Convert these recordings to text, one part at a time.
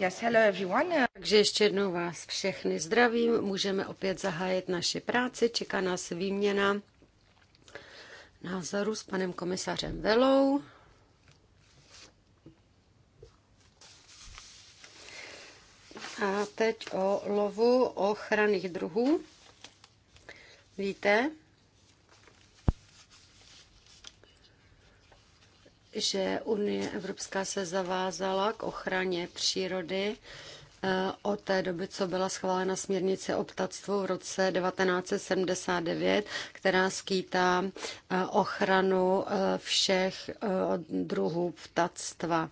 Yes, hello everyone. Takže ještě jednou vás všechny zdravím. Můžeme opět zahájit naši práci. Čeká nás výměna názoru s panem komisařem Velou. A teď o lovu ochranných druhů. Víte, že Unie Evropská se zavázala k ochraně přírody eh, od té doby, co byla schválena směrnice o ptactvu v roce 1979, která skýtá eh, ochranu eh, všech druhů ptactva.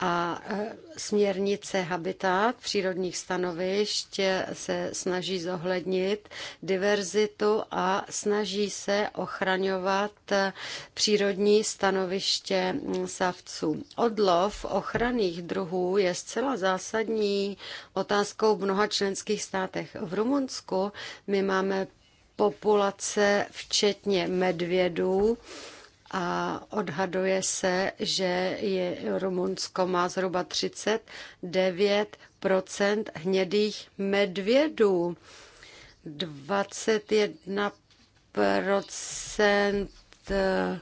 A e, směrnice Habitat přírodních stanovišť se snaží zohlednit diverzitu a snaží se ochraňovat e, přírodní stanoviště savců. Odlov ochranných druhů je zcela zásadní otázkou v mnoha členských státech. V Rumunsku my máme populace včetně medvědů, a odhaduje se, že je, Rumunsko má zhruba 39 hnědých medvědů, 21 eh,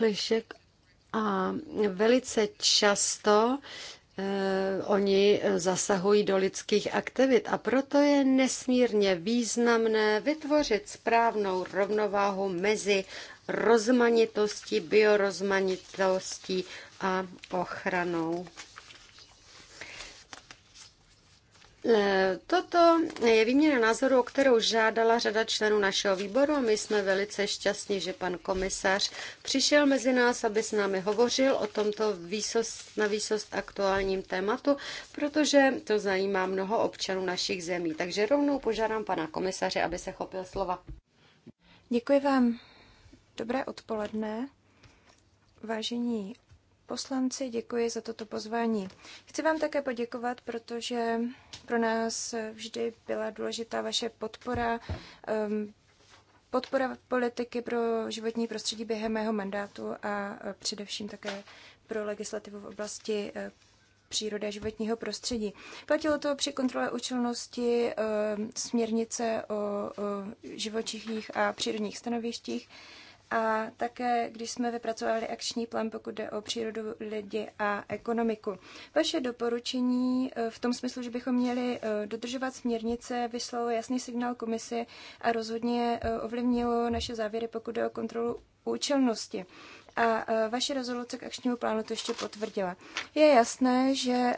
lišek a velice často Eh, oni zasahují do lidských aktivit a proto je nesmírně významné vytvořit správnou rovnováhu mezi rozmanitostí, biorozmanitostí a ochranou E, toto je výměna názoru, o kterou žádala řada členů našeho výboru a my jsme velice šťastní, že pan komisař přišel mezi nás, aby s námi hovořil o tomto výsost, na výsost aktuálním tématu, protože to zajímá mnoho občanů našich zemí. Takže rovnou požádám pana komisaře, aby se chopil slova. Děkuji vám. Dobré odpoledne, vážení poslanci, děkuji za toto pozvání. Chci vám také poděkovat, protože pro nás vždy byla důležitá vaše podpora, um, podpora politiky pro životní prostředí během mého mandátu a e, především také pro legislativu v oblasti e, přírody a životního prostředí. Platilo to při kontrole účelnosti e, směrnice o živočichních a přírodních stanovištích a také, když jsme vypracovali akční plán, pokud jde o přírodu, lidi a ekonomiku. Vaše doporučení eh, v tom smyslu, že bychom měli eh, dodržovat směrnice, vyslalo jasný signál komisi a rozhodně eh, ovlivnilo naše závěry, pokud jde o kontrolu účelnosti. A vaše rezoluce k akčnímu plánu to ještě potvrdila. Je jasné, že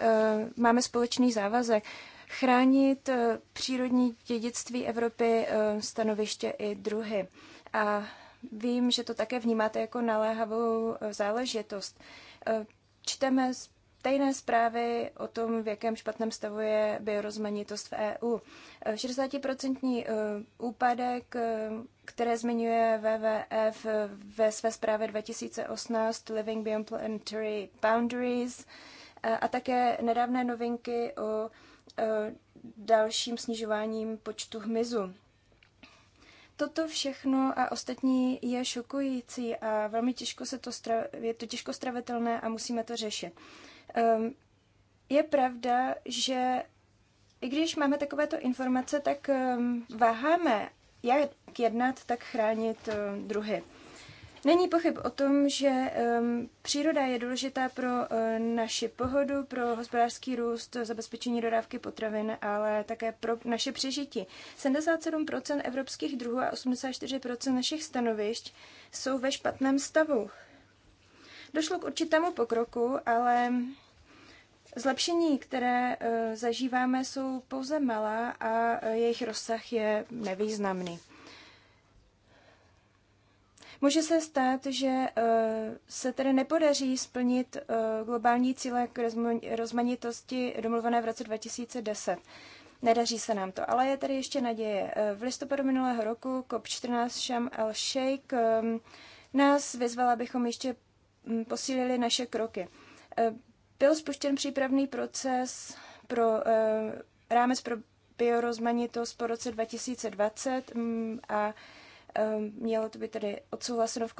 máme společný závazek chránit přírodní dědictví Evropy, stanoviště i druhy. A vím, že to také vnímáte jako naléhavou eh, záležitost. Eh, čteme stejné zprávy o tom, v jakém špatném stavu je biorozmanitost v EU. 60% eh, úpadek, které zmiňuje WWF ve své zprávě 2018 Living Beyond Planetary Boundaries a také nedávné novinky o dalším snižováním počtu hmyzu. Toto všechno a ostatní je šokující a velmi těžko se to stra- je to těžko stravitelné a musíme to řešit. Um, je pravda, že i když máme takovéto informace, tak um, váháme, jak jednat, tak chránit um, druhy. Není pochyb o tom, že um, příroda je důležitá pro uh, naši pohodu, pro hospodářský růst, zabezpečení dodávky potravin, ale také pro naše přežití. 77% evropských druhů a 84% našich stanovišť jsou ve špatném stavu. Došlo k určitému pokroku, ale Zlepšení, které eh, zažíváme, jsou pouze malá a eh, jejich rozsah je nevýznamný. Může se stát, že eh, se tedy nepodaří splnit eh, globální cíle k rozmanitosti domluvené v roce 2010. Nedaří se nám to, ale je tady ještě naděje. Eh, v listopadu minulého roku COP14 Sham El Sheikh ehm, nás vyzvala, abychom ještě hm, posílili naše kroky. Byl spuštěn přípravný proces pro rámec pro biorozmanitost po roce 2020 hm, a Ehm, mělo to být tedy odsouhlaseno v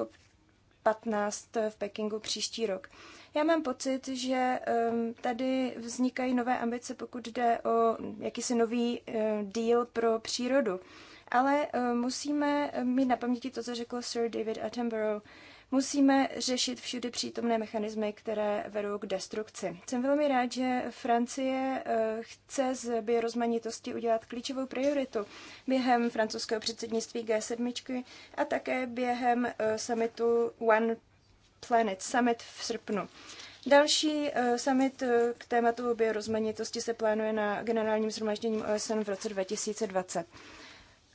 COP15 v Pekingu příští rok. Já mám pocit, že ehm, tady vznikají nové ambice, pokud jde o jakýsi nový ehm, deal pro přírodu. Ale musíme mít na paměti to, co řekl Sir David Attenborough, Musíme řešit všude přítomné mechanismy, které vedou k destrukci. Jsem velmi rád, že Francie eh, chce z biorozmanitosti udělat klíčovou prioritu během francouzského předsednictví G7 a také během eh, summitu One Planet Summit v srpnu. Další eh, summit k tématu biorozmanitosti se plánuje na generálním zhromažděním OSN v roce 2020.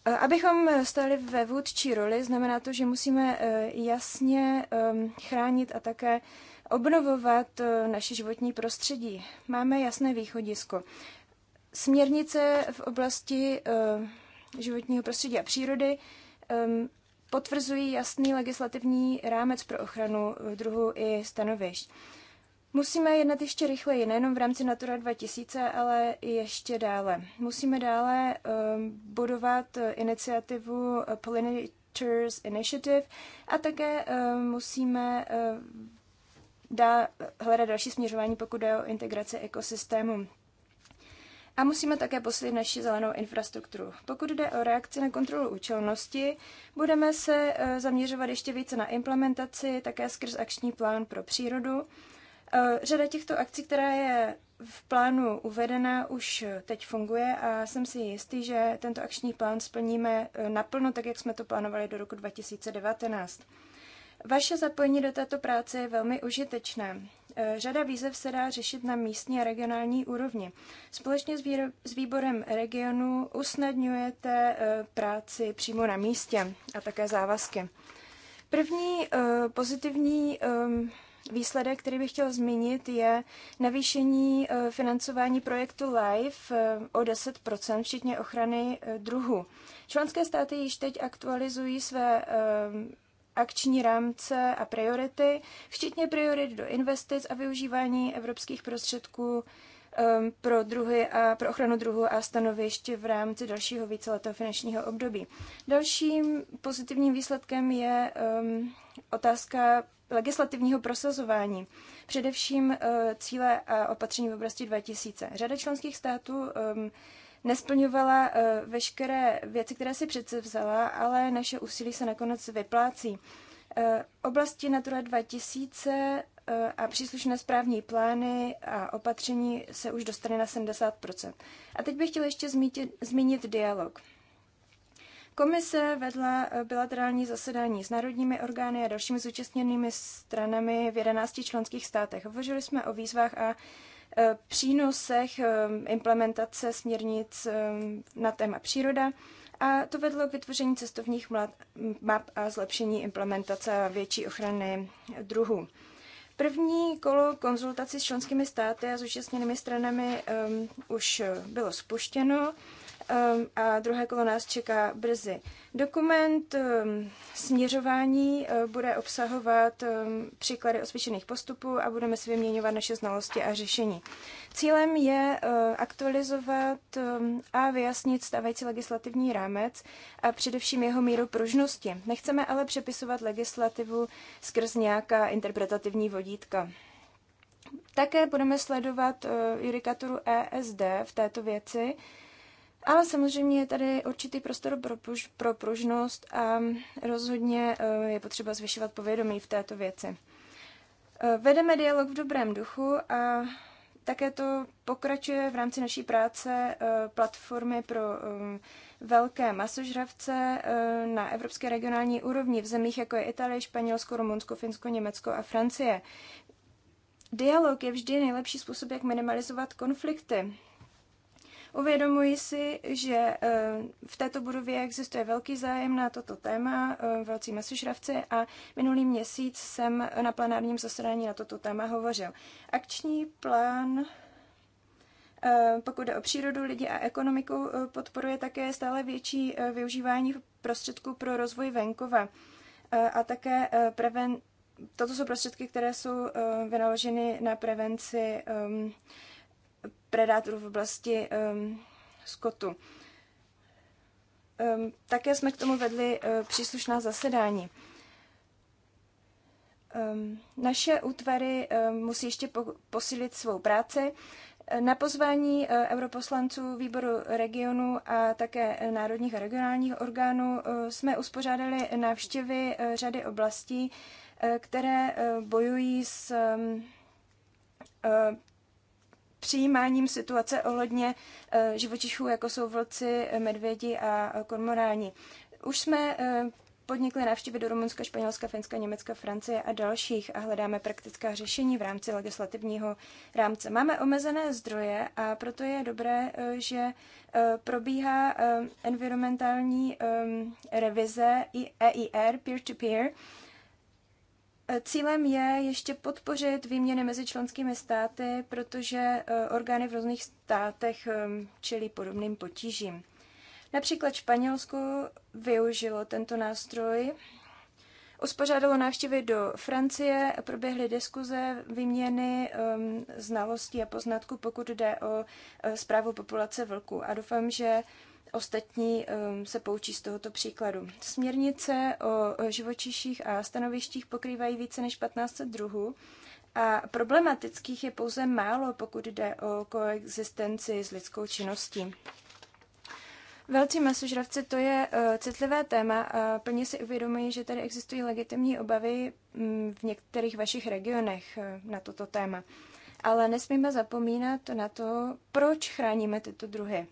Eh, abychom eh, stali ve vůdčí roli, znamená to, že musíme eh, jasně ehm, chránit a také obnovovat naše životní prostředí. Máme jasné východisko. Směrnice v oblasti životního prostředí a přírody ehm, potvrzují jasný legislativní rámec pro ochranu druhů i stanovišť. Musíme jednat ještě rychleji, nejenom v rámci Natura 2000, ale i ještě dále. Musíme dále ehm, budovat eh, iniciativu eh, Pollinators Initiative a také ehm, musíme eh, dá, hledat další směřování, pokud jde o integraci ekosystému. A musíme také posílit naši zelenou infrastrukturu. Pokud jde o reakci na kontrolu účelnosti, budeme se zaměřovat ještě více na implementaci, také skrz akční plán pro přírodu Eh, řada těchto akcí, která je v plánu uvedena, už teď funguje a jsem si jistý, že tento akční plán splníme eh, naplno, tak jak jsme to plánovali do roku 2019. Vaše zapojení do této práce je velmi užitečné. Eh, řada výzev se dá řešit na místní a regionální úrovni. Společně s, s výborem regionu usnadňujete práci přímo na místě a také závazky. První pozitivní ehm, výsledek, který bych chtěl zmínit, je navýšení eh, financování projektu LIFE eh, o 10%, včetně ochrany eh, druhu. Členské státy již teď aktualizují své akční rámce a priority, včetně priorit do investic a využívání evropských prostředků Um, pro, druhy a, pro ochranu druhu a stanovišť v rámci dalšího víceletého finančního období. Dalším pozitivním výsledkem je um, otázka legislativního prosazování, především uh, cíle a opatření v oblasti 2000. Řada členských států um, nesplňovala uh, veškeré věci, které si přece vzala, ale naše úsilí se nakonec vyplácí. Uh, oblasti Natura 2000 a příslušné správní plány a opatření se už dostane na 70 A teď bych chtěla ještě zmítit, zmínit dialog. Komise vedla eh, bilaterální zasedání s národními orgány a dalšími zúčastněnými stranami v 11 členských státech. Hovořili jsme o výzvách a eh, přínosech eh, implementace směrnic na téma příroda a to vedlo k vytvoření cestovních map a zlepšení implementace a větší ochrany druhů. První kolo konzultací s členskými státy a zúčastněnými stranami um, už eh, bylo spuštěno. Ehm, a druhé kolo nás čeká brzy. Dokument ehm, směřování eh, bude obsahovat ehm, příklady osvědčených postupů a budeme si vyměňovat naše znalosti a řešení. Cílem je eh, aktualizovat a vyjasnit stávající legislativní rámec a především jeho míru pružnosti. Nechceme ale přepisovat legislativu skrz nějaká interpretativní vodítka. Také budeme sledovat eh, judikaturu ESD v této věci, ale samozřejmě je tady určitý prostor pro, pruž, pro pružnost a rozhodně eh, je potřeba zvyšovat povědomí v této věci. Eh, vedeme dialog v dobrém duchu a také to pokračuje v rámci naší práce eh, platformy pro velké masožravce na evropské regionální úrovni v zemích jako je Itálie, Španělsko, Rumunsko, Finsko, Německo a Francie. Dialog je vždy nejlepší způsob, jak minimalizovat konflikty. Uvědomuji si, že eh, v této budově existuje velký zájem na toto téma, eh, velcí masožravci a minulý měsíc jsem na plenárním zasedání na toto téma hovořil. Akční plán eh, pokud jde o přírodu, lidi a ekonomiku, podporuje také stále větší využívání prostředků pro rozvoj venkova a také preven... Toto jsou prostředky, které jsou vynaloženy na prevenci ehm, predátorů v oblasti um, skotu. Um, také jsme k tomu vedli uh, příslušná zasedání. Um, naše útvary um, musí ještě po- posílit svou práci. Na pozvání eh, europoslanců výboru regionu a také národních a regionálních orgánů eh, jsme uspořádali návštěvy řady oblastí, které bojují s přijímáním situace ohledně eh, živočichů, jako jsou vlci, medvědi a kormoráni. Už jsme eh, podnikli návštěvy do Rumunska, Španělska, Finska, Německa, Francie a dalších a hledáme praktická řešení v rámci legislativního rámce. Máme omezené zdroje a proto je dobré, eh, že probíhá environmentální revize EIR peer-to-peer, -peer, Cílem je ještě podpořit výměny mezi členskými státy, protože eh, orgány v různých státech eh, čelí podobným potížím. Například Španělsko využilo tento nástroj, uspořádalo návštěvy do Francie, proběhly diskuze, výměny ehm, znalostí a poznatků, pokud jde o eh, zprávu populace vlků. A doufám, že Ostatní ehm, se poučí z tohoto příkladu. Směrnice o živočiších a stanovištích pokrývají více než 1500 druhů a problematických je pouze málo, pokud jde o koexistenci s lidskou činností. Velcí masožravci to je uh, citlivé téma a plně si uvědomují, že tady existují legitimní obavy m, mm, v některých vašich regionech uh, na toto téma. Ale nesmíme zapomínat na to, proč chráníme tyto druhy.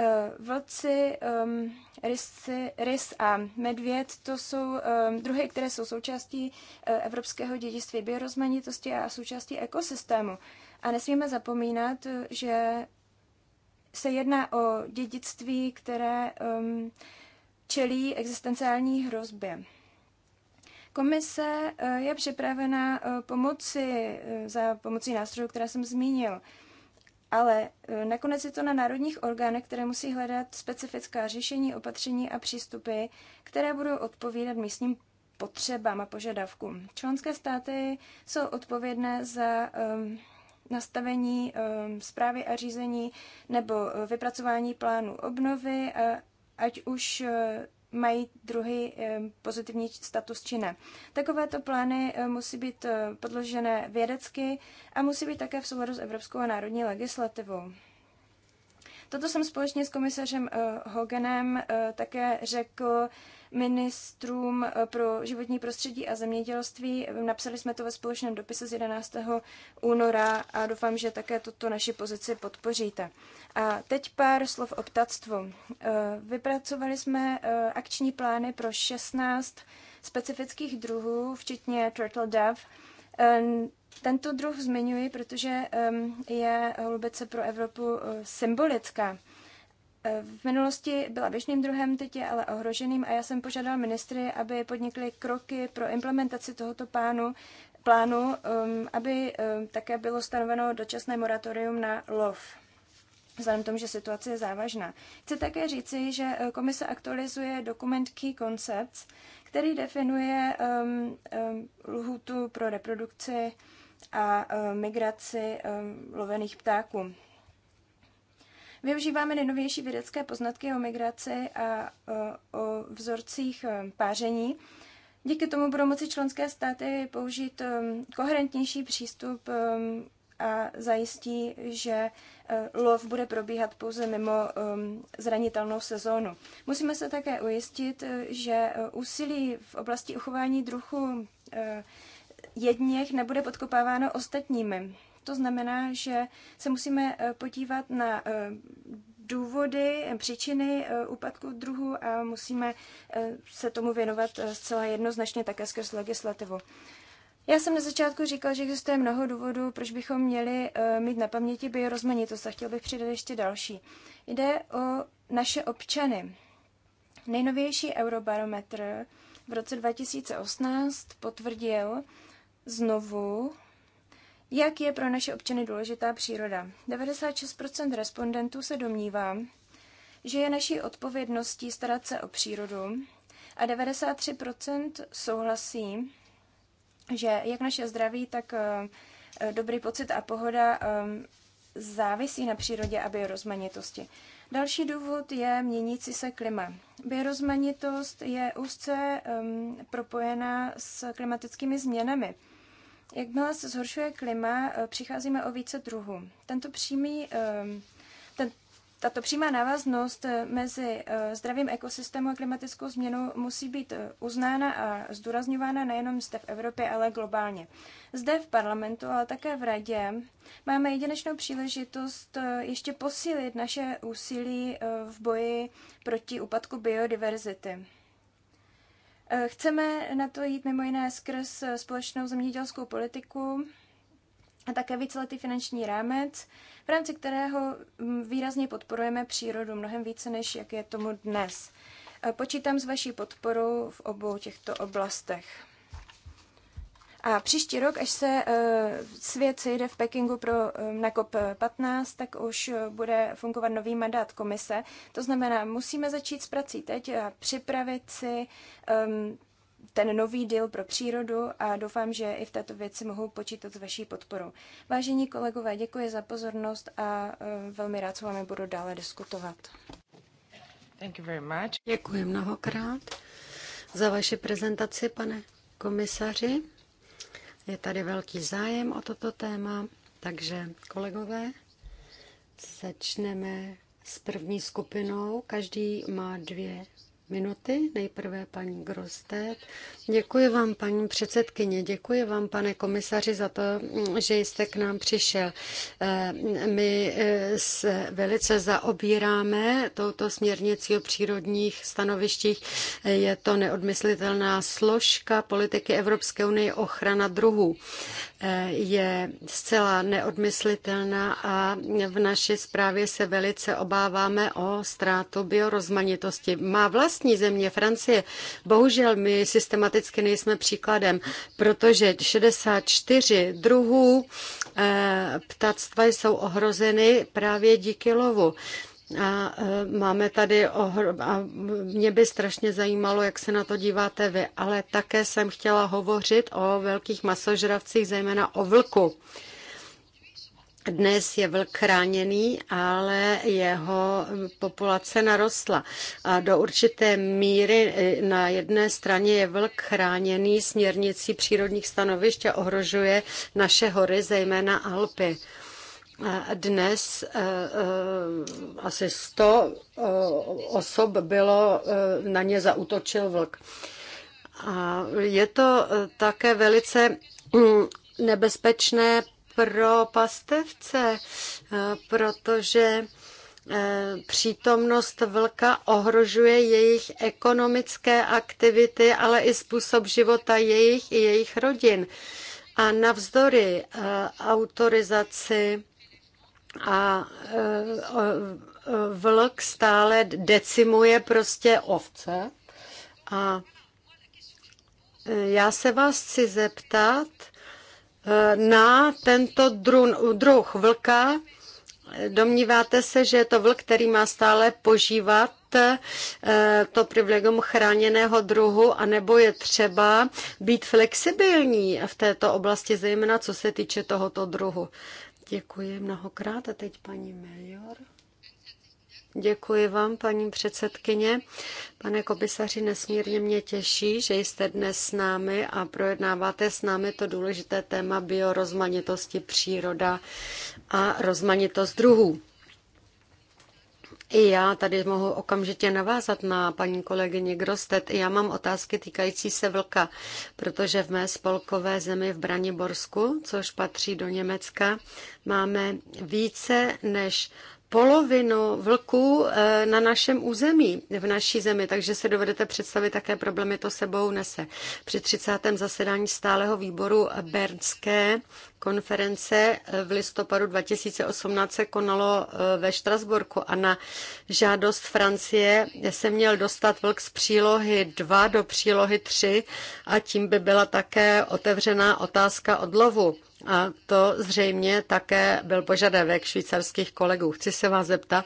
Eh, vlci, ehm, rysci, rys a medvěd, to jsou ehm, druhy, které jsou součástí eh, evropského dědictví biorozmanitosti a součástí ekosystému. A nesmíme zapomínat, že se jedná o dědictví, které ehm, čelí existenciální hrozbě. Komise eh, je připravena pomoci za pomocí nástrojů, které jsem zmínil ale e, nakonec je to na národních orgánech, které musí hledat specifická řešení, opatření a přístupy, které budou odpovídat místním potřebám a požadavkům. Členské státy jsou odpovědné za um, nastavení um, zprávy a řízení nebo e, vypracování plánu obnovy, ať už e, mají druhý pozitivní status či ne. Takovéto plány musí být eh, podložené vědecky a musí být také v souladu s evropskou a národní legislativou. Toto jsem společně s komisařem eh, Hoganem eh, také řekl ministrům eh, pro životní prostředí a zemědělství. Napsali jsme to ve společném dopise z 11. února a doufám, že také tuto naši pozici podpoříte. A teď pár slov o ptactvu. Eh, vypracovali jsme eh, akční plány pro 16 specifických druhů, včetně turtle dove. Tento druh zmiňuji, protože ehm, je holubice pro Evropu symbolická v minulosti byla běžným druhem, teď je ale ohroženým a já jsem požádal ministry, aby podnikli kroky pro implementaci tohoto plánu, plánu um, aby um, také bylo stanoveno dočasné moratorium na lov vzhledem tomu, že situace je závažná. Chci také říci, že eh, komise aktualizuje dokument Key Concepts, který definuje um, um, lhutu pro reprodukci a um, migraci um, lovených ptáků. Využíváme nejnovější vědecké poznatky o migraci a o vzorcích e, páření. Díky tomu budou moci členské státy použít e, koherentnější přístup e, a zajistí, že lov bude probíhat pouze mimo zranitelnou sezónu. Musíme se také ujistit, že úsilí v oblasti uchování druhu jedněch nebude podkopáváno ostatními. To znamená, že se musíme eh, podívat na eh, důvody, příčiny eh, úpadku druhu a musíme se tomu věnovat zcela jednoznačně také skrz legislativu. Já jsem na začátku říkal, že existuje mnoho důvodů, proč bychom měli mít na paměti biorozmanitost a chtěl bych přidat ještě další. Jde o naše občany. Nejnovější eurobarometr v roce 2018 potvrdil znovu jak je pro naše občany důležitá příroda? 96% respondentů se domnívá, že je naší odpovědností starat se o přírodu a 93% souhlasí, že jak naše zdraví, tak eh, eh, dobrý pocit a pohoda eh, závisí na přírodě a biorozmanitosti. Další důvod je měnící se klima. Biorozmanitost je úzce um, propojená s klimatickými změnami. Jakmile se zhoršuje klima, eh, přicházíme o více druhů. Tento přímý, ehm, ten, tato přímá návaznost eh, mezi eh, zdravým ekosystémem a klimatickou změnou musí být uznána a zdůrazňována nejenom zde v Evropě, ale globálně. Zde v parlamentu, ale také v radě máme jedinečnou příležitost ještě posílit naše úsilí v boji proti úpadku biodiverzity. Eh, chceme na to jít mimo jiné skrz eh, společnou zemědělskou politiku a také víceletý finanční rámec, v rámci kterého mm, výrazně podporujeme přírodu mnohem více, než jak je tomu dnes. Eh, počítám s vaší podporou v obou těchto oblastech. A příští rok, až se eh, svět sejde v Pekingu pro, eh, na COP15, tak už eh, bude fungovat nový mandát komise. To znamená, musíme začít s prací teď a připravit si ehm, ten nový deal pro přírodu a doufám, že i v této věci mohou počítat s vaší podporou. Vážení kolegové, děkuji za pozornost a velmi rád s vámi budu dále diskutovat. Thank you very much. Děkuji mnohokrát za vaše prezentaci, pane komisaři. Je tady velký zájem o toto téma, takže kolegové, začneme s první skupinou. Každý má dvě minuty. Nejprve paní Grostet. Děkuji vám, paní předsedkyně, děkuji vám, pane komisaři, za to, že jste k nám přišel. Eh, my eh, se velice zaobíráme touto směrnicí o přírodních stanovištích. Je to neodmyslitelná složka politiky Evropské unie ochrana druhů. Eh, je zcela neodmyslitelná a v naší zprávě se velice obáváme o ztrátu biorozmanitosti. Má vlast vlastní země, Francie. Bohužel my systematicky nejsme příkladem, protože 64 druhů eh, ptactva jsou ohrozeny právě díky lovu. A eh, máme tady, ohr... a mě by strašně zajímalo, jak se na to díváte vy, ale také jsem chtěla hovořit o velkých masožravcích, zejména o vlku. Dnes je vlk chráněný, ale jeho populace narostla. A do určité míry e, na jedné straně je vlk chráněný směrnicí přírodních stanovišť a ohrožuje naše hory, zejména Alpy. Dnes e, e, asi 100 osob bylo, na ně zautočil vlk. A je to také velice mm, nebezpečné pro pastevce, protože eh, přítomnost vlka ohrožuje jejich ekonomické aktivity, ale i způsob života jejich i jejich rodin. A navzdory eh, autorizaci a eh, vlk stále decimuje prostě ovce. A já se vás chci zeptat, Eh, na tento druh vlka. Domníváte se, že je to vlk, který má stále požívat eh, to privilegium chráněného druhu, anebo je třeba být flexibilní v této oblasti, zejména co se týče tohoto druhu. Děkuji mnohokrát a teď paní Melior. Děkuji vám, paní předsedkyně. Pane komisaři, nesmírně mě těší, že jste dnes s námi a projednáváte s námi to důležité téma biorozmanitosti příroda a rozmanitost druhů. I já tady mohu okamžitě navázat na paní kolegyni Grostet. I já mám otázky týkající se vlka, protože v mé spolkové zemi v Braniborsku, což patří do Německa, máme více než polovinu vlků eh, na našem území, v naší zemi, takže se dovedete představit, jaké problémy to sebou nese. Při 30. zasedání stáleho výboru Bernské konference eh, v listopadu 2018 se konalo eh, ve Štrasburku a na žádost Francie se měl dostat vlk z přílohy 2 do přílohy 3 a tím by byla také otevřená otázka odlovu a to zřejmě také byl požadavek švýcarských kolegů. Chci se vás zeptat,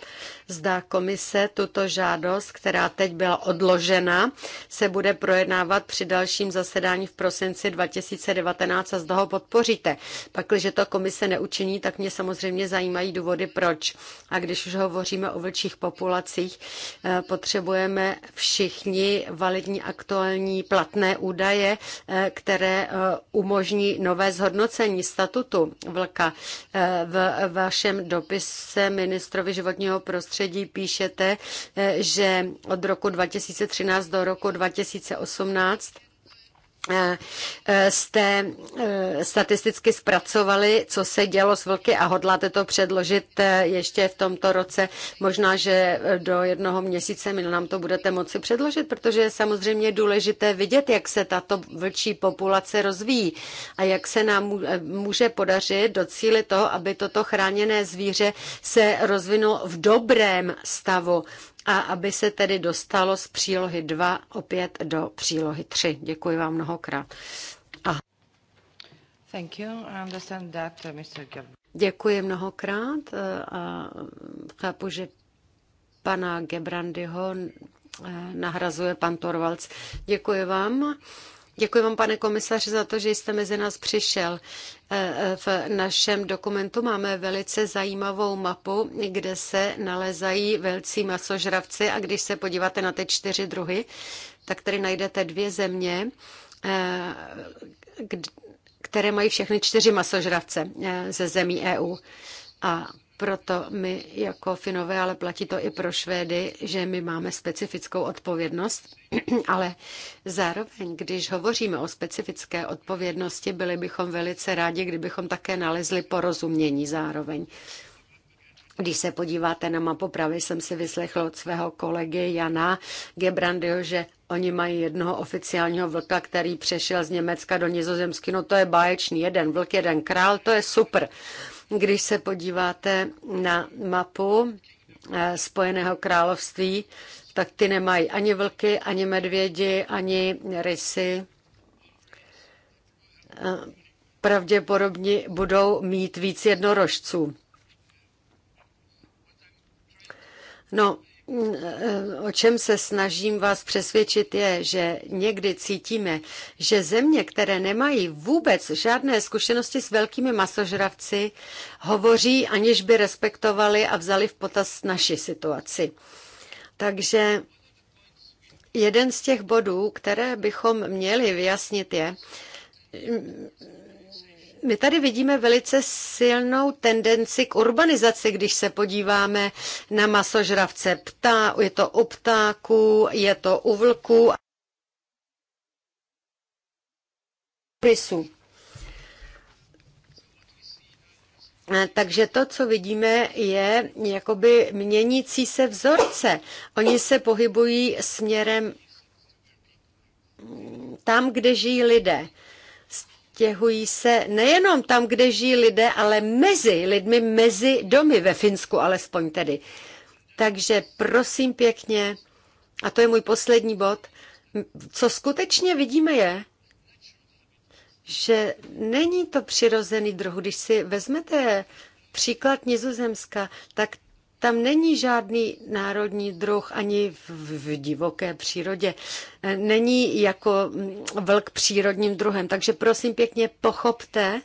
zda komise tuto žádost, která teď byla odložena, se bude projednávat při dalším zasedání v prosinci 2019 a zda ho podpoříte. Pak, když to komise neučiní, tak mě samozřejmě zajímají důvody, proč. A když už hovoříme o vlčích populacích, eh, potřebujeme všichni validní aktuální platné údaje, eh, které eh, umožní nové zhodnocení statutu vlka. Eh, v vašem dopise ministrovi životního prostředí píšete, eh, že od roku 2013 do roku 2018 Eh, eh, jste eh, statisticky zpracovali, co se dělo s vlky a hodláte to předložit ještě v tomto roce. Možná, že do jednoho měsíce mi nám to budete moci předložit, protože je samozřejmě důležité vidět, jak se tato vlčí populace rozvíjí a jak se nám může podařit docílit toho, aby toto chráněné zvíře se rozvinulo v dobrém stavu a aby se tedy dostalo z přílohy 2 opět do přílohy 3. Děkuji vám mnohokrát. A... Thank you. I understand that, uh, Mr. Děkuji mnohokrát uh, a chápu, že pana Gebrandyho uh, nahrazuje pan Torvalds. Děkuji vám. Děkuji vám, pane komisaři, za to, že jste mezi nás přišel. E, e, v našem dokumentu máme velice zajímavou mapu, kde se nalezají velcí masožravci a když se podíváte na ty čtyři druhy, tak tady najdete dvě země, e, které mají všechny čtyři masožravce ze zemí EU. A proto my jako Finové, ale platí to i pro Švédy, že my máme specifickou odpovědnost, ale zároveň, když hovoříme o specifické odpovědnosti, byli bychom velice rádi, kdybychom také nalezli porozumění zároveň. Když se podíváte na mapu pravy, jsem si vyslechl od svého kolegy Jana Gebrandio, že oni mají jednoho oficiálního vlka, který přešel z Německa do Nizozemsky. No to je báječný, jeden vlk, jeden král, to je super. Když se podíváte na mapu eh, Spojeného království, tak ty nemají ani vlky, ani medvědi, ani rysy. Eh, pravděpodobně budou mít víc jednorožců. No, o čem se snažím vás přesvědčit, je, že někdy cítíme, že země, které nemají vůbec žádné zkušenosti s velkými masožravci, hovoří, aniž by respektovali a vzali v potaz naši situaci. Takže jeden z těch bodů, které bychom měli vyjasnit, je, my tady vidíme velice silnou tendenci k urbanizaci, když se podíváme na masožravce ptá, je to u ptáků, je to u vlků. Takže to, co vidíme, je jakoby měnící se vzorce. Oni se pohybují směrem tam, kde žijí lidé stěhují se nejenom tam, kde žijí lidé, ale mezi lidmi, mezi domy ve Finsku alespoň tedy. Takže prosím pěkně, a to je můj poslední bod, co skutečně vidíme je, že není to přirozený druh. Když si vezmete příklad Nizozemska, tak tam není žádný národní druh ani v, v divoké přírodě. E, není jako mm, vlk přírodním druhem. Takže prosím pěkně pochopte,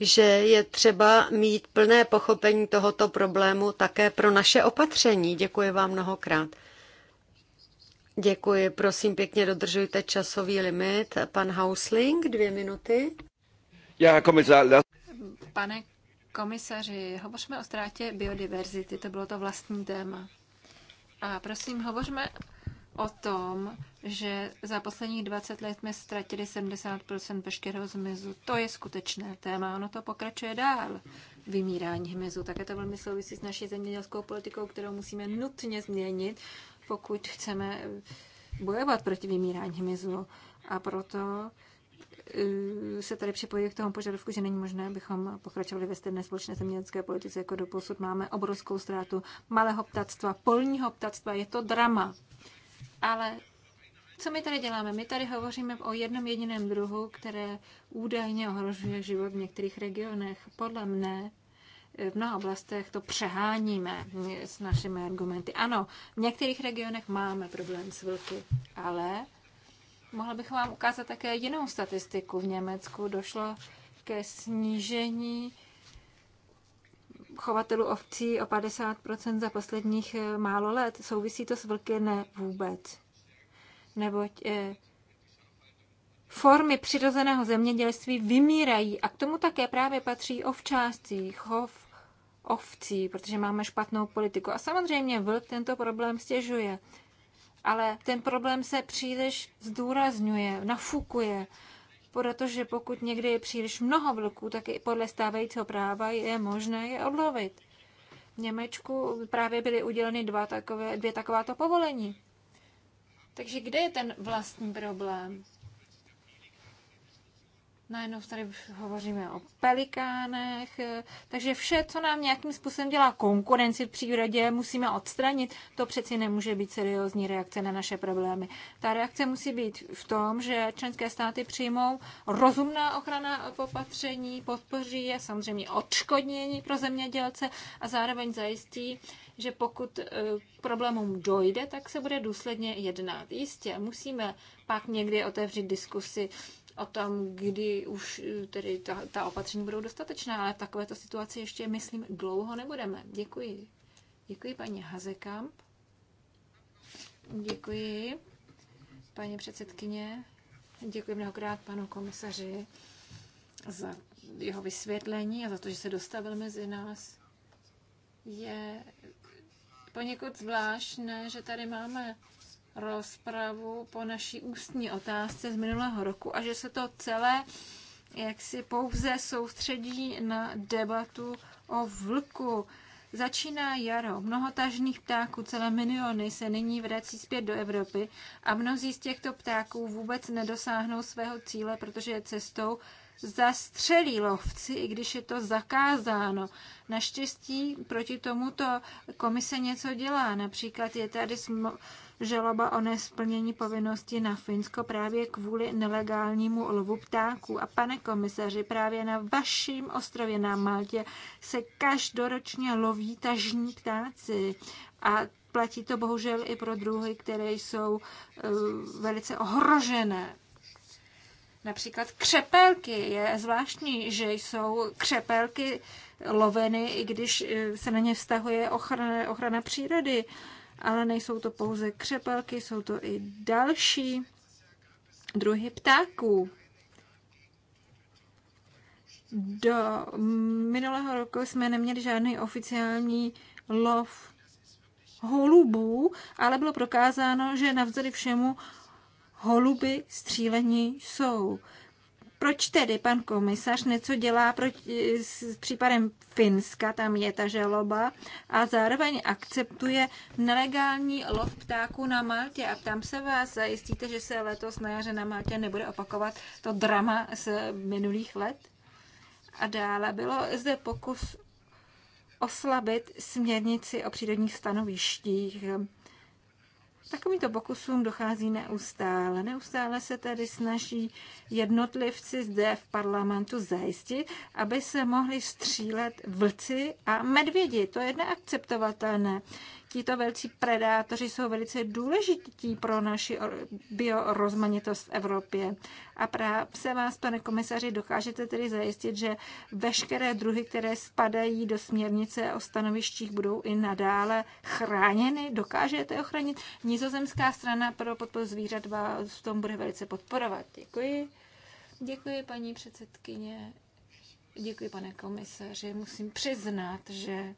že je třeba mít plné pochopení tohoto problému také pro naše opatření. Děkuji vám mnohokrát. Děkuji, prosím pěkně dodržujte časový limit. Pan Hausling, dvě minuty. Já, komisár, jako Pane komisaři, hovořme o ztrátě biodiverzity, to bylo to vlastní téma. A prosím, hovořme o tom, že za posledních 20 let jsme ztratili 70% veškerého zmizu. To je skutečné téma, ono to pokračuje dál. Vymírání hmyzu, také to velmi souvisí s naší zemědělskou politikou, kterou musíme nutně změnit, pokud chceme bojovat proti vymírání hmyzu. A proto Eh, se tady připojit k tomu požadavku, že není možné, abychom pokračovali ve stejné společné zemědělské politice jako do posud. Máme obrovskou ztrátu malého ptactva, polního ptactva, je to drama. Ale co my tady děláme? My tady hovoříme o jednom jediném druhu, které údajně ohrožuje život v některých regionech. Podle mne eh, v mnoha oblastech to přeháníme s našimi argumenty. Ano, v některých regionech máme problém s vlky, ale Mohla bych vám ukázat také jinou statistiku. V Německu došlo ke snížení chovatelů ovcí o 50% za posledních eh, málo let. Souvisí to s vlky? Ne vůbec. Neboť eh, formy přirozeného zemědělství vymírají a k tomu také právě patří ovčáství, chov ovcí, protože máme špatnou politiku. A samozřejmě vlk tento problém stěžuje ale ten problém se příliš zdůrazňuje, nafukuje, protože pokud někdy je příliš mnoho vlků, tak i podle stávajícího práva je možné je odlovit. V Němečku právě byly uděleny dva takové, dvě takováto povolení. Takže kde je ten vlastní problém? najednou tady hovoříme o pelikánech, eh, takže vše, co nám nějakým způsobem dělá konkurenci v přírodě, musíme odstranit. To přeci nemůže být seriózní reakce na naše problémy. Ta reakce musí být v tom, že členské státy přijmou rozumná ochrana opatření, podpoří je samozřejmě odškodnění pro zemědělce a zároveň zajistí, že pokud eh, k problémům dojde, tak se bude důsledně jednat. Jistě, musíme pak někdy otevřít diskusy o tom, kdy už eh, tedy ta, ta opatření budou dostatečná, ale v takovéto situaci ještě, myslím, dlouho nebudeme. Děkuji. Děkuji paní Hazekamp. Děkuji paní předsedkyně. Děkuji mnohokrát panu komisaři za jeho vysvětlení a za to, že se dostavil mezi nás. Je poněkud zvláštné, že tady máme rozpravu po naší ústní otázce z minulého roku a že se to celé jak si pouze soustředí na debatu o vlku. Začíná jaro, mnoho tažných ptáků, celé miliony se nyní vrací zpět do Evropy a mnozí z těchto ptáků vůbec nedosáhnou svého cíle, protože je cestou zastřelí lovci, i když je to zakázáno. Naštěstí proti tomuto komise něco dělá. Například je tady žaloba o nesplnění povinnosti na Finsko právě kvůli nelegálnímu lovu ptáků. A pane komisaři, právě na vaším ostrově na Maltě se každoročně loví tažní ptáci. A platí to bohužel i pro druhy, které jsou eh, velice ohrožené. Například křepelky. Je zvláštní, že jsou křepelky loveny, i když eh, se na ně vztahuje ochrana, ochrana přírody ale nejsou to pouze křepelky, jsou to i další druhy ptáků. Do minulého roku jsme neměli žádný oficiální lov holubů, ale bylo prokázáno, že navzdory všemu holuby střílení jsou. Proč tedy pan komisař něco dělá proti, s případem Finska, tam je ta žaloba, a zároveň akceptuje nelegální lov ptáků na Maltě. A tam se vás zajistíte, že se letos na jaře na Maltě nebude opakovat to drama z minulých let? A dále bylo zde pokus oslabit směrnici o přírodních stanovištích. Takovýmto pokusům dochází neustále. Neustále se tedy snaží jednotlivci zde v parlamentu zajistit, aby se mohli střílet vlci a medvědi. To je neakceptovatelné. Tito velcí predátoři jsou velice důležití pro naši biorozmanitost v Evropě. A právě se vás, pane komisaři, dokážete tedy zajistit, že veškeré druhy, které spadají do směrnice o stanovištích, budou i nadále chráněny? Dokážete ochránit? Nizozemská strana pro podporu zvířat vás v tom bude velice podporovat. Děkuji. Děkuji, paní předsedkyně. Děkuji, pane komisaři. Musím přiznat, že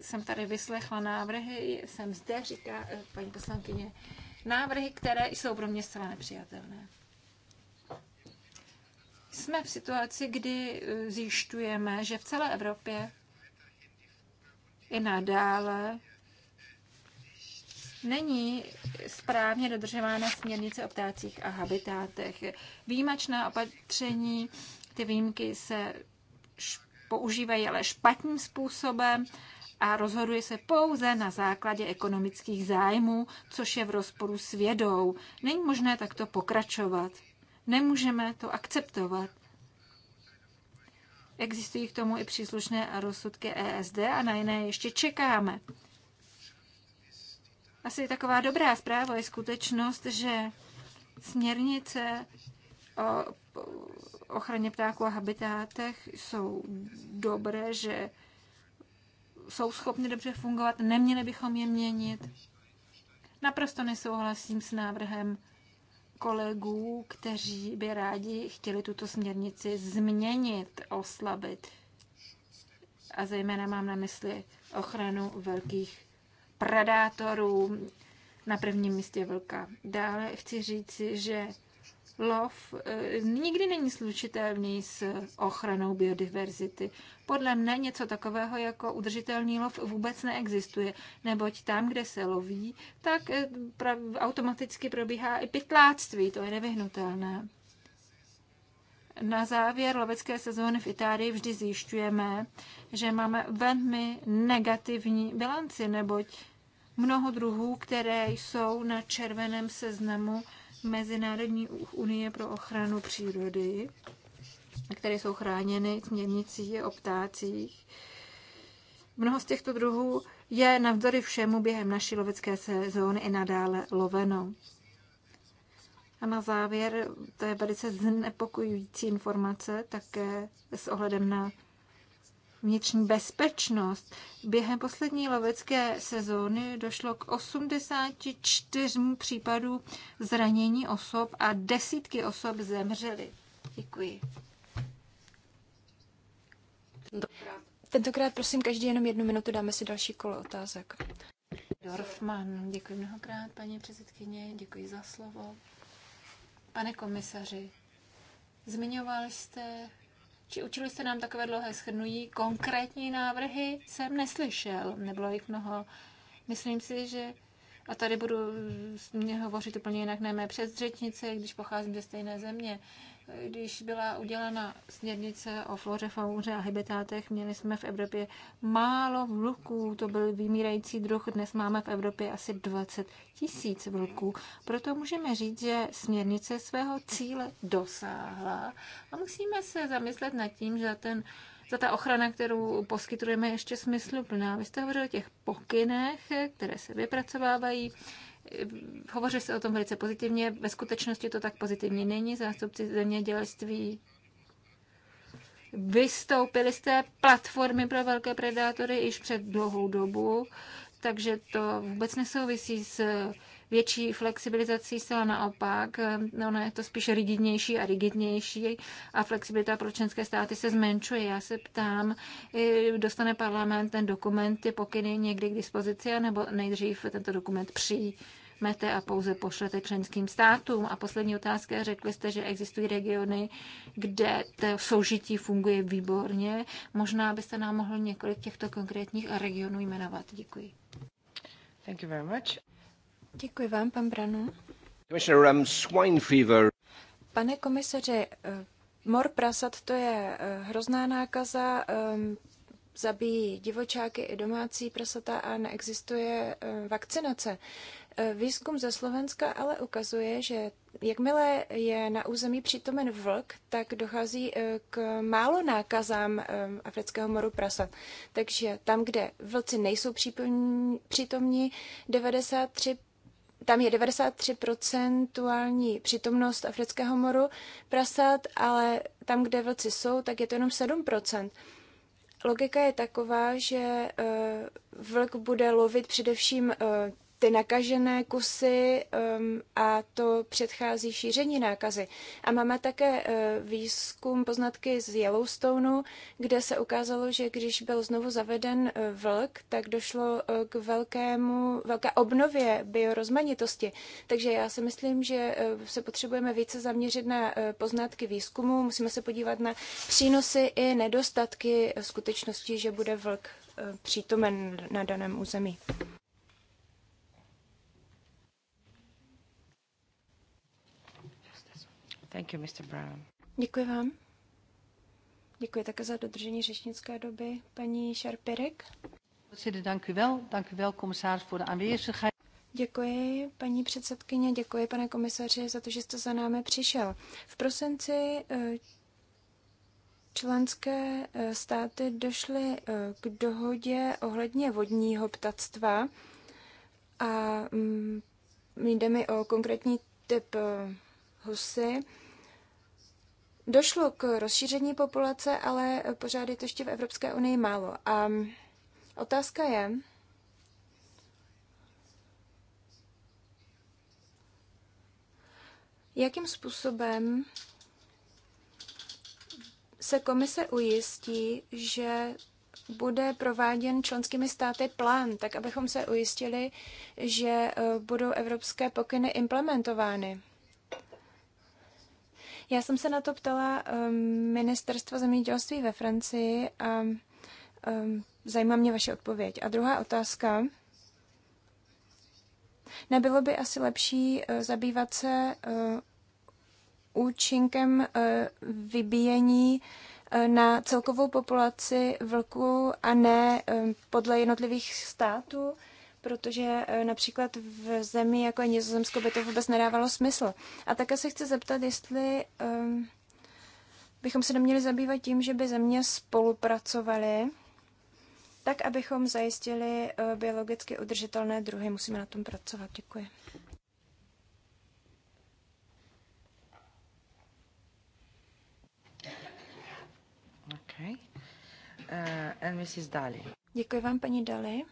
jsem tady vyslechla návrhy, jsem zde, říká eh, paní poslankyně, návrhy, které jsou pro mě zcela nepřijatelné. Jsme v situaci, kdy eh, zjišťujeme, že v celé Evropě i nadále není správně dodržována směrnice o ptácích a habitátech. Výjimačná opatření, ty výjimky se používají ale špatným způsobem a rozhoduje se pouze na základě ekonomických zájmů, což je v rozporu s vědou. Není možné takto pokračovat. Nemůžeme to akceptovat. Existují k tomu i příslušné rozsudky ESD a na jiné ještě čekáme. Asi taková dobrá zpráva je skutečnost, že směrnice o ochraně ptáků a habitátech jsou dobré, že jsou schopny dobře fungovat, neměli bychom je měnit. Naprosto nesouhlasím s návrhem kolegů, kteří by rádi chtěli tuto směrnici změnit, oslabit. A zejména mám na mysli ochranu velkých predátorů, na prvním místě vlka. Dále chci říci, že lov eh, nikdy není slučitelný s ochranou biodiverzity. Podle mne něco takového jako udržitelný lov vůbec neexistuje, neboť tam, kde se loví, tak eh, automaticky probíhá i pytláctví, to je nevyhnutelné. Na závěr lovecké sezóny v Itálii vždy zjišťujeme, že máme velmi negativní bilanci, neboť mnoho druhů, které jsou na červeném seznamu Mezinárodní unie pro ochranu přírody, které jsou chráněny směrnicí o ptácích. Mnoho z těchto druhů je navzdory všemu během naší lovecké sezóny i nadále loveno. A na závěr, to je velice znepokojující informace, také s ohledem na vnitřní bezpečnost. Během poslední lovecké sezóny došlo k 84 případů zranění osob a desítky osob zemřely. Děkuji. Tentokrát prosím každý jenom jednu minutu, dáme si další kolo otázek. Dorfman, děkuji mnohokrát, paní předsedkyně, děkuji za slovo. Pane komisaři, zmiňoval jste či učili se nám takové dlouhé schrnují. Konkrétní návrhy jsem neslyšel, nebylo jich mnoho. Myslím si, že a tady budu hovořit úplně jinak, ne mé předřečnice, když pocházím ze stejné země. Když byla udělena směrnice o floře, fauře a habitátech, měli jsme v Evropě málo vlků. To byl vymírající druh. Dnes máme v Evropě asi 20 tisíc vlků. Proto můžeme říct, že směrnice svého cíle dosáhla a musíme se zamyslet nad tím, že ten za ta ochrana, kterou poskytujeme, ještě smysluplná. Vy jste hovořili o těch pokynech, které se vypracovávají Hovoří se o tom velice pozitivně, ve skutečnosti to tak pozitivně není. Zástupci zemědělství vystoupili z té platformy pro velké predátory již před dlouhou dobu, takže to vůbec nesouvisí s větší flexibilizací, zcela naopak, eh, ono je to spíš rigidnější a rigidnější a flexibilita pro členské státy se zmenšuje. Já se ptám, eh, dostane parlament ten dokument, ty pokyny někdy k dispozici, nebo nejdřív tento dokument přijde? a pouze pošlete členským státům. A poslední otázka, řekli jste, že existují regiony, kde to soužití funguje výborně. Možná byste nám mohl několik těchto konkrétních regionů jmenovat. Děkuji. Thank you very much. Děkuji vám, pan Branu. Um, Pane komisaři, eh, mor prasat to je eh, hrozná nákaza, ehm, zabíjí divočáky i domácí prasata a neexistuje eh, vakcinace. Výzkum ze Slovenska ale ukazuje, že jakmile je na území přítomen vlk, tak dochází k málo nákazám ehm, afrického moru prasat. Takže tam, kde vlci nejsou přítomní, 93 tam je 93% přítomnost afrického moru prasat, ale tam, kde vlci jsou, tak je to jenom 7%. Logika je taková, že eh, vlk bude lovit především eh, ty nakažené kusy um, a to předchází šíření nákazy. A máme také uh, výzkum poznatky z Yellowstoneu, kde se ukázalo, že když byl znovu zaveden uh, vlk, tak došlo uh, k velkému, velké obnově biorozmanitosti. Takže já si myslím, že uh, se potřebujeme více zaměřit na uh, poznatky výzkumu, musíme se podívat na přínosy i nedostatky uh, skutečnosti, že bude vlk uh, přítomen na daném území. Thank you, Mr. Brown. Děkuji vám. Děkuji také za dodržení řečnické doby. Paní Šarpirek. Děkuji, paní předsedkyně, děkuji, pane komisaři, za to, že jste za námi přišel. V prosinci eh, členské eh, státy došly eh, k dohodě ohledně vodního ptactva a mm, jde mi o konkrétní typ husy. Došlo k rozšíření populace, ale pořád je to ještě v Evropské unii málo. A otázka je, jakým způsobem se komise ujistí, že bude prováděn členskými státy plán, tak abychom se ujistili, že eh, budou evropské pokyny implementovány. Já jsem se na to ptala um, ministerstva zemědělství ve Francii a um, zajímá mě vaše odpověď. A druhá otázka. Nebylo by asi lepší uh, zabývat se uh, účinkem uh, vybíjení uh, na celkovou populaci vlku, a ne um, podle jednotlivých států? protože eh, například v zemi jako Nizozemsko by to vůbec nedávalo smysl. A také se chci zeptat, jestli um, bychom se neměli zabývat tím, že by země spolupracovaly, tak abychom zajistili uh, biologicky udržitelné druhy. Musíme na tom pracovat. Děkuji. Okay. Uh, and Mrs. Dali. Děkuji vám, paní Dali.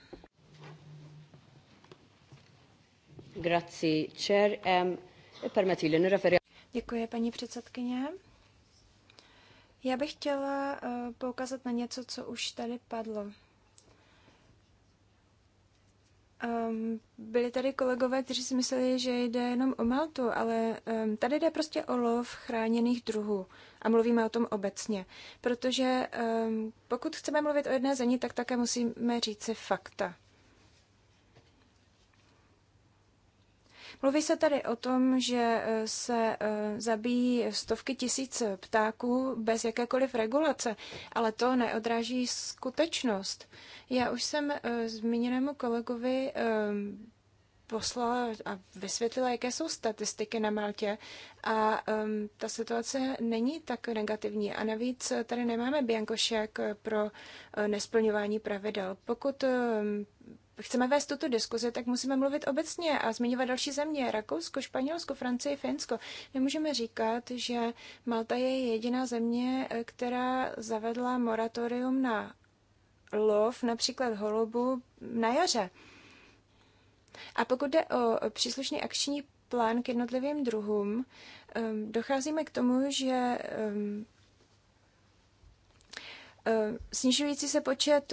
Děkuji, paní předsedkyně. Já bych chtěla eh, poukázat na něco, co už tady padlo. Um, byli tady kolegové, kteří si mysleli, že jde jenom o Maltu, ale um, tady jde prostě o lov chráněných druhů. A mluvíme o tom obecně. Protože um, pokud chceme mluvit o jedné zemi, tak také musíme říci fakta. Mluví se tady o tom, že e, se e, zabíjí stovky tisíc ptáků bez jakékoliv regulace, ale to neodráží skutečnost. Já už jsem e, zmíněnému kolegovi poslala a vysvětlila, jaké jsou statistiky na Maltě. A um, ta situace není tak negativní. A navíc tady nemáme biankošek pro uh, nesplňování pravidel. Pokud um, chceme vést tuto diskuzi, tak musíme mluvit obecně a zmiňovat další země, Rakousko, Španělsko, Francii, Finsko. Nemůžeme říkat, že Malta je jediná země, eh, která zavedla moratorium na lov, například holubu, na jaře. A pokud jde o příslušný akční plán k jednotlivým druhům, ehm, docházíme k tomu, že ehm, ehm, snižující se počet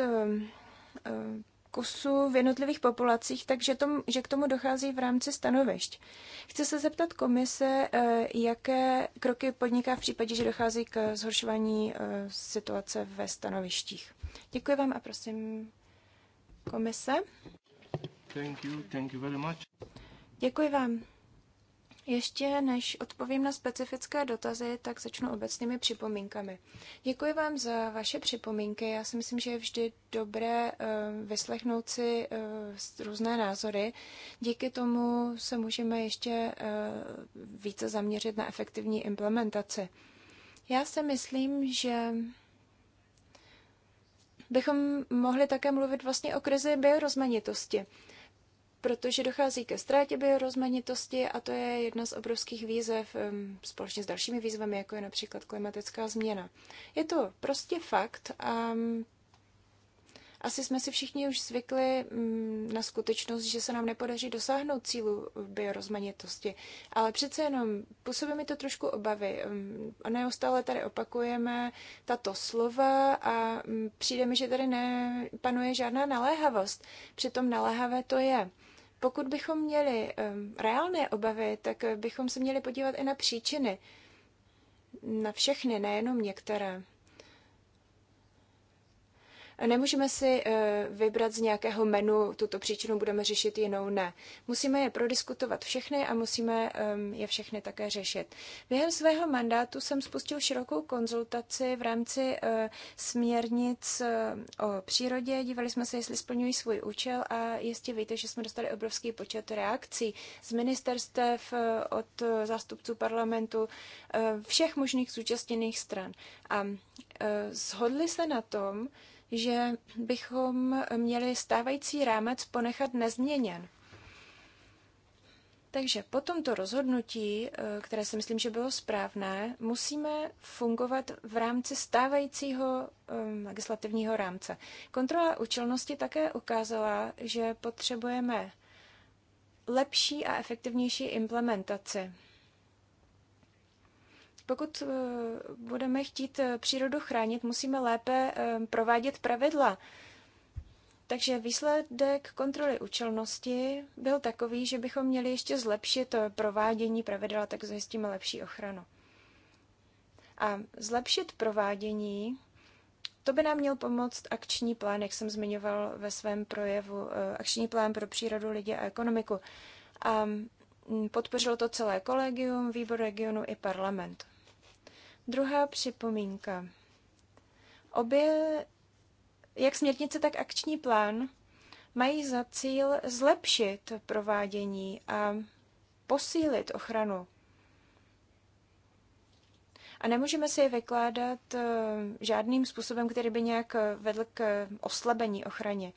kusu v jednotlivých populacích, takže tom, že k tomu dochází v rámci stanovišť. Chci se zeptat komise, eh, jaké kroky podniká v případě, že dochází k zhoršování eh, situace ve stanovištích. Děkuji vám a prosím komise. Thank you, thank you very much. Děkuji vám. Ještě než odpovím na specifické dotazy, tak začnu obecnými připomínkami. Děkuji vám za vaše připomínky. Já si myslím, že je vždy dobré eh, vyslechnout si eh, různé názory. Díky tomu se můžeme ještě eh, více zaměřit na efektivní implementaci. Já si myslím, že bychom mohli také mluvit vlastně o krizi biorozmanitosti protože dochází ke ztrátě biorozmanitosti a to je jedna z obrovských výzev společně s dalšími výzvami, jako je například klimatická změna. Je to prostě fakt a mm, asi jsme si všichni už zvykli mm, na skutečnost, že se nám nepodaří dosáhnout cílu biorozmanitosti. Ale přece jenom působí mi to trošku obavy. A neustále tady opakujeme tato slova a mm, přijde mi, že tady nepanuje žádná naléhavost. Přitom naléhavé to je. Pokud bychom měli reálné obavy, tak bychom se měli podívat i na příčiny. Na všechny, nejenom některé. Nemůžeme si eh, vybrat z nějakého menu, tuto příčinu budeme řešit, jinou ne. Musíme je prodiskutovat všechny a musíme ehm, je všechny také řešit. Během svého mandátu jsem spustil širokou konzultaci v rámci eh, směrnic eh, o přírodě. Dívali jsme se, jestli splňují svůj účel a jistě víte, že jsme dostali obrovský počet reakcí z ministerstev, od zástupců parlamentu, všech možných zúčastněných stran. A shodli se na tom, že bychom měli stávající rámec ponechat nezměněn. Takže po tomto rozhodnutí, eh, které si myslím, že bylo správné, musíme fungovat v rámci stávajícího eh, legislativního rámce. Kontrola účelnosti také ukázala, že potřebujeme lepší a efektivnější implementaci pokud eh, budeme chtít eh, přírodu chránit, musíme lépe eh, provádět pravidla. Takže výsledek kontroly účelnosti byl takový, že bychom měli ještě zlepšit provádění pravidel, tak zajistíme lepší ochranu. A zlepšit provádění, to by nám měl pomoct akční plán, jak jsem zmiňoval ve svém projevu, akční plán pro přírodu, lidi a ekonomiku. A mm, podpořilo to celé kolegium, výbor regionu i parlament. Druhá připomínka. Obě, jak směrnice, tak akční plán mají za cíl zlepšit provádění a posílit ochranu. A nemůžeme si je vykládat eh, žádným způsobem, který by nějak vedl k oslabení ochraně.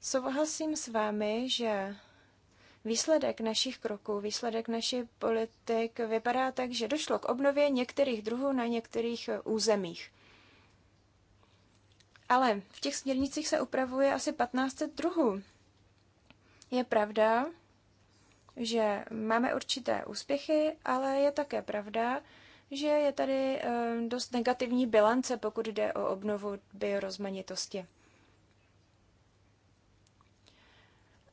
Souhlasím s vámi, že Výsledek našich kroků, výsledek našich politik vypadá tak, že došlo k obnově některých druhů na některých eh, územích. Ale v těch směrnicích se upravuje asi 1500 druhů. Je pravda, že máme určité úspěchy, ale je také pravda, že je tady eh, dost negativní bilance, pokud jde o obnovu biorozmanitosti.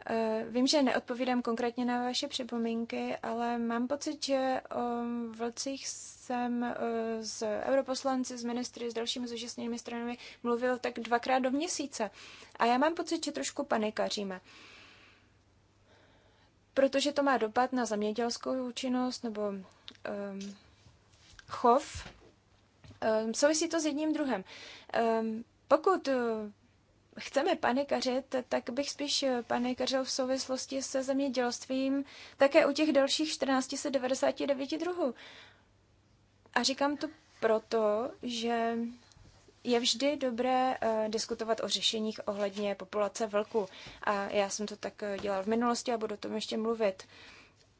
Eh, vím, že neodpovídám konkrétně na vaše připomínky, ale mám pocit, že o ehm, vlcích jsem eh, s europoslanci, s ministry, s dalšími zúčastněnými stranami mluvil tak dvakrát do měsíce. A já mám pocit, že trošku panikaříme. Protože to má dopad na zemědělskou účinnost nebo um, chov. Um, souvisí to s jedním druhem. Um, pokud eh, chceme panikařit, tak bych spíš eh, panikařil v souvislosti se zemědělstvím také u těch dalších 1499 druhů. A říkám to proto, že je vždy dobré eh, diskutovat o řešeních ohledně populace vlku. A já jsem to tak eh, dělal v minulosti a budu o tom ještě mluvit.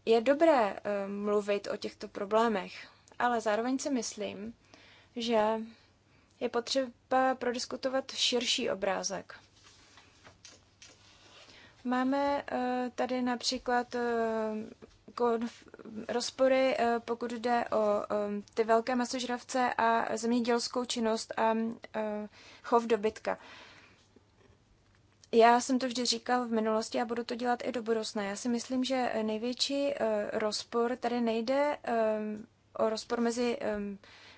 Je dobré mluvit o těchto problémech, ale zároveň si myslím, že je potřeba prodiskutovat širší obrázek. Máme eh, tady například eh, rozpory, eh, pokud jde o ty velké masožravce a zemědělskou činnost a chov dobytka. Já jsem to vždy říkal v minulosti a budu to dělat i do budoucna. Já si myslím, že největší rozpor tady nejde o rozpor mezi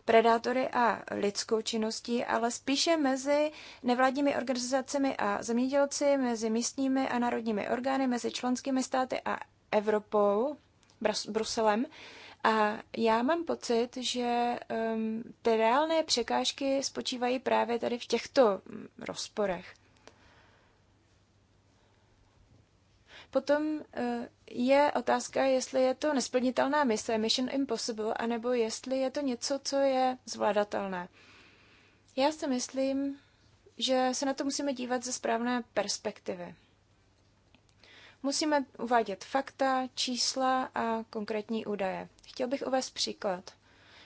predátory a lidskou činností, ale spíše mezi nevládními organizacemi a zemědělci, mezi místními a národními orgány, mezi členskými státy a Evropou, Bruselem. A já mám pocit, že um, ty reálné překážky spočívají právě tady v těchto mm, rozporech. Potom eh, je otázka, jestli je to nesplnitelná mise, Mission Impossible, anebo jestli je to něco, co je zvladatelné. Já si myslím, že se na to musíme dívat ze správné perspektivy. Musíme uvádět fakta, čísla a konkrétní údaje. Chtěl bych uvést příklad.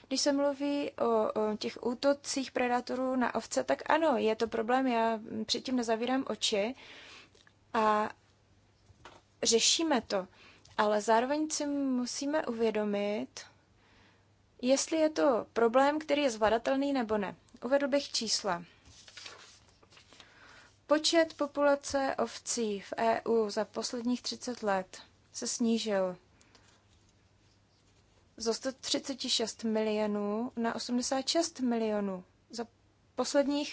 Když se mluví o, o těch útocích predátorů na ovce, tak ano, je to problém, já předtím nezavírám oči, a řešíme to, ale zároveň si musíme uvědomit, jestli je to problém, který je zvladatelný nebo ne. Uvedl bych čísla. Počet populace ovcí v EU za posledních 30 let se snížil ze 136 milionů na 86 milionů za posledních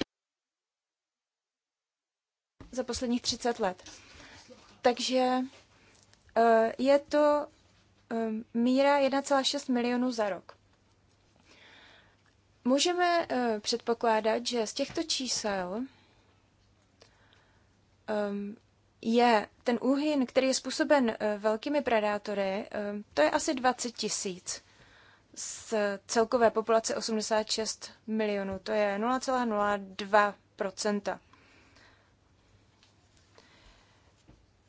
za posledních 30 let. Takže Eh, je to eh, míra 1,6 milionů za rok. Můžeme eh, předpokládat, že z těchto čísel je ten úhyn, který je způsoben velkými predátory, to je asi 20 tisíc z celkové populace 86 milionů. To je 0,02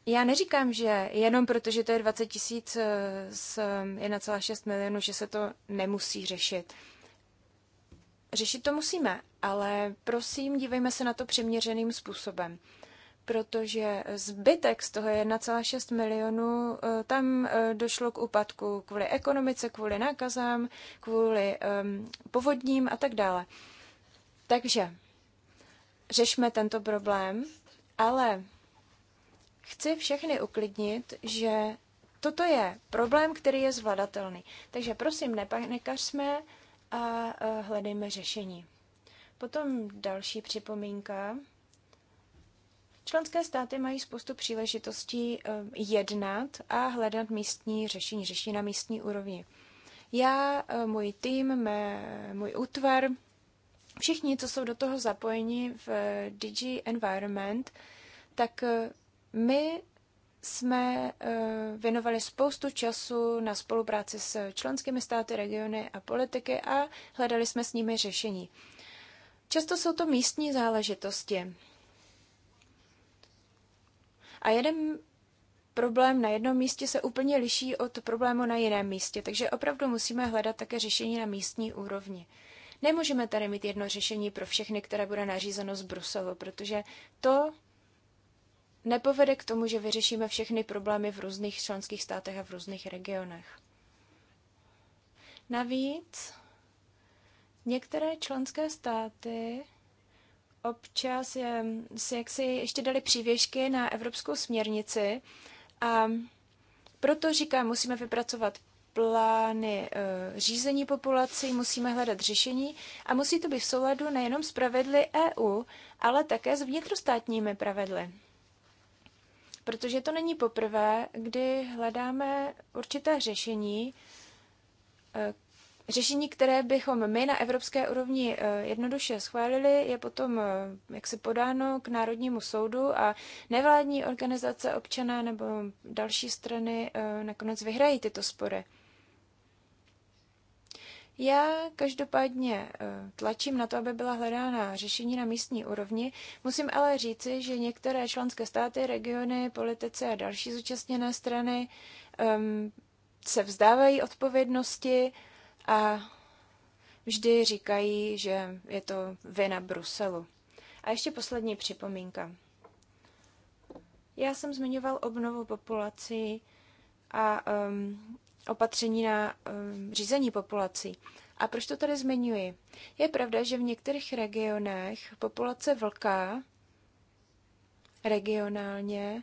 Já neříkám, že jenom protože to je 20 tisíc eh, z 1,6 eh, milionů, že se to nemusí řešit. Řešit to musíme, ale prosím, dívejme se na to přiměřeným způsobem, protože zbytek z toho 1,6 milionů, eh, tam došlo k úpadku kvůli ekonomice, kvůli nákazám, kvůli um, povodním a tak dále. Takže řešme tento problém, ale chci všechny uklidnit, že toto je problém, který je zvladatelný. Takže prosím, nepanikařme a hledejme řešení. Potom další připomínka. Členské státy mají spoustu příležitostí um, jednat a hledat místní řešení, řešení na místní úrovni. Já, uh, můj tým, mé, můj útvar, všichni, co jsou do toho zapojeni v eh, DG Environment, tak eh, my jsme eh, věnovali spoustu času na spolupráci s členskými státy, regiony a politiky a hledali jsme s nimi řešení. Často jsou to místní záležitosti. A jeden problém na jednom místě se úplně liší od problému na jiném místě, takže opravdu musíme hledat také řešení na místní úrovni. Nemůžeme tady mít jedno řešení pro všechny, které bude nařízeno z Bruselu, protože to nepovede k tomu, že vyřešíme všechny problémy v různých členských státech a v různých regionech. Navíc některé členské státy občas je, si jaksi ještě dali přívěšky na evropskou směrnici a proto říkám, musíme vypracovat plány e, řízení populací, musíme hledat řešení a musí to být v souladu nejenom s pravidly EU, ale také s vnitrostátními pravidly protože to není poprvé, kdy hledáme určité řešení, eh, Řešení, které bychom my na evropské úrovni eh, jednoduše schválili, je potom eh, jak se podáno k Národnímu soudu a nevládní organizace občané nebo další strany nakonec vyhrají tyto spory. Já každopádně eh, tlačím na to, aby byla hledána řešení na místní úrovni. Musím ale říci, že některé členské státy, regiony, politici a další zúčastněné strany um, se vzdávají odpovědnosti a vždy říkají, že je to vina Bruselu. A ještě poslední připomínka. Já jsem zmiňoval obnovu populací a um, opatření na um, řízení populací. A proč to tady zmiňuji? Je pravda, že v některých regionech populace vlka regionálně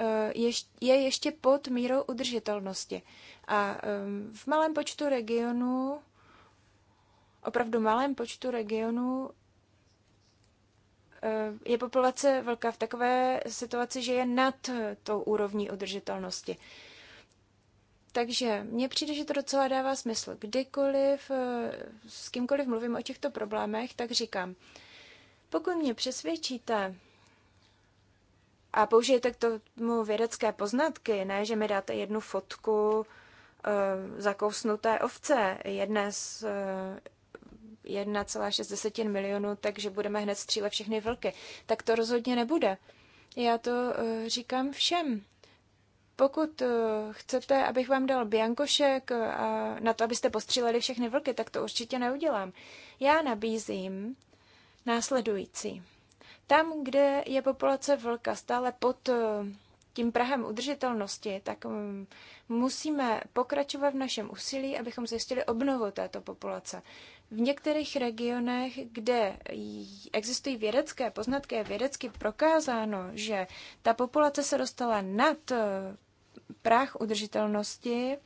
eh, je ještě pod mírou udržitelnosti. A ehm, v malém počtu regionů, opravdu malém počtu regionů, eh, je populace velká v takové situaci, že je nad tou úrovní udržitelnosti. Takže mně přijde, že to docela dává smysl. Kdykoliv eh, s kýmkoliv mluvím o těchto problémech, tak říkám, pokud mě přesvědčíte a použijete k tomu vědecké poznatky, ne, že mi dáte jednu fotku eh, zakousnuté ovce, jedné z 1,6 eh, milionu, takže budeme hned střílet všechny vlky. Tak to rozhodně nebude. Já to říkám všem. Pokud eh, chcete, abych vám dal biankošek eh, na to, abyste postříleli všechny vlky, tak to určitě neudělám. Já nabízím následující. Tam, kde je populace vlka stále pod eh, tím Prahem udržitelnosti, tak mm, musíme pokračovat v našem úsilí, abychom zjistili obnovu této populace. V některých regionech, kde existují vědecké poznatky, je vědecky prokázáno, že ta populace se dostala nad práh udržitelnosti,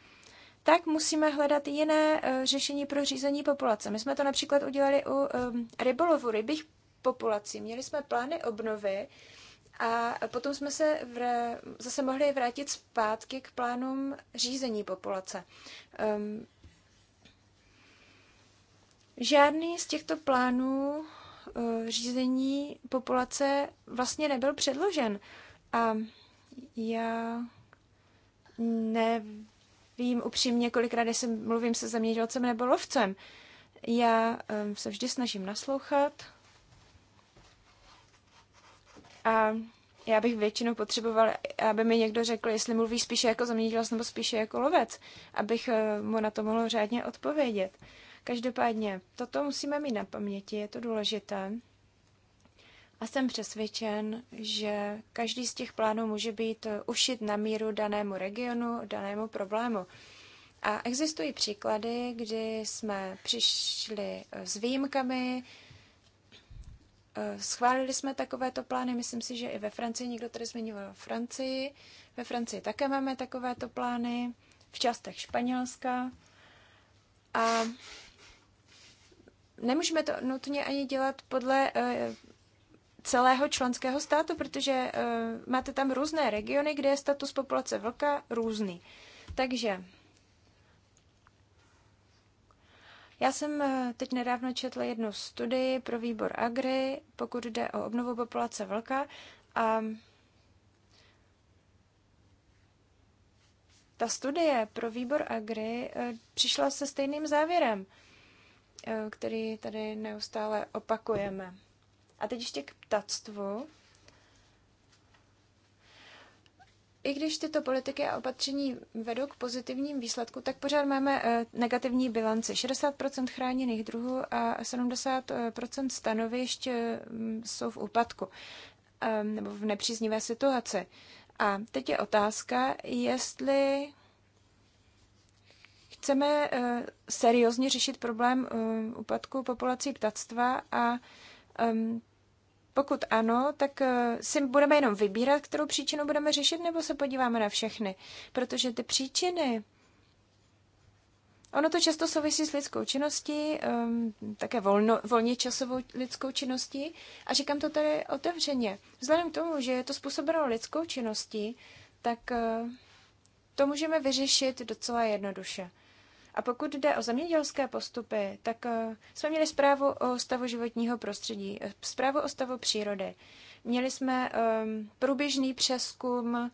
tak musíme hledat jiné eh, řešení pro řízení populace. My jsme to například udělali u ehm, rybolovu, rybích populací. Měli jsme plány obnovy a potom jsme se vr- zase mohli vrátit zpátky k plánům řízení populace. Ehm, žádný z těchto plánů eh, řízení populace vlastně nebyl předložen. A já nevím upřímně, kolikrát jsem mluvím se zemědělcem nebo lovcem. Já eh, se vždy snažím naslouchat a já bych většinou potřeboval, aby mi někdo řekl, jestli mluví spíše jako zemědělec nebo spíše jako lovec, abych eh, mu na to mohl řádně odpovědět. Každopádně, toto musíme mít na paměti, je to důležité a jsem přesvědčen, že každý z těch plánů může být ušit na míru danému regionu, danému problému. A existují příklady, kdy jsme přišli eh, s výjimkami, eh, schválili jsme takovéto plány, myslím si, že i ve Francii, někdo tady zmiňoval Francii, ve Francii také máme takovéto plány, v částech Španělska. A nemůžeme to nutně ani dělat podle eh, celého členského státu, protože uh, máte tam různé regiony, kde je status populace vlka různý. Takže já jsem eh, teď nedávno četla jednu studii pro výbor Agri, pokud jde o obnovu populace vlka a ta studie pro výbor Agri eh, přišla se stejným závěrem, který tady neustále opakujeme. A teď ještě k ptactvu. I když tyto politiky a opatření vedou k pozitivním výsledku, tak pořád máme eh, negativní bilance. 60% chráněných druhů a 70% stanovišť eh, jsou v úpadku eh, nebo v nepříznivé situaci. A teď je otázka, jestli chceme seriózně řešit problém úpadku populací ptactva a ehm, pokud ano, tak eh, si budeme jenom vybírat, kterou příčinu budeme řešit, nebo se podíváme na všechny. Protože ty příčiny, ono to často souvisí s lidskou činností, ehm, také volno, volně časovou lidskou činností. A říkám to tady otevřeně. Vzhledem k tomu, že je to způsobeno lidskou činností, tak eh, to můžeme vyřešit docela jednoduše. A pokud jde o zemědělské postupy, tak eh, jsme měli zprávu o stavu životního prostředí, eh, zprávu o stavu přírody. Měli jsme ehm, průběžný přeskum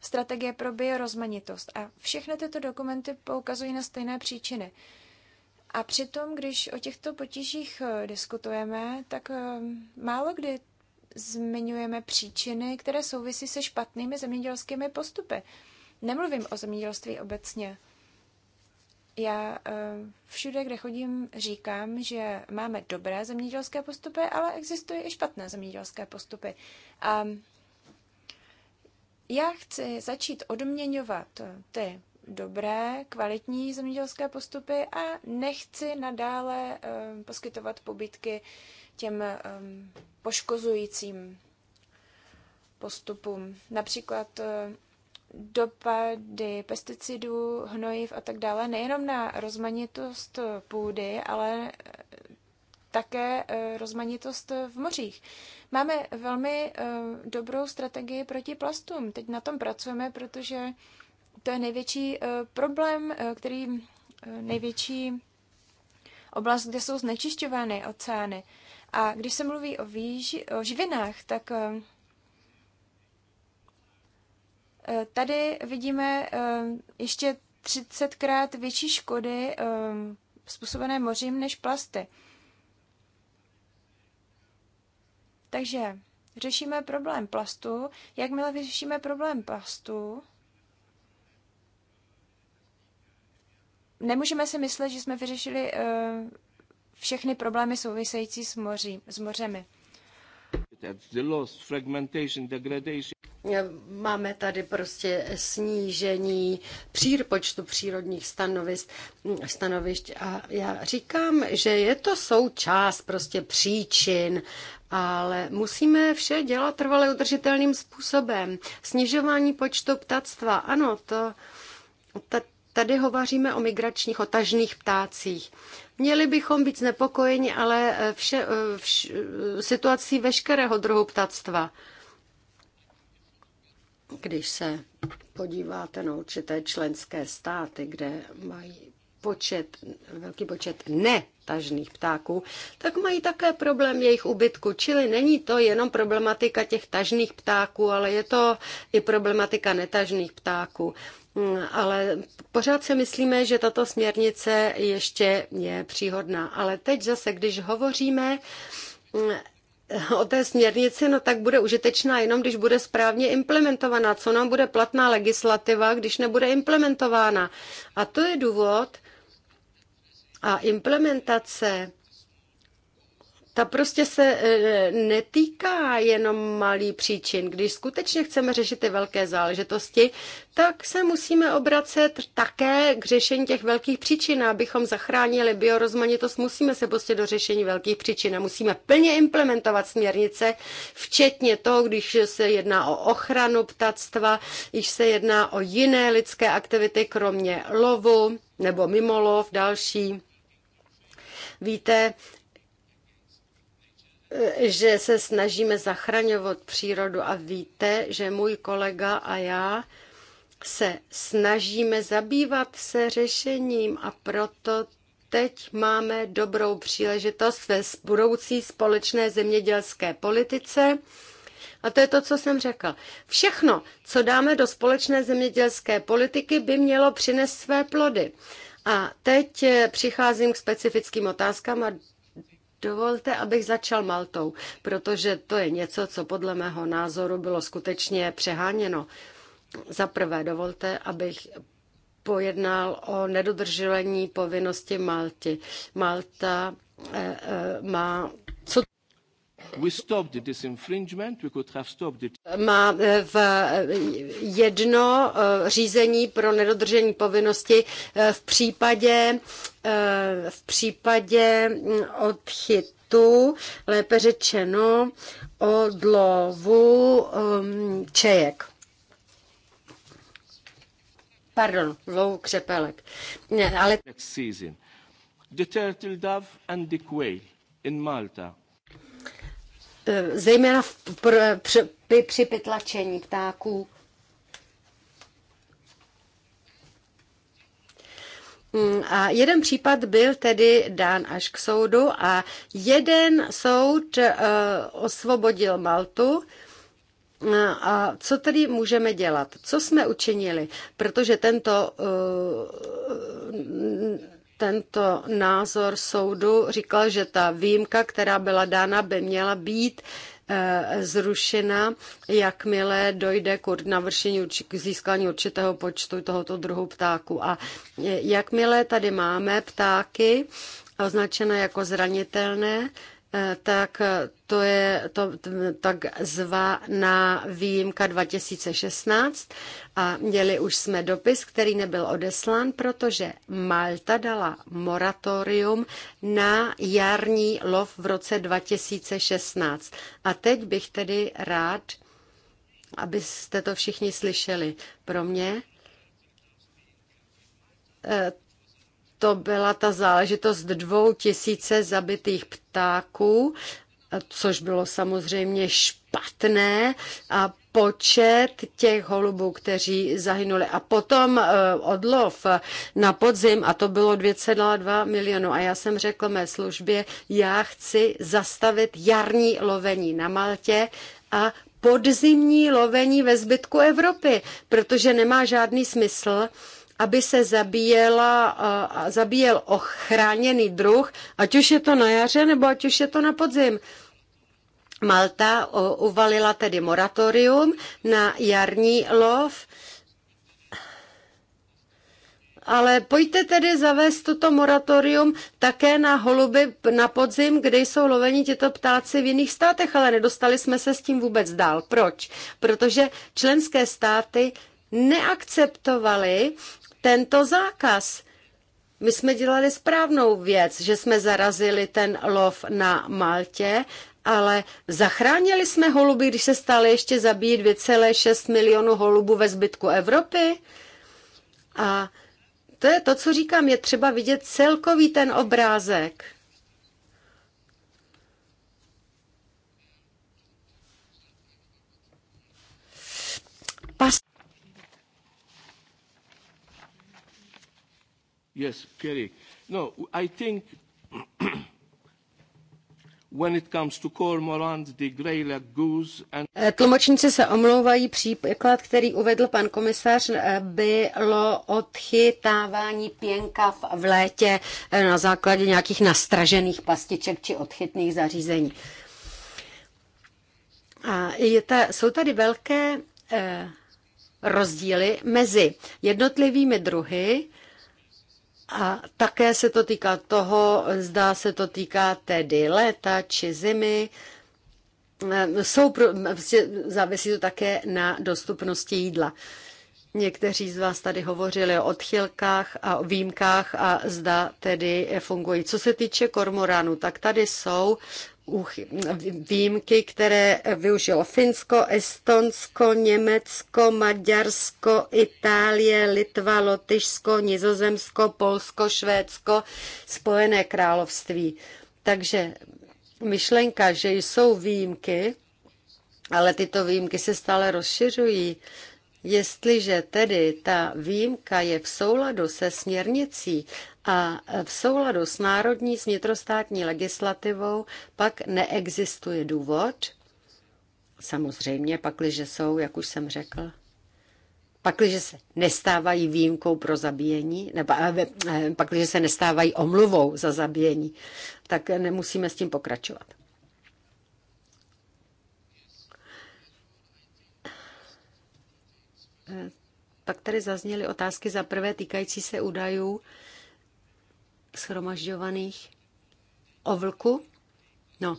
strategie pro biorozmanitost a všechny tyto dokumenty poukazují na stejné příčiny. A přitom, když o těchto potížích eh, diskutujeme, tak ehm, málo kdy zmiňujeme příčiny, které souvisí se špatnými zemědělskými postupy. Nemluvím o zemědělství obecně. Já eh, všude, kde chodím, říkám, že máme dobré zemědělské postupy, ale existují i špatné zemědělské postupy. A já chci začít odměňovat ty dobré, kvalitní zemědělské postupy a nechci nadále eh, poskytovat pobytky těm ehm, poškozujícím postupům. Například eh, dopady pesticidů, hnojiv a tak dále, nejenom na rozmanitost půdy, ale eh, také eh, rozmanitost v mořích. Máme velmi eh, dobrou strategii proti plastům. Teď na tom pracujeme, protože to je největší problém, který největší oblast, kde jsou znečišťovány oceány. A když se mluví o, výži, o živinách, tak Tady vidíme ehm, ještě 30krát větší škody ehm, způsobené mořím než plasty. Takže řešíme problém plastu. Jakmile vyřešíme problém plastu, nemůžeme si myslet, že jsme vyřešili ehm, všechny problémy související s, moři, s mořemi. Eh, máme tady prostě snížení přír, počtu přírodních stanovišť, stanovišť a já říkám, že je to součást prostě příčin ale musíme vše dělat trvale udržitelným způsobem. Snižování počtu ptactva, ano, to, tady hovoříme o migračních otažných ptácích. Měli bychom být znepokojeni ale eh, vše, eh, vš, eh, situací veškerého druhu ptactva. Když se podíváte na určité členské státy, kde mají počet, velký počet netažných ptáků, tak mají také problém jejich ubytku. Čili není to jenom problematika těch tažných ptáků, ale je to i problematika netažných ptáků. Hmm, ale pořád si myslíme, že tato směrnice ještě je příhodná. Ale teď zase, když hovoříme hmm, o té směrnici, no tak bude užitečná jenom, když bude správně implementovaná. Co nám bude platná legislativa, když nebude implementována? A to je důvod a implementace ta prostě se e, netýká jenom malý příčin. Když skutečně chceme řešit ty velké záležitosti, tak se musíme obracet také k řešení těch velkých příčin. Abychom zachránili biorozmanitost, musíme se prostě do řešení velkých příčin a musíme plně implementovat směrnice, včetně toho, když se jedná o ochranu ptactva, když se jedná o jiné lidské aktivity, kromě lovu nebo mimo lov, další. Víte, že se snažíme zachraňovat přírodu a víte, že můj kolega a já se snažíme zabývat se řešením a proto teď máme dobrou příležitost ve budoucí společné zemědělské politice. A to je to, co jsem řekl. Všechno, co dáme do společné zemědělské politiky, by mělo přinést své plody. A teď eh, přicházím k specifickým otázkám a Dovolte, abych začal Maltou, protože to je něco, co podle mého názoru bylo skutečně přeháněno. Za prvé, dovolte, abych pojednal o nedodržení povinnosti Malty. Malta eh, eh, má má v jedno řízení pro nedodržení povinnosti eh, v případě, eh, v případě mm, odchytu, lépe řečeno, odlovu ehm, čejek pardon, lovu křepelek. Ne, ale... Season. The turtle dove and the quail in Malta Eh, zejména v, pr, při, při pytlačení ptáků. Mm, a jeden případ byl tedy dán až k soudu a jeden soud eh, osvobodil Maltu. Eh, a co tedy můžeme dělat? Co jsme učinili? Protože tento tento názor soudu říkal, že ta výjimka, která byla dána, by měla být eh, zrušena, jakmile dojde k navršení k získání určitého počtu tohoto druhu ptáku. A eh, jakmile tady máme ptáky označené jako zranitelné, Eh, tak eh, to je to, tak zvaná výjimka 2016 a měli už jsme dopis, který nebyl odeslán, protože Malta dala moratorium na jarní lov v roce 2016. A teď bych tedy rád, abyste to všichni slyšeli. Pro mě eh, to byla ta záležitost dvou tisíce zabitých ptáků, což bylo samozřejmě špatné a počet těch holubů, kteří zahynuli. A potom e, odlov na podzim, a to bylo 2,2 milionu. A já jsem řekl mé službě, já chci zastavit jarní lovení na Maltě a podzimní lovení ve zbytku Evropy, protože nemá žádný smysl, aby se zabíjela, zabíjel ochráněný druh, ať už je to na jaře nebo ať už je to na podzim. Malta uvalila tedy moratorium na jarní lov, ale pojďte tedy zavést toto moratorium také na holuby na podzim, kde jsou loveni těto ptáci v jiných státech, ale nedostali jsme se s tím vůbec dál. Proč? Protože členské státy neakceptovaly tento zákaz. My jsme dělali správnou věc, že jsme zarazili ten lov na Maltě, ale zachránili jsme holuby, když se stále ještě zabíjí 2,6 milionu holubů ve zbytku Evropy. A to je to, co říkám, je třeba vidět celkový ten obrázek. Pas Yes, Pierre. No, I think when it comes to cormorant, the grey lag goose and... Eh, tlumočníci se omlouvají, příklad, který uvedl pan komisař, eh, bylo odchytávání pěnka v létě eh, na základě nějakých nastražených pastiček či odchytných zařízení. A je ta, jsou tady velké eh, rozdíly mezi jednotlivými druhy, eh, a také se to týká toho, zdá se to týká tedy léta či zimy. Ehm, jsou, vlastně závisí to také na dostupnosti jídla. Někteří z vás tady hovořili o odchylkách a o výjimkách a zda tedy fungují. Co se týče kormoránů, tak tady jsou výjimky, které využilo Finsko, Estonsko, Německo, Maďarsko, Itálie, Litva, Lotyšsko, Nizozemsko, Polsko, Švédsko, Spojené království. Takže myšlenka, že jsou výjimky, ale tyto výjimky se stále rozšiřují. Jestliže tedy ta výjimka je v souladu se směrnicí a v souladu s národní smětrostátní legislativou, pak neexistuje důvod, samozřejmě pakliže jsou, jak už jsem řekl, pakliže se nestávají výjimkou pro zabíjení, nebo eh, eh, pakliže se nestávají omluvou za zabíjení, tak nemusíme s tím pokračovat. Pak tady zazněly otázky za prvé týkající se údajů schromažďovaných o vlku. No,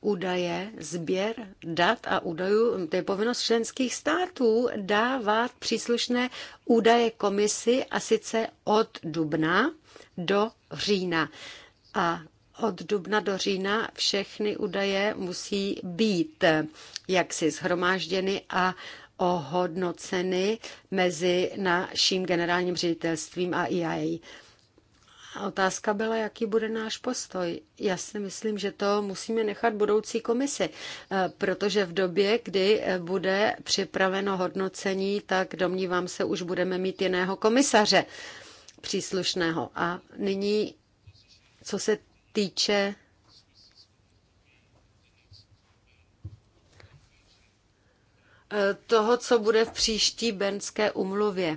údaje, sběr dat a údajů, to je povinnost členských států dávat příslušné údaje komisi a sice od dubna do října. A od dubna do října všechny údaje musí být jaksi zhromážděny a ohodnoceny mezi naším generálním ředitelstvím a e IAEA. Otázka byla, jaký bude náš postoj. Já si myslím, že to musíme nechat budoucí komisi, eh, protože v době, kdy eh, bude připraveno hodnocení, tak domnívám se, už budeme mít jiného komisaře příslušného. A nyní, co se týče Eh, toho, co bude v příští Benské umluvě.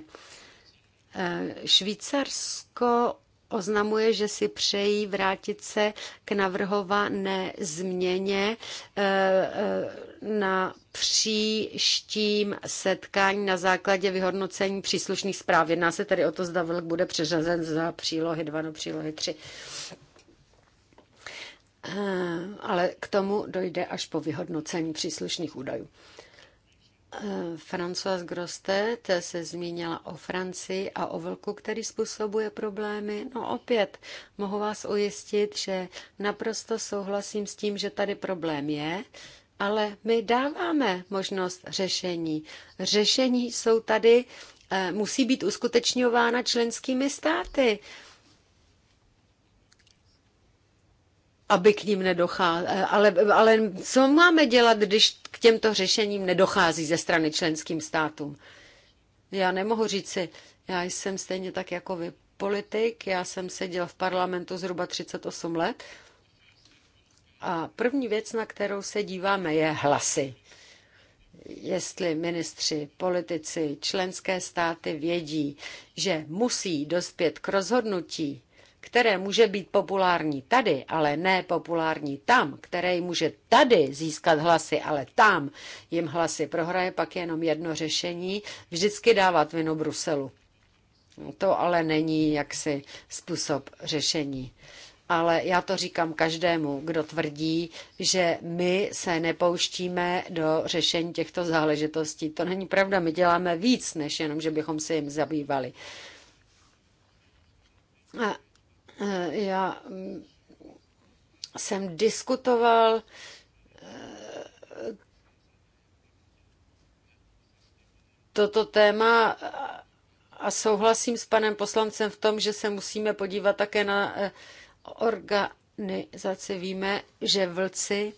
Eh, Švýcarsko oznamuje, že si přejí vrátit se k navrhované změně eh, na příštím setkání na základě vyhodnocení příslušných zpráv. Jedná se tedy o to, zda vlk bude přeřazen za přílohy 2 do přílohy 3. Ale k tomu dojde až po vyhodnocení příslušných údajů. Françoise Grostet se zmínila o Francii a o vlku, který způsobuje problémy. No opět, mohu vás ujistit, že naprosto souhlasím s tím, že tady problém je, ale my dáváme možnost řešení. Řešení jsou tady, eh, musí být uskutečňována členskými státy. aby k ním nedocházelo. Ale, ale co máme dělat, když k těmto řešením nedochází ze strany členským státům? Já nemohu říct si, já jsem stejně tak jako vy politik, já jsem seděl v parlamentu zhruba 38 let a první věc, na kterou se díváme, je hlasy. Jestli ministři, politici, členské státy vědí, že musí dospět k rozhodnutí, které může být populární tady, ale ne populární tam, které může tady získat hlasy, ale tam jim hlasy prohraje, pak je jenom jedno řešení, vždycky dávat vinu Bruselu. To ale není jaksi způsob řešení ale já to říkám každému, kdo tvrdí, že my se nepouštíme do řešení těchto záležitostí. To není pravda, my děláme víc, než jenom, že bychom se jim zabývali. Eh, já mm, jsem diskutoval eh, toto téma a souhlasím s panem poslancem v tom, že se musíme podívat také na eh, organizaci. Víme, že vlci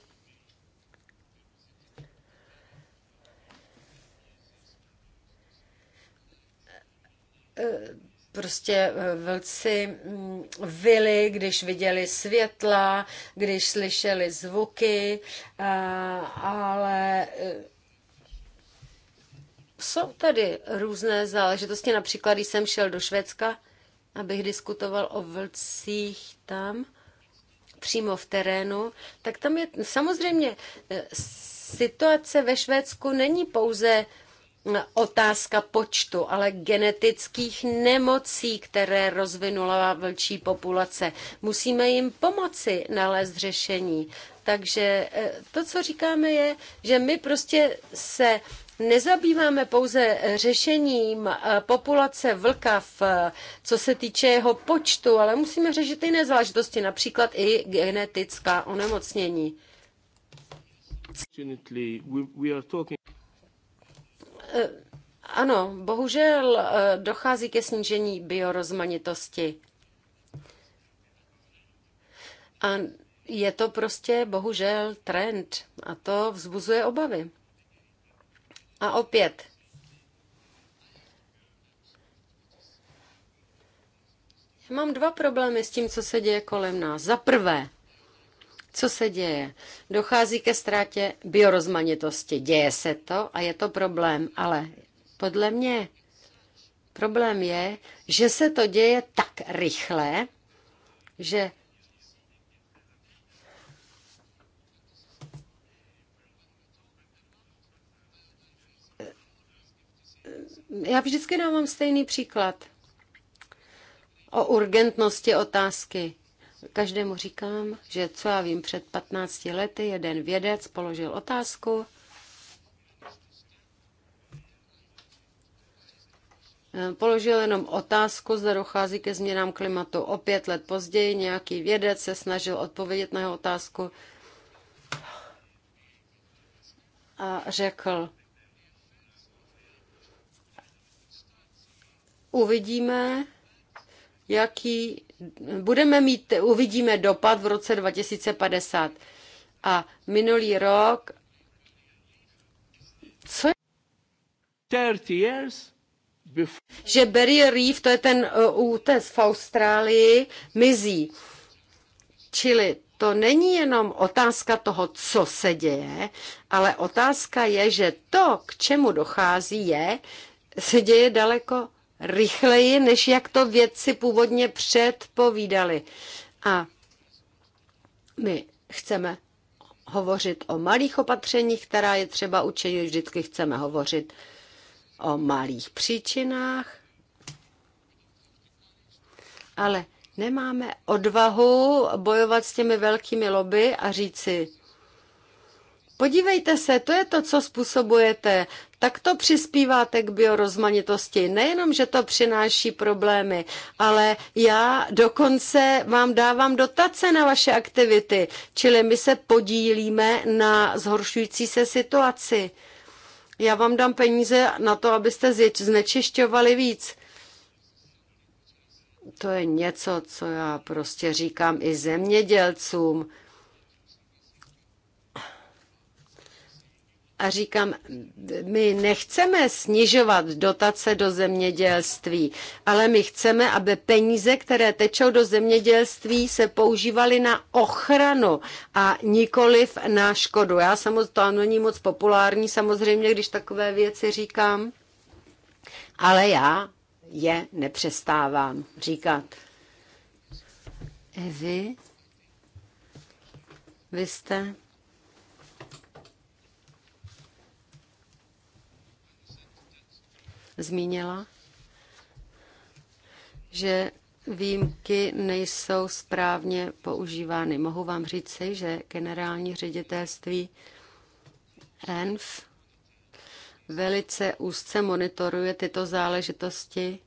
uh, prostě eh, vlci mm, vyli, když viděli světla, když slyšeli zvuky, eh, ale eh, jsou tady různé záležitosti. Například, když jsem šel do Švédska, abych diskutoval o vlcích tam, přímo v terénu, tak tam je samozřejmě situace ve Švédsku není pouze otázka počtu, ale genetických nemocí, které rozvinula vlčí populace. Musíme jim pomoci nalézt řešení. Takže eh, to, co říkáme, je, že my prostě se nezabýváme pouze řešením eh, populace vlka, v, co se týče jeho počtu, ale musíme řešit jiné záležitosti, například i genetická onemocnění. Eh, ano, bohužel eh, dochází ke snížení biorozmanitosti. A je to prostě bohužel trend a to vzbuzuje obavy. A opět, mám dva problémy s tím, co se děje kolem nás. Za prvé, co se děje? Dochází ke ztrátě biorozmanitosti. Děje se to a je to problém, ale podle mě problém je, že se to děje tak rychle, že já vždycky dávám stejný příklad o urgentnosti otázky. Každému říkám, že co já vím, před 15 lety jeden vědec položil otázku, eh, Položil jenom otázku, zda dochází ke změnám klimatu. O pět let později nějaký vědec se snažil odpovědět na jeho otázku a řekl, uvidíme, jaký budeme mít, uvidíme dopad v roce 2050. A minulý rok, co je? 30 years že Barrier Reef, to je ten uh, útes v Austrálii, mizí. Čili to není jenom otázka toho, co se děje, ale otázka je, že to, k čemu dochází, je, se děje daleko rychleji, než jak to vědci původně předpovídali. A my chceme hovořit o malých opatřeních, která je třeba učinit. Vždycky chceme hovořit o malých příčinách, ale nemáme odvahu bojovat s těmi velkými lobby a říci, Podívejte se, to je to, co způsobujete. Tak to přispíváte k biorozmanitosti. Nejenom, že to přináší problémy, ale já dokonce vám dávám dotace na vaše aktivity, čili my se podílíme na zhoršující se situaci. Já vám dám peníze na to, abyste znečišťovali víc. To je něco, co já prostě říkám i zemědělcům. a říkám, my nechceme snižovat dotace do zemědělství, ale my chceme, aby peníze, které tečou do zemědělství, se používaly na ochranu a nikoliv na škodu. Já samozřejmě, to není moc populární samozřejmě, když takové věci říkám, ale já je nepřestávám říkat. Evi, vy jste zmínila, že výjimky nejsou správně používány. Mohu vám říci, že generální ředitelství ENF velice úzce monitoruje tyto záležitosti.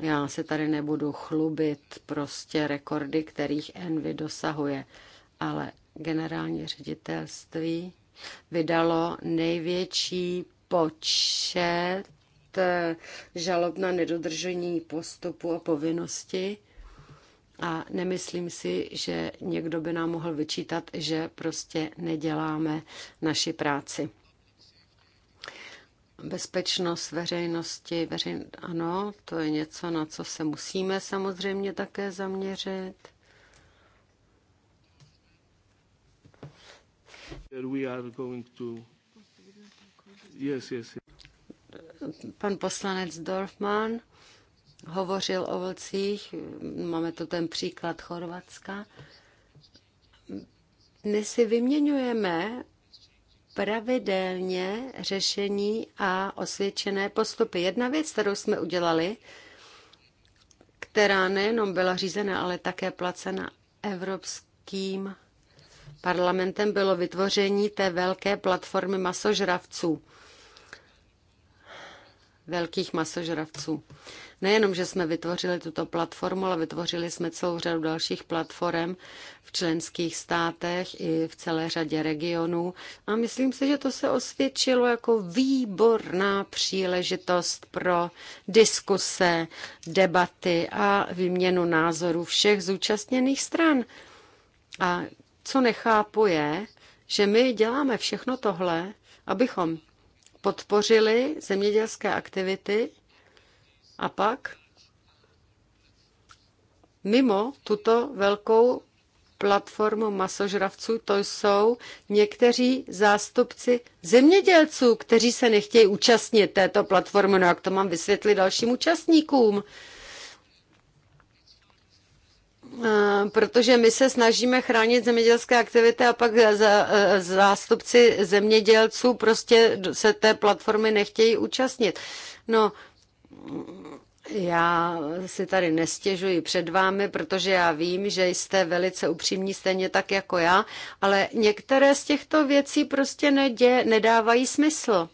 Já se tady nebudu chlubit prostě rekordy, kterých ENV dosahuje, ale generální ředitelství vydalo největší počet Eh, žalob na nedodržení postupu a povinnosti. A nemyslím si, že někdo by nám mohl vyčítat, že prostě neděláme naši práci. Bezpečnost veřejnosti, veřejn... ano, to je něco, na co se musíme samozřejmě také zaměřit. We are going to... yes, yes, yes. Pan poslanec Dorfman hovořil o vlcích, máme tu ten příklad Chorvatska. My si vyměňujeme pravidelně řešení a osvědčené postupy. Jedna věc, kterou jsme udělali, která nejenom byla řízena, ale také placena Evropským parlamentem, bylo vytvoření té velké platformy masožravců velkých masožravců. Nejenom, že jsme vytvořili tuto platformu, ale vytvořili jsme celou řadu dalších platform v členských státech i v celé řadě regionů. A myslím si, že to se osvědčilo jako výborná příležitost pro diskuse, debaty a výměnu názorů všech zúčastněných stran. A co nechápu je, že my děláme všechno tohle, abychom podpořili zemědělské aktivity a pak mimo tuto velkou platformu masožravců, to jsou někteří zástupci zemědělců, kteří se nechtějí účastnit této platformy. No jak to mám vysvětlit dalším účastníkům? protože my se snažíme chránit zemědělské aktivity a pak zástupci zemědělců prostě se té platformy nechtějí účastnit. No, já si tady nestěžuji před vámi, protože já vím, že jste velice upřímní, stejně tak jako já, ale některé z těchto věcí prostě nedě, nedávají smysl.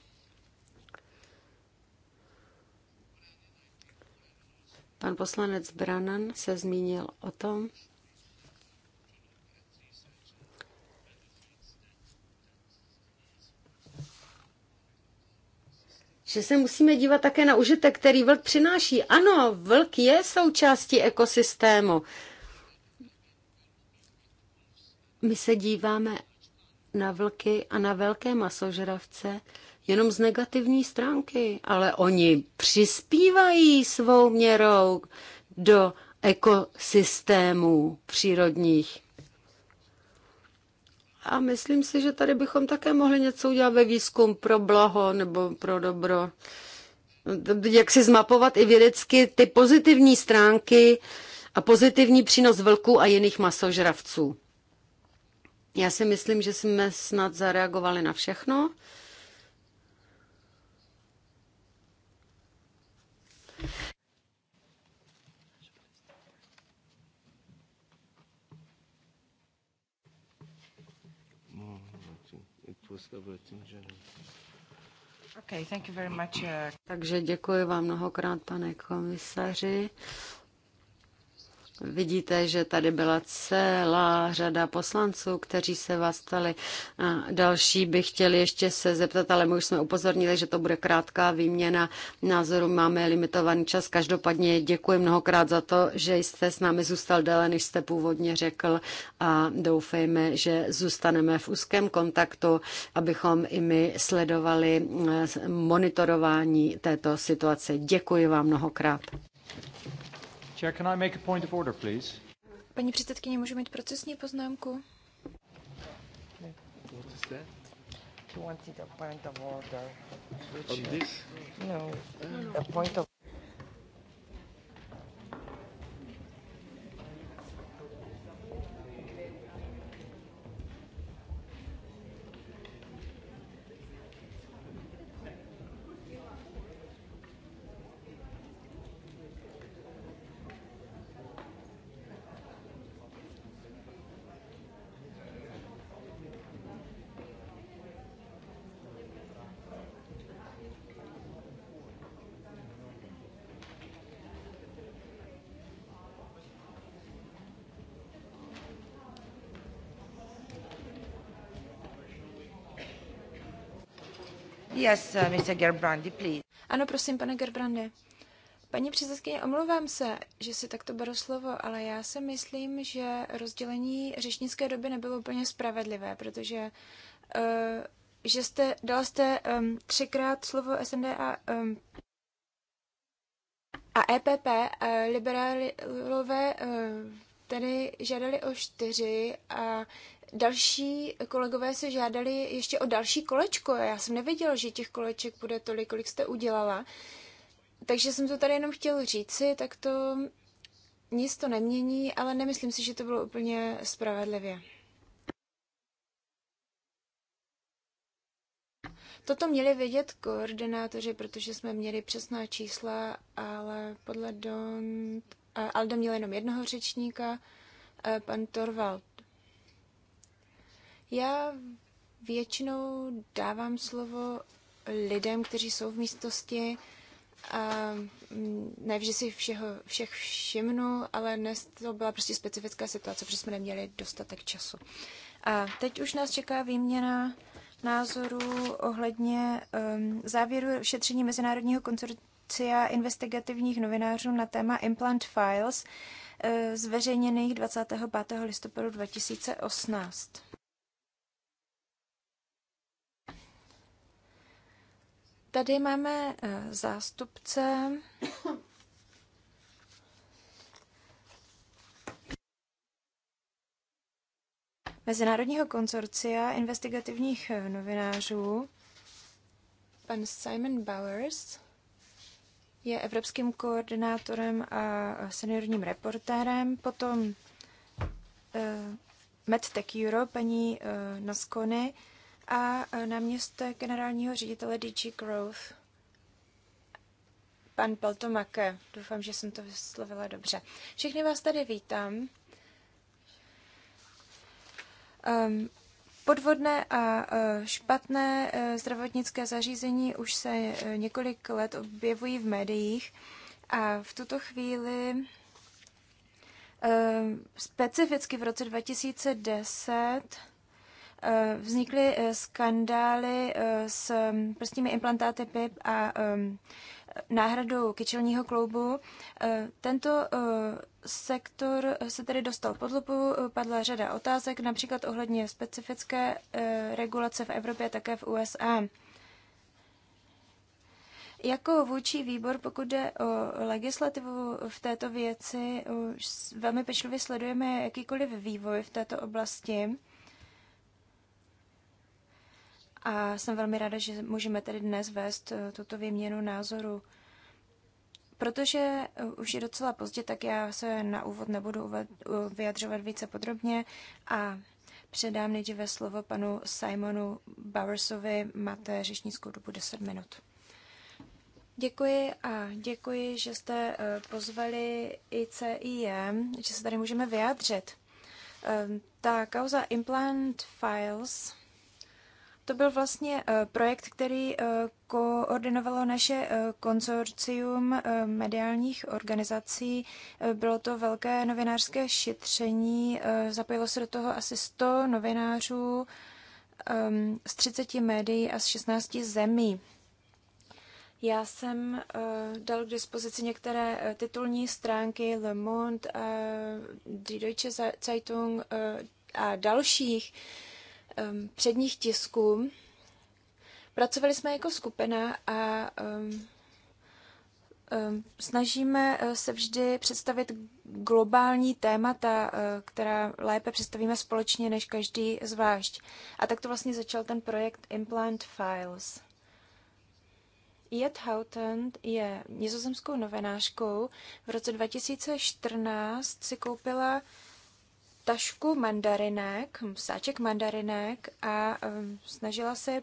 Pan poslanec Branan se zmínil o tom, že se musíme dívat také na užitek, který vlk přináší. Ano, vlk je součástí ekosystému. My se díváme na vlky a na velké masožravce jenom z negativní stránky, ale oni přispívají svou měrou do ekosystémů přírodních. A myslím si, že tady bychom také mohli něco udělat ve výzkum pro blaho nebo pro dobro. Jak si zmapovat i vědecky ty pozitivní stránky a pozitivní přínos vlků a jiných masožravců. Já si myslím, že jsme snad zareagovali na všechno. Okay, thank you very much. Uh, Takže děkuji vám mnohokrát, pane komisaři. Vidíte, že tady byla celá řada poslanců, kteří se vás stali. A další by chtěli ještě se zeptat, ale my už jsme upozornili, že to bude krátká výměna názoru. Máme limitovaný čas. Každopádně děkuji mnohokrát za to, že jste s námi zůstal déle, než jste původně řekl a doufejme, že zůstaneme v úzkém kontaktu, abychom i my sledovali eh, monitorování této situace. Děkuji vám mnohokrát. Chair, can I make a point of order, please? Paní předsedkyně, můžu mít procesní poznámku? What is that? wanted a point of order. On oh, this? No, a point of Yes, uh, Mr. Gerbrandy, please. Ano, prosím, pane Gerbrandy. Paní předsedkyně, omlouvám se, že si takto beru slovo, ale já si myslím, že rozdělení řečnické doby nebylo úplně spravedlivé, protože uh, že jste, dal jste um, třikrát slovo SND a, um, a EPP, uh, eh, liberálové uh, eh, tady žádali o čtyři a Další kolegové se žádali ještě o další kolečko. Já jsem nevěděla, že těch koleček bude tolik, kolik jste udělala. Takže jsem to tady jenom chtěl říci, tak to nic to nemění, ale nemyslím si, že to bylo úplně spravedlivě. Toto měli vědět koordinátoři, protože jsme měli přesná čísla, ale podle Don... Aldo měl jenom jednoho řečníka, eh, pan Torvald já většinou dávám slovo lidem, kteří jsou v místnosti. A mm, ne že si všeho, všech všimnu, ale dnes to byla prostě specifická situace, protože jsme neměli dostatek času. A teď už nás čeká výměna názorů ohledně um, závěru šetření Mezinárodního konzorcia investigativních novinářů na téma Implant Files, eh, zveřejněných 25. listopadu 2018. Tady máme eh, zástupce Mezinárodního konzorcia investigativních eh, novinářů. Pan Simon Bowers je evropským koordinátorem a seniorním reportérem. Potom uh, MedTech Europe, paní uh, Naskony, a e, náměstek generálního ředitele DG Growth, pan Peltomake. Doufám, že jsem to vyslovila dobře. Všechny vás tady vítám. Um, Podvodné a e, špatné e, zdravotnické zařízení už se několik let objevují v médiích a v tuto chvíli specificky v roce 2010 Eh, vznikly eh, skandály eh, s mm, prstními implantáty PIP a mm, náhradou kyčelního kloubu. Tento sektor se tedy dostal pod lupu, padla řada otázek, například ohledně specifické regulace v Evropě a také v USA. Jako vůči výbor, pokud jde o legislativu v této věci, už velmi pečlivě sledujeme jakýkoliv vývoj v této oblasti. A jsem velmi ráda, že můžeme tady dnes vést eh, tuto výměnu názoru. Protože eh, už je docela pozdě, tak já se na úvod nebudu vyjadřovat více podrobně a předám nejdříve slovo panu Simonu Bowersovi. Máte řečnickou dobu 10 minut. Děkuji a děkuji, že jste eh, pozvali i CIM, že se tady můžeme vyjádřit. Ehm, ta kauza Implant Files to byl vlastně eh, projekt, který eh, koordinovalo naše eh, konzorcium mediálních organizací. Bylo to velké novinářské šetření, zapojilo se do toho asi 100 novinářů ehm, z 30 médií a z 16 zemí. Já jsem uh, dal k dispozici některé uh, titulní stránky Le Monde, uh, Die Deutsche Zeitung uh, a dalších, um, předních tisků. Pracovali jsme jako skupina a um, um, snažíme uh, se vždy představit globální témata, uh, která lépe představíme společně než každý zvlášť. A tak to vlastně začal ten projekt Implant Files. Jed Houghton je nizozemskou novinářkou. V roce 2014 si koupila tašku mandarinek, sáček mandarinek a snažila se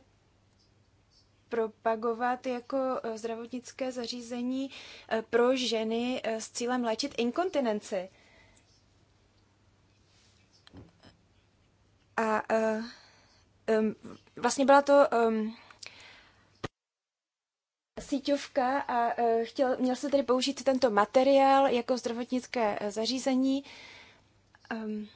propagovat jako e, zdravotnické zařízení e, pro ženy e, s cílem léčit inkontinenci. A vlastně byla to síťovka a chtěl, měl se tedy použít tento materiál jako zdravotnické zařízení. Um,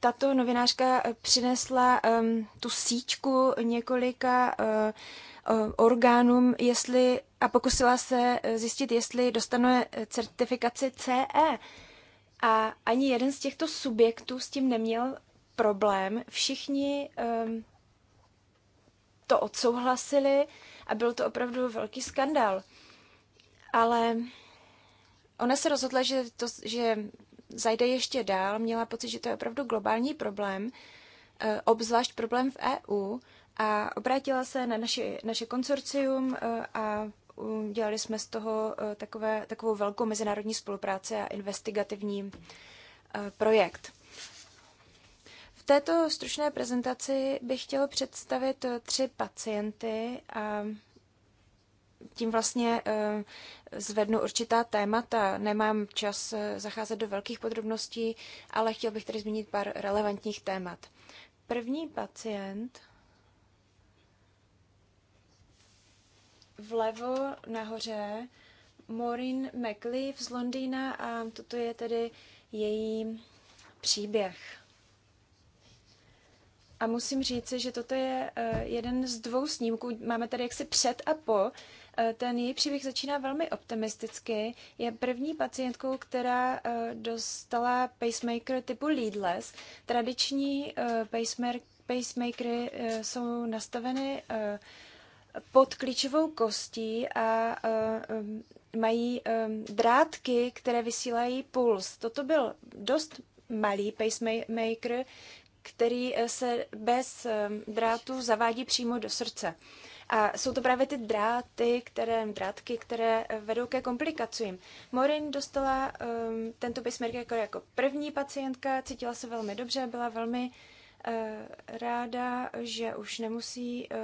tato novinářka eh, přinesla um, tu síťku několika uh, orgánům, jestli a pokusila se eh, zjistit, jestli dostane certifikaci CE. A ani jeden z těchto subjektů s tím neměl problém. Všichni um, to odsouhlasili a byl to opravdu velký skandál. Ale ona se rozhodla, že, to, že zajde ještě dál, měla pocit, že to je opravdu globální problém, eh, obzvlášť problém v EU a obrátila se na naši, naše konsorcium eh, a dělali jsme z toho eh, takové, takovou velkou mezinárodní spolupráci a investigativní projekt. V této stručné prezentaci bych chtěla představit tři pacienty a tím vlastně zvednu určitá témata. Nemám čas eh, zacházet do velkých podrobností, ale chtěl bych tady zmínit pár relevantních témat. První pacient vlevo nahoře Maureen McLeaf z Londýna a toto je tedy její příběh. A musím říci, že toto je eh, jeden z dvou snímků. Máme tady jaksi před a po Eh, ten její příběh začíná velmi optimisticky. Je první pacientkou, která eh, dostala pacemaker typu leadless. Tradiční eh, pacemakery jsou nastaveny pod klíčovou kostí a mají drátky, které vysílají puls. Toto byl dost malý pacemaker, který se bez drátu zavádí přímo do srdce. A jsou to právě ty dráty, které, drátky, které eh, vedou ke komplikacím. Morin dostala um, tento pacemaker jako, jako první pacientka, cítila se velmi dobře, byla velmi uh, ráda, že už nemusí uh,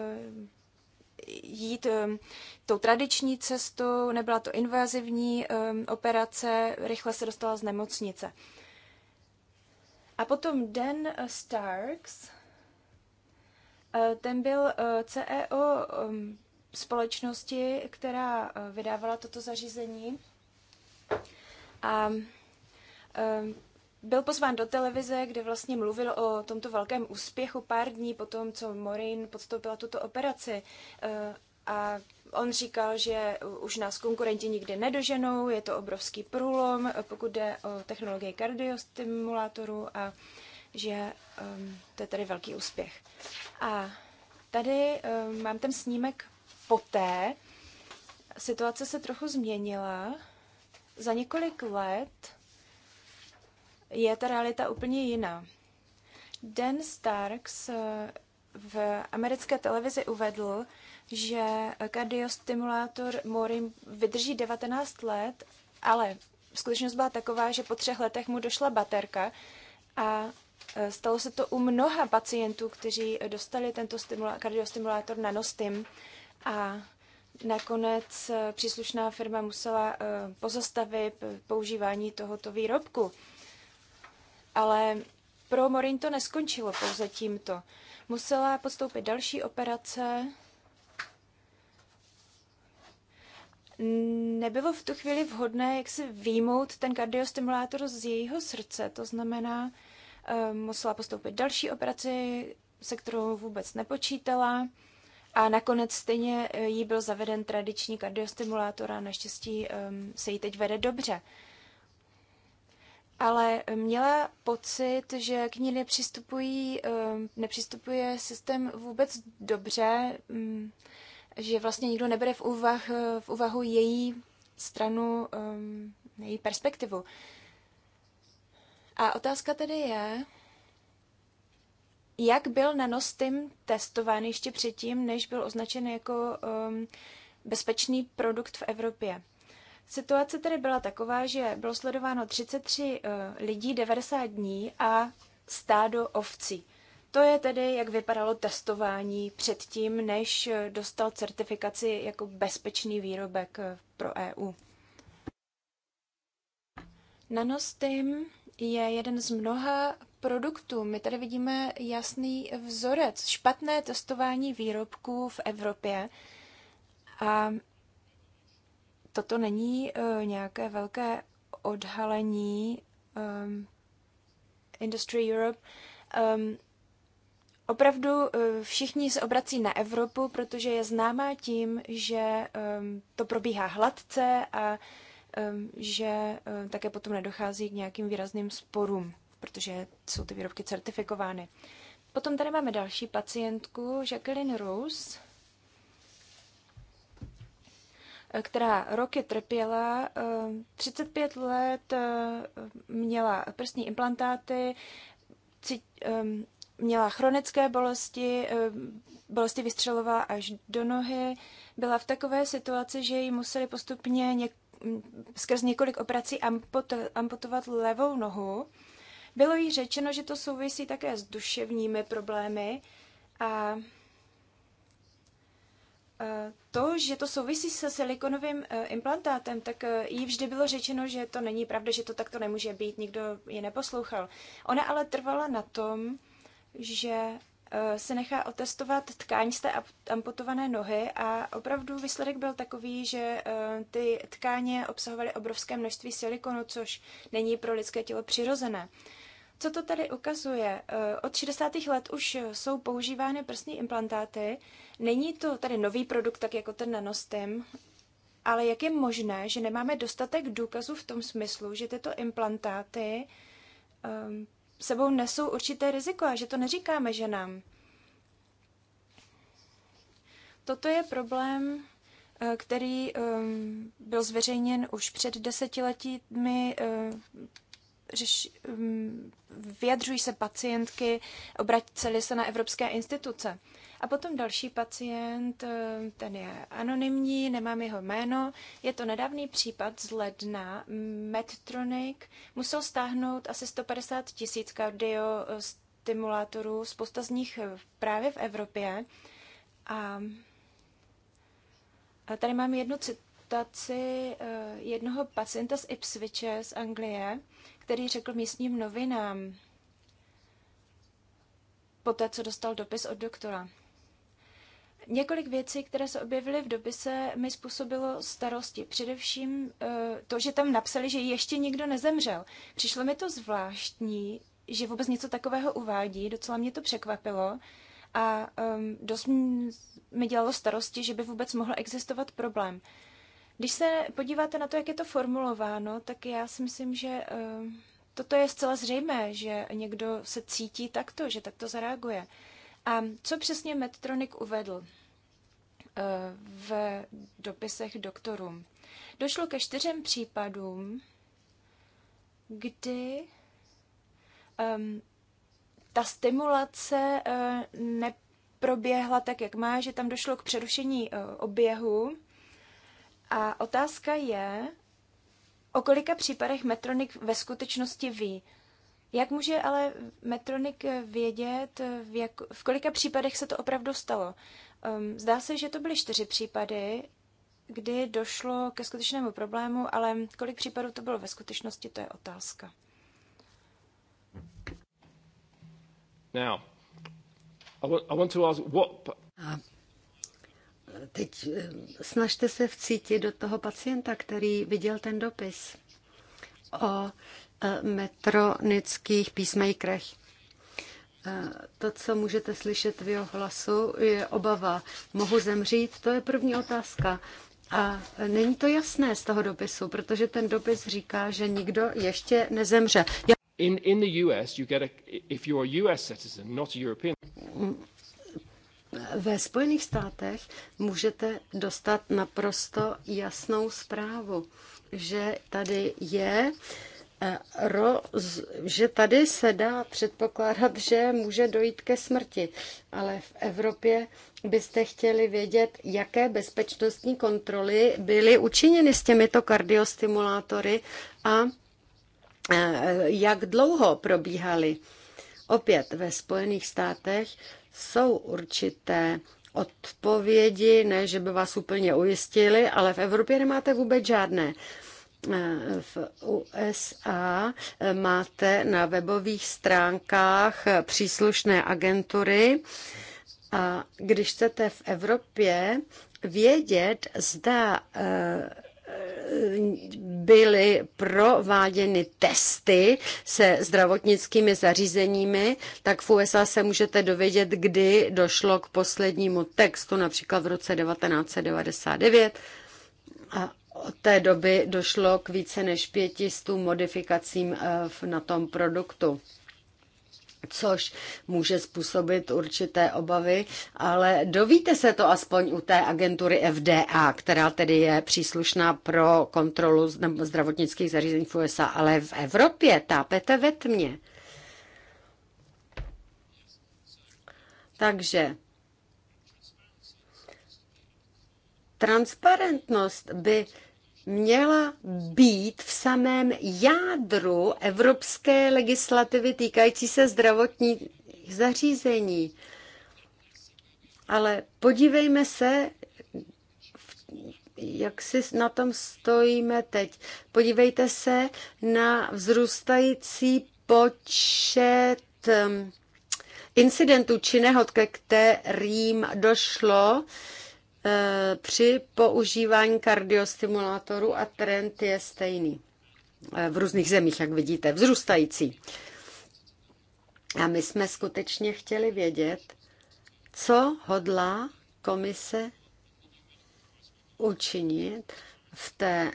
jít um, tou tradiční cestou, nebyla to invazivní um, operace, rychle se dostala z nemocnice. A potom Dan Starks, Eh, ten byl eh, CEO společnosti, která eh, vydávala toto zařízení. A byl pozván do televize, kde vlastně mluvil o tomto velkém úspěchu pár dní po tom, co Morin podstoupila tuto operaci. A on říkal, že už nás konkurenti nikdy nedoženou, je to obrovský průlom, pokud jde o technologii kardiostimulátoru a že um, to je tady velký úspěch. A tady um, mám ten snímek poté. Situace se trochu změnila. Za několik let je ta realita úplně jiná. Dan Starks eh, v americké televizi uvedl, že kardiostimulátor Morim vydrží 19 let, ale skutečnost byla taková, že po třech letech mu došla baterka a Eh, stalo se to u mnoha pacientů, kteří dostali tento stimula- kardiostimulátor nanostim a nakonec eh, příslušná firma musela eh, pozastavit používání tohoto výrobku. Ale pro Morin to neskončilo pouze tímto. Musela podstoupit další operace. Nebylo v tu chvíli vhodné, jak se výmout ten kardiostimulátor z jejího srdce. To znamená, Ehm, musela postoupit další operaci, se kterou vůbec nepočítala. A nakonec stejně eh, jí byl zaveden tradiční kardiostimulátor a naštěstí ehm, se jí teď vede dobře. Ale měla pocit, že k ní nepřistupují, ehm, nepřistupuje systém vůbec dobře, mm, že vlastně nikdo nebere v, úvahu, eh, v úvahu její stranu, její perspektivu. A otázka tedy je, jak byl nanostim testován ještě předtím, než byl označen jako um, bezpečný produkt v Evropě. Situace tedy byla taková, že bylo sledováno 33 uh, lidí 90 dní a stádo ovcí. To je tedy, jak vypadalo testování předtím, než uh, dostal certifikaci jako bezpečný výrobek uh, pro EU. Nanostim je jeden z mnoha produktů. My tady vidíme jasný vzorec. Špatné testování výrobků v Evropě. A toto není uh, nějaké velké odhalení um, Industry Europe. Um, opravdu uh, všichni se obrací na Evropu, protože je známá tím, že um, to probíhá hladce a uh, že eh, také potom nedochází k nějakým výrazným sporům, protože jsou ty výrobky certifikovány. Potom tady máme další pacientku, Jacqueline Rose, eh, která roky trpěla, 35 eh, let měla prstní implantáty, měla chronické bolesti, bolesti vystřelová až do nohy, byla v takové situaci, že ji museli postupně něk- skrz několik operací ampot, amputovat levou nohu. Bylo jí řečeno, že to souvisí také s duševními problémy a e, to, že to souvisí se silikonovým e, implantátem, tak e, jí vždy bylo řečeno, že to není pravda, že to takto nemůže být, nikdo ji neposlouchal. Ona ale trvala na tom, že Eh, se nechá otestovat tkáň z té amputované nohy a opravdu výsledek byl takový, že eh, ty tkáně obsahovaly obrovské množství silikonu, což není pro lidské tělo přirozené. Co to tady ukazuje? Eh, od 60. let už jsou používány prsní implantáty. Není to tady nový produkt, tak jako ten nanostem, ale jak je možné, že nemáme dostatek důkazů v tom smyslu, že tyto implantáty ehm, sebou nesou určité riziko a že to neříkáme ženám. Toto je problém, eh, který eh, byl zveřejněn už před desetiletími. Eh, řeš, mm, vyjadřují se pacientky, obraceli se na evropské instituce. A potom další pacient, eh, ten je anonymní, nemám jeho jméno. Je to nedávný případ z ledna. Medtronic musel stáhnout asi 150 tisíc kardiostimulátorů, spousta z nich eh, právě v Evropě. A tady mám jednu citaci eh, jednoho pacienta z Ipswiche z Anglie, který řekl místním novinám, poté co dostal dopis od doktora. Několik věcí, které se objevily v dopise, mi způsobilo starosti. Především eh, to, že tam napsali, že ještě nikdo nezemřel. Přišlo mi to zvláštní, že vůbec něco takového uvádí, docela mě to překvapilo a ehm, dost mi dělalo starosti, že by vůbec mohl existovat problém. Když se podíváte na to, jak je to formulováno, tak já si myslím, že ehm, toto je zcela zřejmé, že někdo se cítí takto, že takto zareaguje. A co přesně Medtronic uvedl eh, v dopisech doktorům? Došlo ke čtyřem případům, kdy um, ta stimulace uh, neproběhla tak, jak má, že tam došlo k přerušení uh, oběhu. A otázka je, o kolika případech Metronik ve skutečnosti ví. Jak může ale Metronik vědět, v, jak, v kolika případech se to opravdu stalo? Um, zdá se, že to byly čtyři případy, kdy došlo ke skutečnému problému, ale kolik případů to bylo ve skutečnosti, to je otázka. Now, I want to ask what... A teď eh, snažte se vcítit do toho pacienta, který viděl ten dopis o metronických písmejkrech. Eh, to, co můžete slyšet v jeho hlasu, je obava. Mohu zemřít? To je první otázka. A není to jasné z toho dopisu, protože ten dopis říká, že nikdo ještě nezemře. Ve Spojených státech můžete dostat naprosto jasnou zprávu, že tady je uh, roz, že tady se dá předpokládat, že může dojít ke smrti, ale v Evropě byste chtěli vědět, jaké bezpečnostní kontroly byly učiněny s těmito kardiostimulátory a e, jak dlouho probíhaly. Opět ve Spojených státech jsou určité odpovědi, ne, že by vás úplně ujistili, ale v Evropě nemáte vůbec žádné v USA máte na webových stránkách příslušné agentury a když chcete v Evropě vědět, zda eh, byly prováděny testy se zdravotnickými zařízeními, tak v USA se můžete dovědět, kdy došlo k poslednímu textu, například v roce 1999. A od té doby došlo k více než 500 modifikacím eh, na tom produktu což může způsobit určité obavy, ale dovíte se to aspoň u té agentury FDA, která tedy je příslušná pro kontrolu zdravotnických zařízení v USA, ale v Evropě tápete ve tmě. Takže transparentnost by měla být v samém jádru evropské legislativy týkající se zdravotních zařízení. Ale podívejme se, jak si na tom stojíme teď. Podívejte se na vzrůstající počet um, incidentů či nehod, ke kterým došlo Eh, při používání kardiostimulátorů a trend je stejný. Eh, v různých zemích, jak vidíte, vzrůstající. A my jsme skutečně chtěli vědět, co hodlá komise učinit v, té,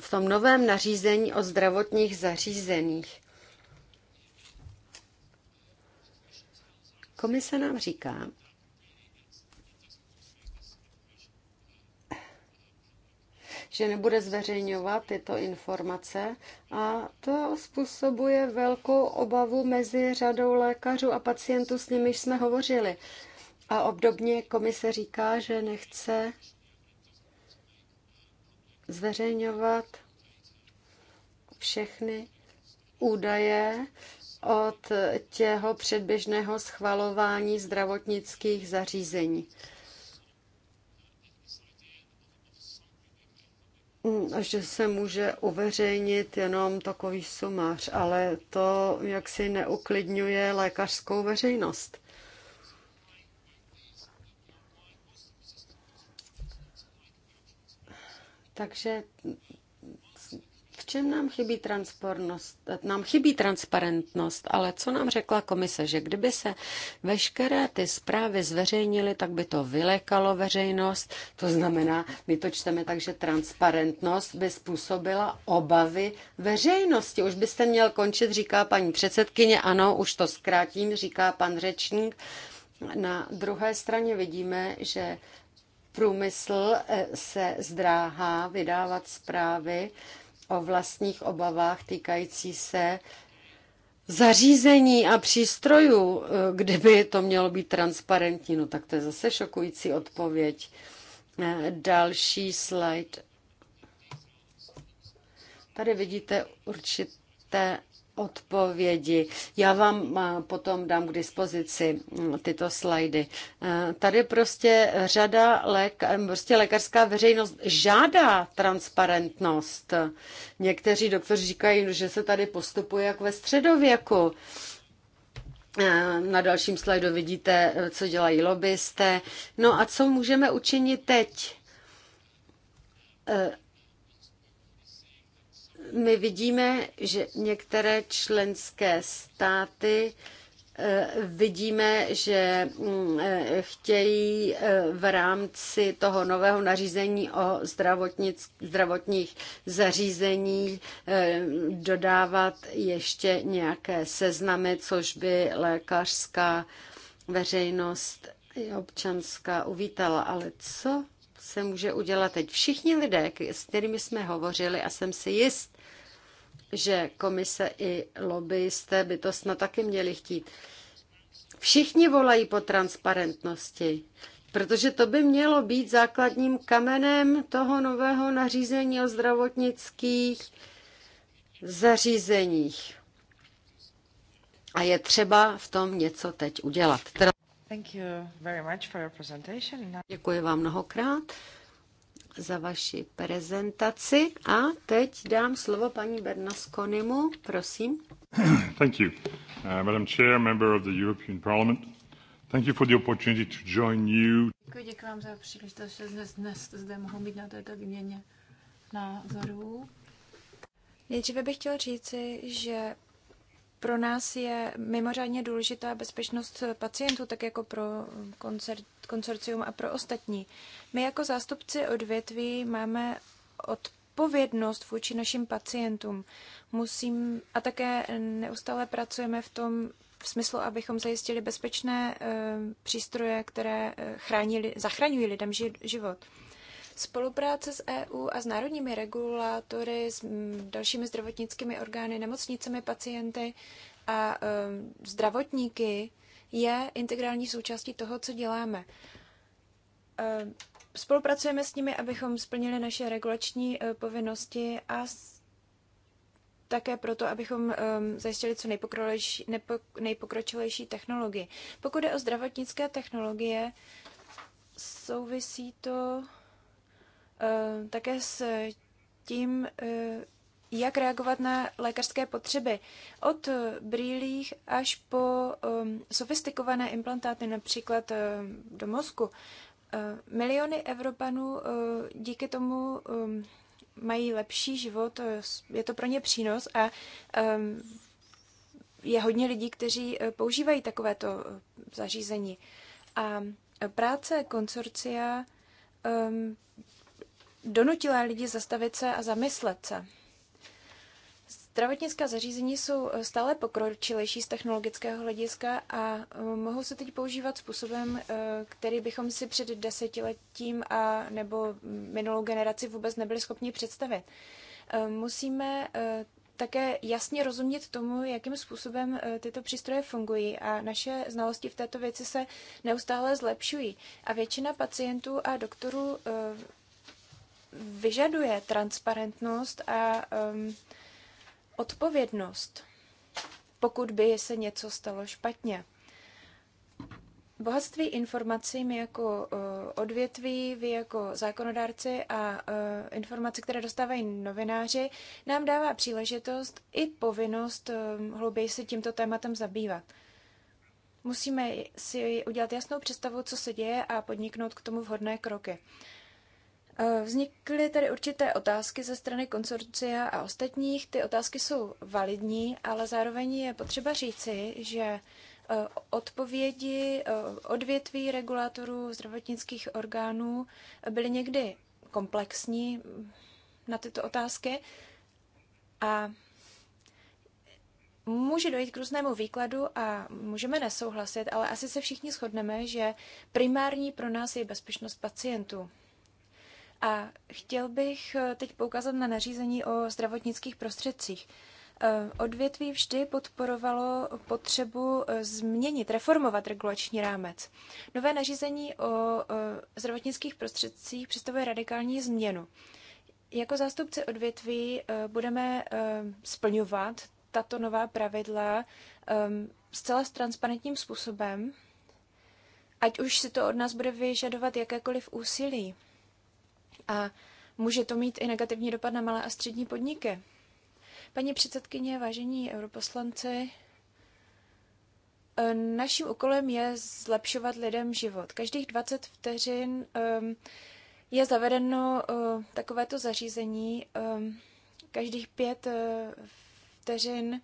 v tom novém nařízení o zdravotních zařízeních. Komise nám říká, že nebude zveřejňovat tyto informace a to způsobuje velkou obavu mezi řadou lékařů a pacientů, s nimiž jsme hovořili. A obdobně komise říká, že nechce zveřejňovat všechny údaje od těho předběžného schvalování zdravotnických zařízení. Mm, že se může uveřejnit jenom takový sumář, ale to jaksi neuklidňuje lékařskou veřejnost. Takže čem nám chybí transparentnost? Nám chybí transparentnost, ale co nám řekla komise, že kdyby se veškeré ty zprávy zveřejnily, tak by to vylekalo veřejnost. To znamená, my to čteme tak, že transparentnost by způsobila obavy veřejnosti. Už byste měl končit, říká paní předsedkyně. Ano, už to zkrátím, říká pan řečník. Na druhé straně vidíme, že průmysl eh, se zdráhá vydávat zprávy o vlastních obavách týkající se zařízení a přístrojů, eh, kdyby to mělo být transparentní. No tak to je zase šokující odpověď. Eh, další slide. Tady vidíte určité odpovědi. Já vám eh, potom dám k dispozici mm, tyto slajdy. Eh, tady prostě řada lék, eh, prostě lékařská veřejnost žádá transparentnost. Někteří doktoři říkají, no, že se tady postupuje jak ve středověku. Na dalším slajdu vidíte, co dělají lobbyisté. No a co můžeme učinit teď? my vidíme, že některé členské státy eh, vidíme, že mm, eh, chtějí eh, v rámci toho nového nařízení o zdravotních zařízení dodávat ještě nějaké seznamy, což by lékařská veřejnost i občanská uvítala. Ale co se může udělat teď? Všichni lidé, s kterými jsme hovořili, a jsem si jist, že komise i lobbyisté by to snad taky měli chtít. Všichni volají po transparentnosti, protože to by mělo být základním kamenem toho nového nařízení o zdravotnických zařízeních. A je třeba v tom něco teď udělat. Děkuji vám mnohokrát za vaši prezentaci a teď dám slovo paní Bernasconimu, prosím. Thank you. Uh, Madam Chair, member of the European Parliament. Thank you for the opportunity to join you. Děkuji, děkuji vám za příležitost, že dnes, dnes zde mohu být na této výměně názorů. Nejdříve bych chtěl říci, že pro nás je mimořádně důležitá bezpečnost pacientů, tak jako pro koncert, konsorcium a pro ostatní. My jako zástupci odvětví máme odpovědnost vůči našim pacientům. Musím a také neustále pracujeme v tom v smyslu, abychom zajistili bezpečné e, přístroje, které eh, chrání, zachraňují lidem ži, život. Spolupráce s EU a s národními regulátory, s dalšími zdravotnickými orgány, nemocnicemi, pacienty a um, zdravotníky je integrální součástí toho, co děláme. Um, spolupracujeme s nimi, abychom splnili naše regulační uh, povinnosti a také proto, abychom um, zajistili co nejpokročilejší, nejpokročilejší technologii. Pokud je o zdravotnické technologie, souvisí to Eh, také s tím, eh, jak reagovat na lékařské potřeby. Od brýlích až po sofistikované implantáty, například eh, do mozku. Miliony Evropanů díky tomu mají lepší život, je to pro ně přínos a je hodně lidí, kteří používají takovéto zařízení. A práce konsorcia donutila lidi zastavit se a zamyslet se. Zdravotnická zařízení jsou stále pokročilejší z technologického hlediska a um, mohou se teď používat způsobem, uh, který bychom si před desetiletím a nebo minulou generaci vůbec nebyli schopni představit. Uh, musíme uh, také jasně rozumět tomu, jakým způsobem tyto přístroje fungují a naše znalosti v této věci se neustále zlepšují. A většina pacientů a doktorů vyžaduje transparentnost a um, odpovědnost, pokud by se něco stalo špatně. Bohatství informací my jako uh, odvětví, vy jako zákonodárci a uh, informace, které dostávají novináři, nám dává příležitost i povinnost um, hlouběji se tímto tématem zabývat. Musíme si udělat jasnou představu, co se děje a podniknout k tomu vhodné kroky. Uh, Eh, vznikly tady určité otázky ze strany konsorcia a ostatních. Ty otázky jsou validní, ale zároveň je potřeba říci, že eh, odpovědi eh, odvětví regulatorů zdravotnických orgánů byly někdy komplexní hm, na tyto otázky a může dojít k různému výkladu a můžeme nesouhlasit, ale asi se všichni shodneme, že primární pro nás je bezpečnost pacientů. A chtěl bych eh, teď poukázat na nařízení o zdravotnických prostředcích. Eh, odvětví vždy podporovalo potřebu eh, změnit, reformovat regulační rámec. Nové nařízení o zdravotnických prostředcích představuje radikální změnu. Jako zástupci odvětví budeme splňovat tato nová pravidla ehm, zcela s transparentním způsobem, ať už si to od nás bude vyžadovat jakékoliv úsilí. A může to mít i negativní dopad na malé a střední podniky. Paní předsedkyně, vážení europoslanci, eh, naším úkolem je zlepšovat lidem život. Každých 20 vteřin ehm, je zavedeno eh, takovéto zařízení, ehm, každých pět eh, vteřin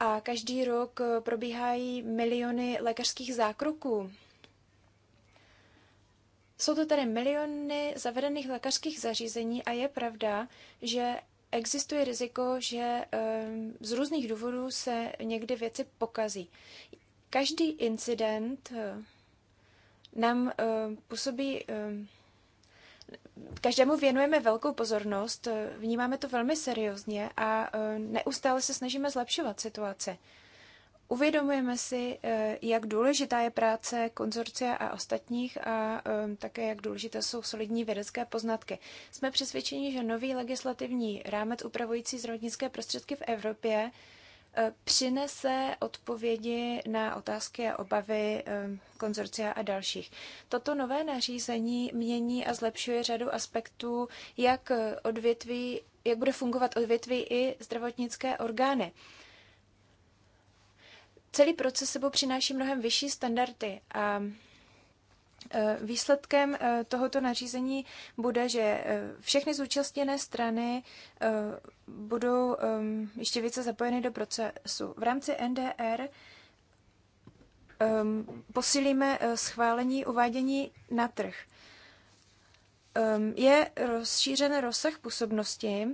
a každý rok probíhají miliony lékařských zákroků. Jsou to tady miliony zavedených lékařských zařízení a je pravda, že existuje riziko, že ehm, z různých důvodů se někdy věci pokazí. Každý incident eh, nám ehm, působí. Ehm, každému věnujeme velkou pozornost, eh, vnímáme to velmi seriózně a eh, neustále se snažíme zlepšovat situaci. Uvědomujeme si, eh, jak důležitá je práce konzorcia a ostatních a eh, také jak důležité jsou solidní vědecké poznatky. Jsme přesvědčeni, že nový legislativní rámec upravující zdravotnické prostředky v Evropě eh, přinese odpovědi na otázky a obavy konzorcia a dalších. Toto nové nařízení mění a zlepšuje řadu aspektů, jak odvětví, jak bude fungovat odvětví i zdravotnické orgány celý proces sebou přináší mnohem vyšší standardy a e, Výsledkem e, tohoto nařízení bude, že e, všechny zúčastněné strany budou ještě více zapojeny do procesu. V rámci NDR posílíme schválení uvádění na trh. Je rozšířen rozsah působnosti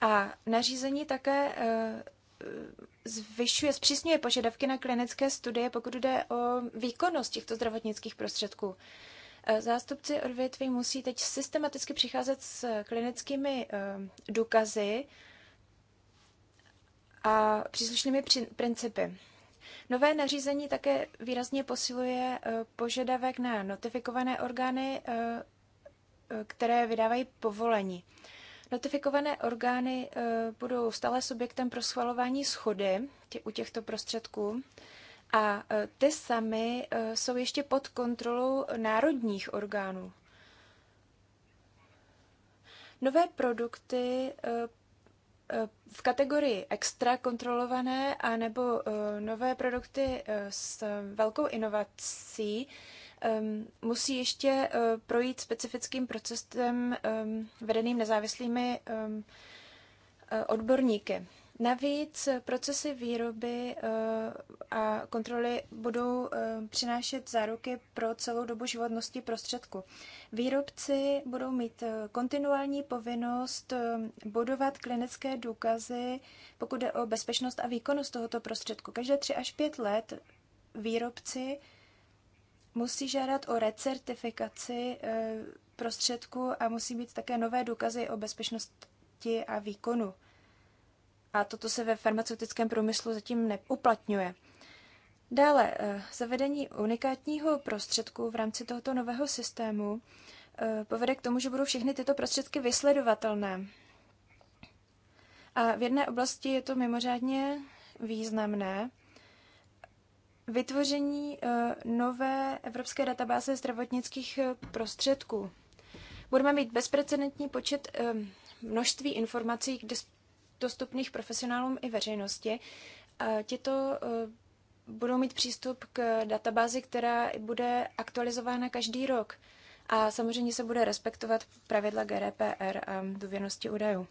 a nařízení také Eh, zvyšuje, zpřísňuje požadavky na klinické studie, pokud jde o výkonnost těchto zdravotnických prostředků. Eh, zástupci odvětví musí teď systematicky přicházet s klinickými eh, důkazy a příslušnými principy. Nové nařízení také výrazně posiluje požadavek na notifikované orgány, které vydávají povolení. Notifikované orgány eh, budou stále subjektem pro schvalování schody tě, u těchto prostředků a eh, ty samy eh, jsou ještě pod kontrolou národních orgánů. Nové produkty v kategorii extra kontrolované a nebo nové produkty s velkou inovací Ehm, musí ještě eh, projít specifickým procesem ehm, vedeným nezávislými ehm, eh, odborníky. Navíc procesy výroby eh, a kontroly budou přinášet záruky pro celou dobu životnosti prostředku. Výrobci budou mít kontinuální povinnost budovat klinické důkazy, pokud jde o bezpečnost a výkonnost tohoto prostředku. Každé tři až pět let výrobci musí žádat o recertifikaci eh, prostředku a musí mít také nové důkazy o bezpečnosti a výkonu. A toto se ve farmaceutickém průmyslu zatím neuplatňuje. Dále, eh, zavedení unikátního prostředku v rámci tohoto nového systému eh, povede k tomu, že budou všechny tyto prostředky vysledovatelné. A v jedné oblasti je to mimořádně významné, vytvoření eh, nové evropské databáze zdravotnických eh, prostředků. Budeme mít bezprecedentní počet eh, množství informací dostupných profesionálům i veřejnosti. Tito budou mít přístup k databázi, která bude aktualizována každý rok. A samozřejmě se bude respektovat pravidla GDPR a důvěrnosti údajů.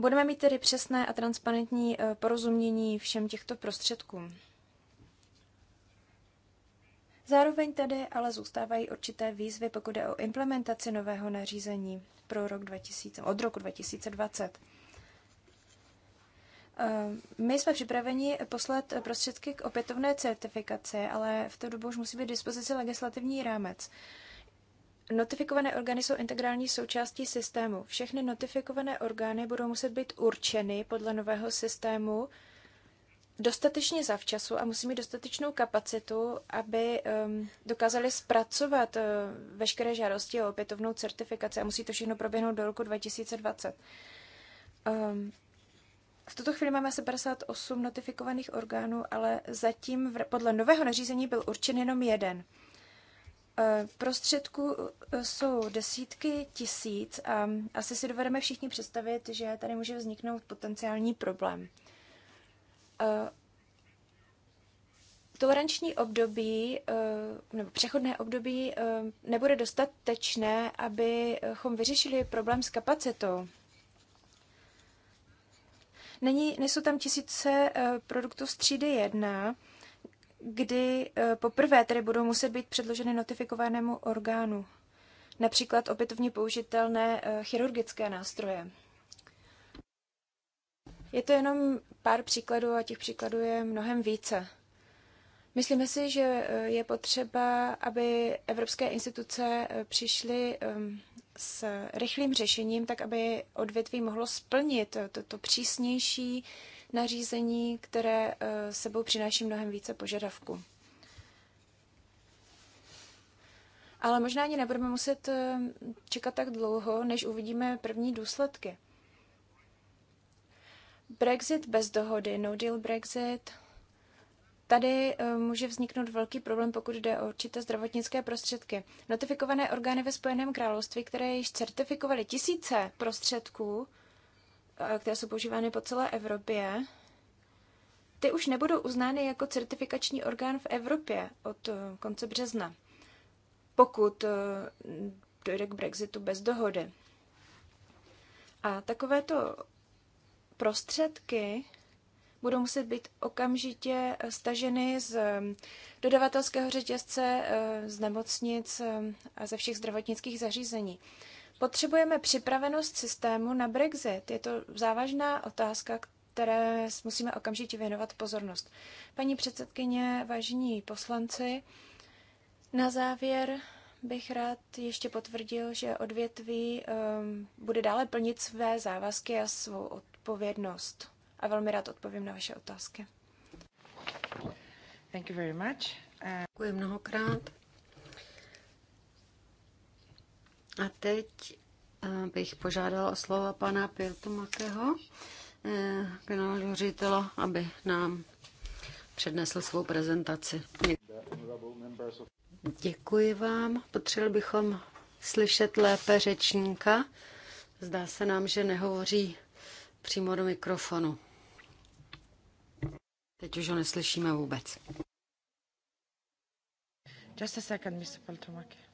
Budeme mít tedy přesné a transparentní eh, porozumění všem těchto prostředkům. Zároveň tedy, ale zůstávají určité výzvy, pokud je o implementaci nového nařízení pro rok 2000, od roku 2020. Eh, my jsme připraveni poslat prostředky k opětovné certifikaci, ale v té dobu už musí být dispozici legislativní rámec. Notifikované orgány jsou integrální součástí systému. Všechny notifikované orgány budou muset být určeny podle nového systému dostatečně zavčasu a musí mít dostatečnou kapacitu, aby um, dokázali zpracovat uh, veškeré žádosti o opětovnou certifikaci a musí to všechno proběhnout do roku 2020. Um, ehm, v tuto chvíli máme 78 notifikovaných orgánů, ale zatím v, podle nového nařízení byl určen jenom jeden. Eh, prostředků eh, jsou desítky tisíc a asi si dovedeme všichni představit, že tady může vzniknout potenciální problém. Eh, Toleranční období nebo přechodné období nebude dostatečné, abychom vyřešili problém s kapacitou. Není, nejsou tam tisíce produktů z třídy jedna kdy eh, poprvé tedy budou muset být předloženy notifikovanému orgánu, například opětovně použitelné eh, chirurgické nástroje. Je to jenom pár příkladů a těch příkladů je mnohem více. Myslíme si, že eh, je potřeba, aby evropské instituce přišly ehm, s rychlým řešením, tak aby odvětví mohlo splnit toto přísnější nařízení, které eh, sebou přináší mnohem více požadavků. Ale možná ani nebudeme muset eh, čekat tak dlouho, než uvidíme první důsledky. Brexit bez dohody, no deal Brexit. Tady eh, může vzniknout velký problém, pokud jde o určité zdravotnické prostředky. Notifikované orgány ve Spojeném království, které již certifikovaly tisíce prostředků, Eh, které jsou používány po celé Evropě, ty už nebudou uznány jako certifikační orgán v Evropě od eh, konce března, pokud eh, dojde k Brexitu bez dohody. A takovéto prostředky budou muset být okamžitě staženy z dodavatelského řetězce, z nemocnic a ze všech zdravotnických zařízení. Potřebujeme připravenost systému na Brexit. Je to závažná otázka, které musíme okamžitě věnovat pozornost. Paní předsedkyně, vážení poslanci, na závěr bych rád ještě potvrdil, že odvětví um, bude dále plnit své závazky a svou odpovědnost. A velmi rád odpovím na vaše otázky. Thank you very much. Děkuji mnohokrát. A teď eh, bych požádala o slova pana Piltu Makého, eh, generálního ředitele, aby nám přednesl svou prezentaci. Děkuji vám. Potřebovali bychom slyšet lépe řečníka. Zdá se nám, že nehovoří přímo do mikrofonu. Teď už ho neslyšíme vůbec. Just a second, Mr. Paltomaki.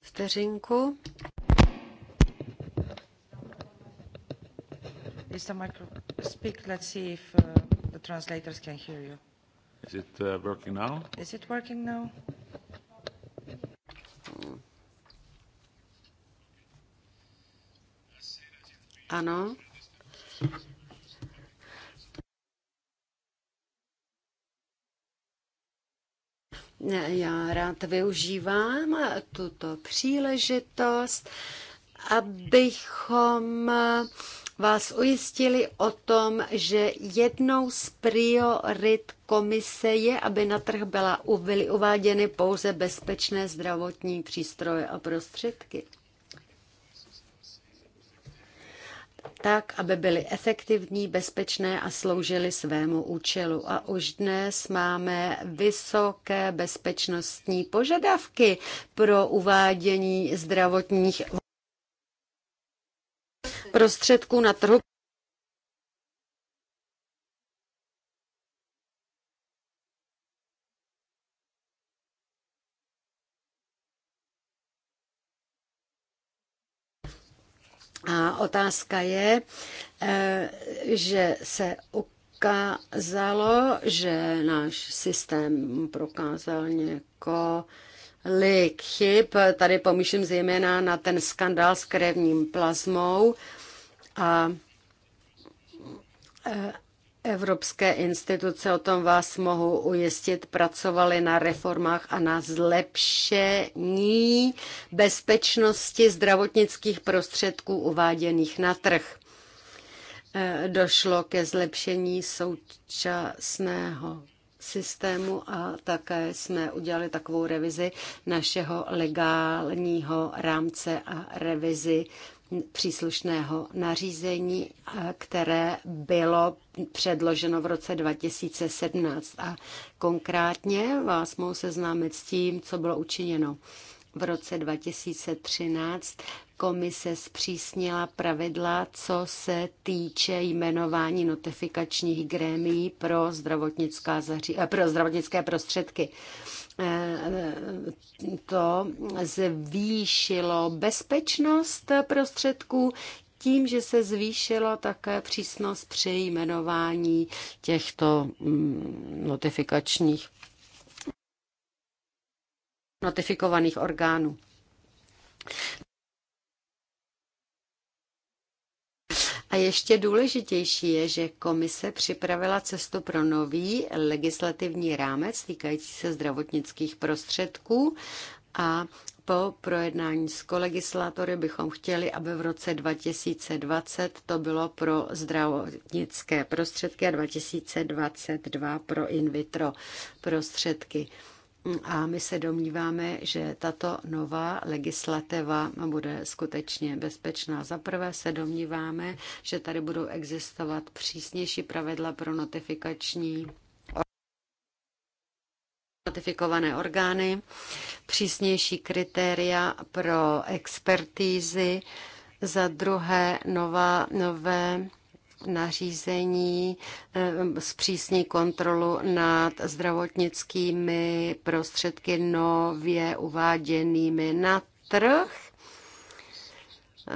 Vteřinku. Is the micro... Speak, let's see if uh, the translators can hear you. Is it uh, working now? Is it working now? Ano. Já rád využívám tuto příležitost, abychom vás ujistili o tom, že jednou z priorit komise je, aby na trh byla, byly uváděny pouze bezpečné zdravotní přístroje a prostředky. tak, aby byly efektivní, bezpečné a sloužily svému účelu. A už dnes máme vysoké bezpečnostní požadavky pro uvádění zdravotních prostředků na trhu A otázka je, eh, že se ukázalo, že náš systém prokázal něko lik chyb. Tady pomýšlím zejména na ten skandál s krevním plazmou. A eh, Evropské instituce, o tom vás mohu ujistit, pracovaly na reformách a na zlepšení bezpečnosti zdravotnických prostředků uváděných na trh. E, došlo ke zlepšení současného systému a také jsme udělali takovou revizi našeho legálního rámce a revizi příslušného nařízení, které bylo předloženo v roce 2017. A konkrétně vás mohu seznámit s tím, co bylo učiněno. V roce 2013 komise zpřísnila pravidla, co se týče jmenování notifikačních grémií pro, zdravotnická zaří- eh, pro zdravotnické prostředky to zvýšilo bezpečnost prostředků tím, že se zvýšila také přísnost při jmenování těchto mm, notifikačních notifikovaných orgánů. A ještě důležitější je, že komise připravila cestu pro nový legislativní rámec týkající se zdravotnických prostředků a po projednání s kolegislátory bychom chtěli, aby v roce 2020 to bylo pro zdravotnické prostředky a 2022 pro in vitro prostředky. A my se domníváme, že tato nová legislativa bude skutečně bezpečná. Za prvé se domníváme, že tady budou existovat přísnější pravidla pro notifikační notifikované orgány, přísnější kritéria pro expertízy, za druhé nová, nové nařízení eh, zpřísní kontrolu nad zdravotnickými prostředky nově uváděnými na trh. Eh,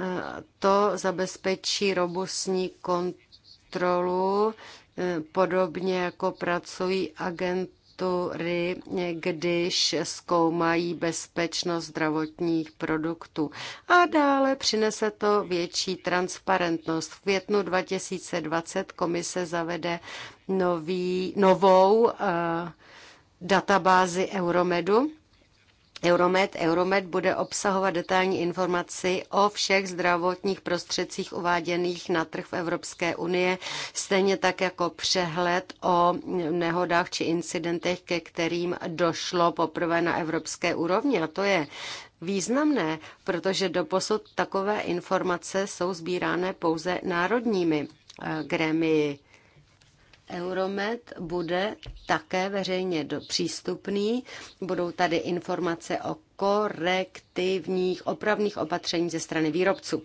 to zabezpečí robustní kontrolu, eh, podobně jako pracují agentury agentury, když zkoumají bezpečnost zdravotních produktů. A dále přinese to větší transparentnost. V květnu 2020 komise zavede nový, novou uh, databázi Euromedu Euromed. Euromed bude obsahovat detailní informaci o všech zdravotních prostředcích uváděných na trh v Evropské unie, stejně tak jako přehled o nehodách či incidentech, ke kterým došlo poprvé na evropské úrovni. A to je významné, protože doposud takové informace jsou sbírány pouze národními eh, grémii. Euromed bude také veřejně do, přístupný. Budou tady informace o korektivních opravných opatření ze strany výrobců.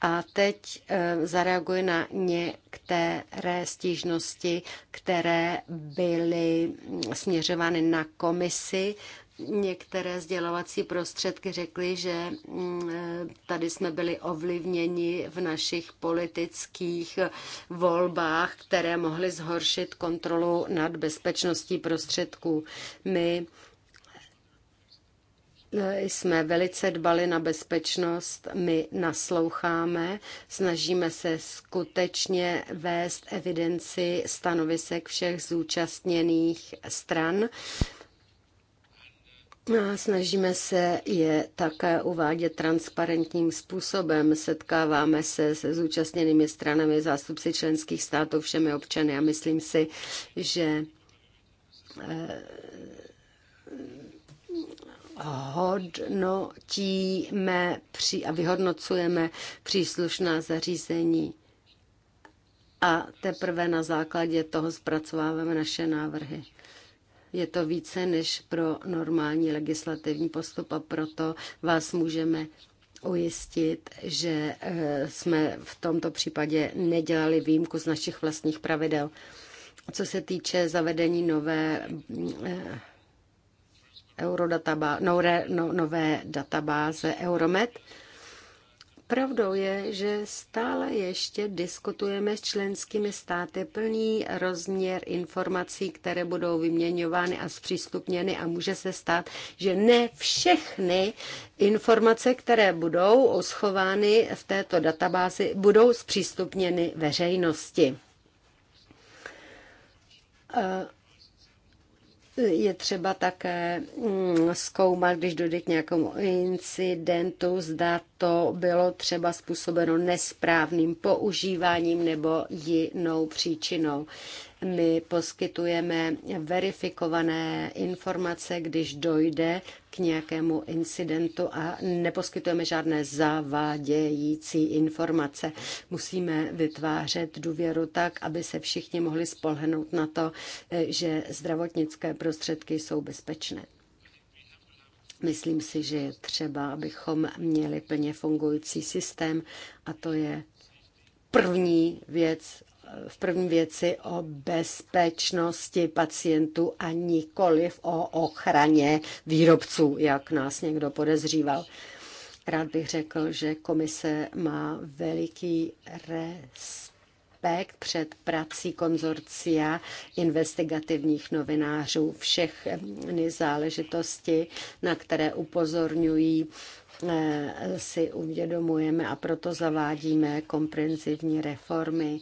A teď eh, zareaguji na některé stížnosti, které byly mm, směřovány na komisi některé sdělovací prostředky řekly, že mm, e, tady jsme byli ovlivněni v našich politických volbách, které mohly zhoršit kontrolu nad bezpečností prostředků. My e, jsme velice dbali na bezpečnost, my nasloucháme, snažíme se skutečně vést evidenci stanovisek všech zúčastněných stran No snažíme se je také uvádět transparentním způsobem. Setkáváme se se zúčastněnými stranami, zástupci členských států, všemi občany a myslím si, že eh, hodnotíme a vyhodnocujeme příslušná zařízení a teprve na základě toho zpracováváme naše návrhy. Je to více než pro normální legislativní postup a proto vás můžeme ujistit, že eh, jsme v tomto případě nedělali výjimku z našich vlastních pravidel. Co se týče zavedení nové eh, eurodatabáze, no, no, nové databáze Euromed, Pravdou je, že stále ještě diskutujeme s členskými státy plný rozměr informací, které budou vyměňovány a zpřístupněny a může se stát, že ne všechny informace, které budou schovány v této databázi, budou zpřístupněny veřejnosti. Uh, je třeba také mm, zkoumat, když dojde k nějakému incidentu, zda to bylo třeba způsobeno nesprávným používáním nebo jinou příčinou. My poskytujeme verifikované informace, když dojde k nějakému incidentu a neposkytujeme žádné zavádějící informace. Musíme vytvářet důvěru tak, aby se všichni mohli spolhnout na to, že zdravotnické prostředky jsou bezpečné. Myslím si, že je třeba, abychom měli plně fungující systém a to je první věc, v první věci o bezpečnosti pacientů a nikoliv o ochraně výrobců, jak nás někdo podezříval. Rád bych řekl, že komise má veliký respekt před prací konzorcia investigativních novinářů všech záležitosti, na které upozorňují eh, si uvědomujeme a proto zavádíme komprehenzivní reformy.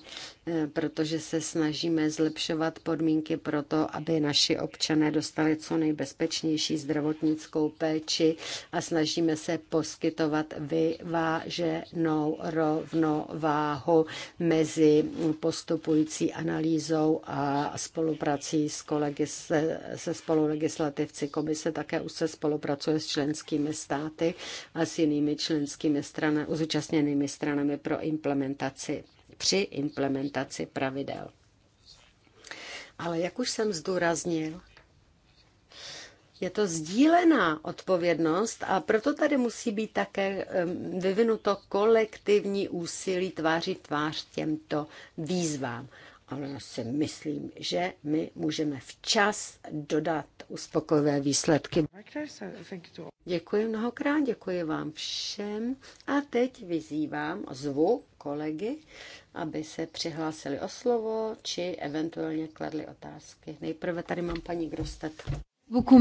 Eh, protože se snažíme zlepšovat podmínky pro to, aby naši občané dostali co nejbezpečnější zdravotnickou péči a snažíme se poskytovat vyváženou rovnováhu mezi postupující analýzou a spoluprací s kolegy, se, se spolulegislativci. Komise také už se spolupracuje s členskými státy a s jinými členskými stranami, zúčastněnými stranami pro implementaci při implementaci pravidel. Ale jak už jsem zdůraznil, je to sdílená odpovědnost a proto tady musí být také vyvinuto kolektivní úsilí tváří tvář těmto výzvám. Ale já si myslím, že my můžeme včas dodat uspokojivé výsledky. Děkuji mnohokrát, děkuji vám všem a teď vyzývám, zvu kolegy, aby se přihlásili o slovo či eventuálně kladli otázky. Nejprve tady mám paní Grostet. Děkuji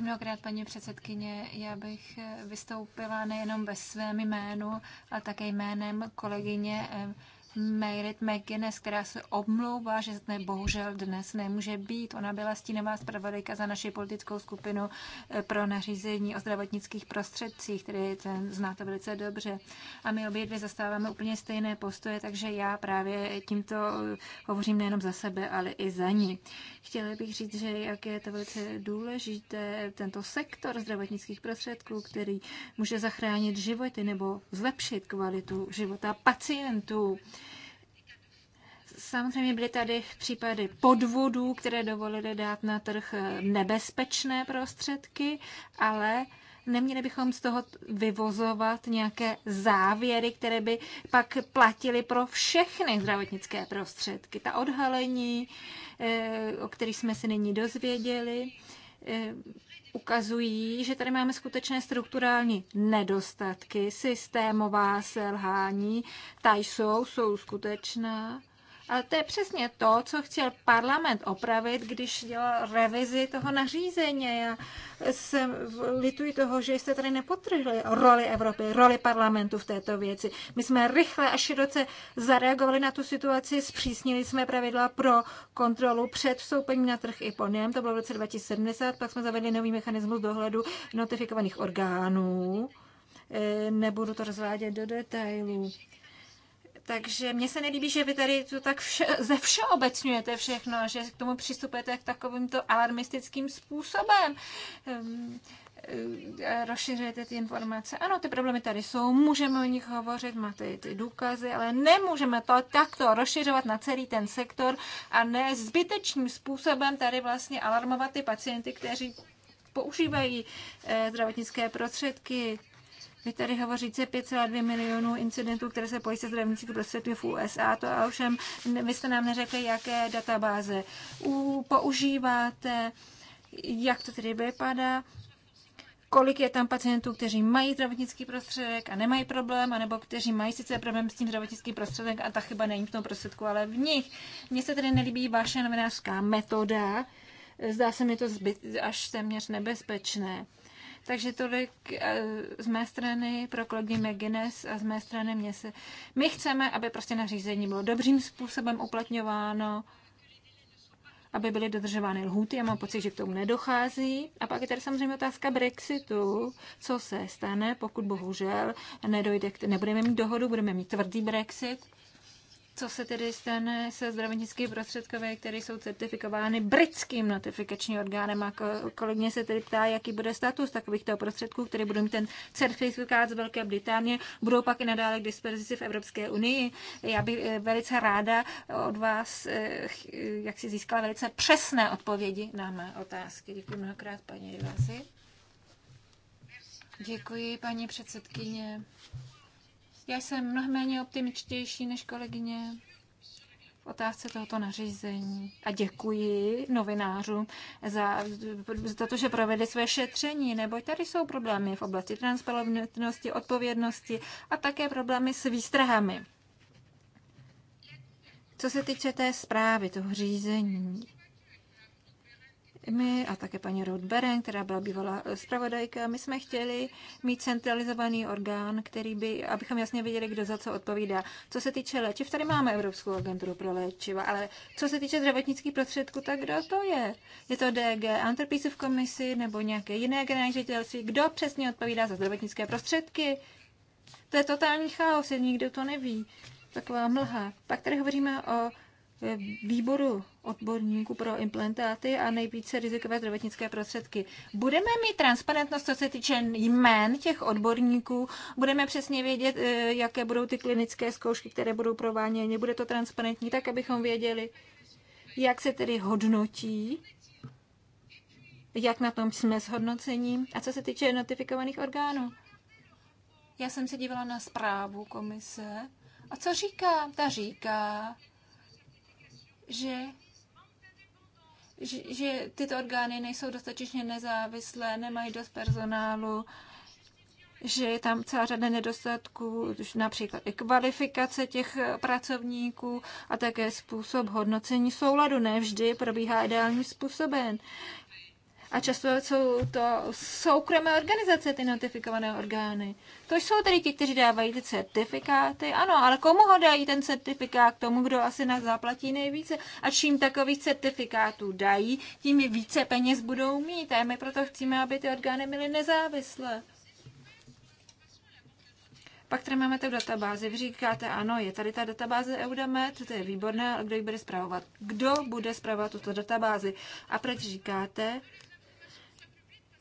mnohokrát, paní předsedkyně. Já bych vystoupila nejenom ve svém jménu, ale také jménem kolegyně eh, Mayrit McGuinness, která se omlouvá, že dne, bohužel dnes nemůže být. Ona byla stínová zpravodajka za naši politickou skupinu eh, pro nařízení o zdravotnických prostředcích, který ten znáte velice dobře. A my obě dvě zastáváme úplně stejné postoje, takže já právě tímto eh, hovořím nejenom za sebe, ale i za ní. Chtěla bych říct, že jak je to velice důležité, tento sektor zdravotnických prostředků, který může zachránit životy nebo zlepšit kvalitu života pacientů. Samozřejmě byly tady případy podvodů, které dovolily dát na trh eh, nebezpečné prostředky, ale neměli bychom z toho vyvozovat nějaké závěry, které by pak platily pro všechny zdravotnické prostředky. Ta odhalení, eh, o kterých jsme se nyní dozvěděli, eh, ukazují, že tady máme skutečné strukturální nedostatky, systémová selhání, ta jsou, jsou skutečná ale to je přesně to, co chtěl parlament opravit, když dělal revizi toho nařízení. Já jsem lituji toho, že jste tady nepotržili roli Evropy, roli parlamentu v této věci. My jsme rychle a široce zareagovali na tu situaci, zpřísnili jsme pravidla pro kontrolu před vstoupením na trh i po něm, to bylo v roce 2070, pak jsme zavedli nový mechanismus dohledu notifikovaných orgánů. E, nebudu to rozvádět do detailů. Takže mně se nelíbí, že vy tady to tak vše, ze všeobecňujete všechno, že k tomu přistupujete k takovýmto alarmistickým způsobem. Um, rozšiřujete ty informace. Ano, ty problémy tady jsou, můžeme o nich hovořit, máte ty, ty důkazy, ale nemůžeme to takto rozšiřovat na celý ten sektor a ne zbytečným způsobem tady vlastně alarmovat ty pacienty, kteří používají e, zdravotnické prostředky. Vy tady hovoříte 5,2 milionů incidentů, které se pojí se zdravotnických prostředky v USA, to a ovšem vy jste nám neřekli, jaké databáze U, používáte, jak to tedy vypadá, kolik je tam pacientů, kteří mají zdravotnický prostředek a nemají problém, anebo kteří mají sice problém s tím zdravotnickým prostředek a ta chyba není v tom prostředku, ale v nich. Mně se tedy nelíbí vaše novinářská metoda, zdá se mi to zbyt, až téměř nebezpečné. Takže tolik eh, z mé strany pro kolegyně McGuinness a z mé strany mě se... My chceme, aby prostě nařízení bylo dobrým způsobem uplatňováno, aby byly dodržovány lhůty. Já mám pocit, že k tomu nedochází. A pak je tady samozřejmě otázka Brexitu. Co se stane, pokud bohužel nedojde k... nebudeme mít dohodu, budeme mít tvrdý Brexit co se tedy stane se zdravotnickými prostředkovy, které jsou certifikovány britským notifikačním orgánem. A kolegyně se tedy ptá, jaký bude status takovýchto prostředků, které budou mít ten certifikát z Velké Británie, budou pak i nadále k dispozici v Evropské unii. Já bych eh, velice ráda od vás, eh, jak si získala velice přesné odpovědi na mé otázky. Děkuji mnohokrát, paní Rivasi. Děkuji, paní předsedkyně. Já jsem mnohem méně optimičtější než kolegyně v otázce tohoto nařízení. A děkuji novinářům za, za to, že provedli své šetření, Nebo tady jsou problémy v oblasti transparentnosti, odpovědnosti a také problémy s výstrahami. Co se týče té zprávy, toho řízení, my a také paní Ruth Beren, která byla bývalá zpravodajka, my jsme chtěli mít centralizovaný orgán, který by, abychom jasně věděli, kdo za co odpovídá. Co se týče léčiv, tady máme Evropskou agenturu pro léčiva, ale co se týče zdravotnických prostředků, tak kdo to je? Je to DG, Antropisu v komisi nebo nějaké jiné generální ředitelství? Kdo přesně odpovídá za zdravotnické prostředky? To je totální chaos, nikdo to neví. Taková mlha. Pak tady hovoříme o e, výboru odborníků pro implantáty a nejvíce rizikové zdravotnické prostředky. Budeme mít transparentnost, co se týče jmén těch odborníků, budeme přesně vědět, eh, jaké budou ty klinické zkoušky, které budou prováděny, bude to transparentní, tak abychom věděli, jak se tedy hodnotí, jak na tom jsme s hodnocením a co se týče notifikovaných orgánů. Já jsem se dívala na zprávu komise a co říká? Ta říká, že že tyto orgány nejsou dostatečně nezávislé, nemají dost personálu, že je tam celá řada nedostatků, například i kvalifikace těch pracovníků a také způsob hodnocení souladu. Ne vždy probíhá ideálním způsobem. A často jsou to soukromé organizace, ty notifikované orgány. To jsou tedy ti, kteří dávají ty certifikáty. Ano, ale komu ho dají ten certifikát? Tomu, kdo asi nás zaplatí nejvíce. A čím takových certifikátů dají, tím více peněz budou mít. A my proto chceme, aby ty orgány byly nezávislé. Pak tady máme tu databázi. Vy říkáte, ano, je tady ta databáze EUDAMET, to je výborné, ale kdo ji bude zpravovat? Kdo bude zpravovat tuto databázi? A proč říkáte,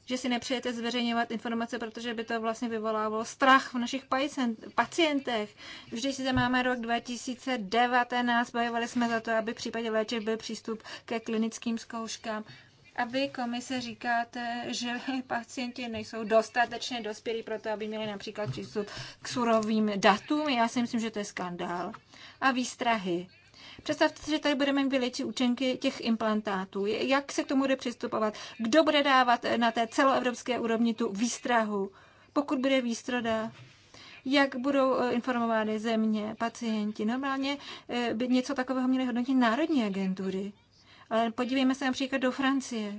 že si nepřejete zveřejňovat informace, protože by to vlastně vyvolávalo strach v našich pacientech. Vždyť si máme rok 2019, bojovali jsme za to, aby v případě léčeb byl přístup ke klinickým zkouškám. A vy, komise, říkáte, že pacienti nejsou dostatečně dospělí pro to, aby měli například přístup k surovým datům. Já si myslím, že to je skandál. A výstrahy. Představte si, že tady budeme mít vylečit účinky těch implantátů. Jak se k tomu bude přistupovat? Kdo bude dávat na té celoevropské úrovni tu výstrahu? Pokud bude výstroda, jak budou eh, informovány země, pacienti. Normálně eh, by něco takového měly hodnotit národní agentury. Ale podívejme se například do Francie.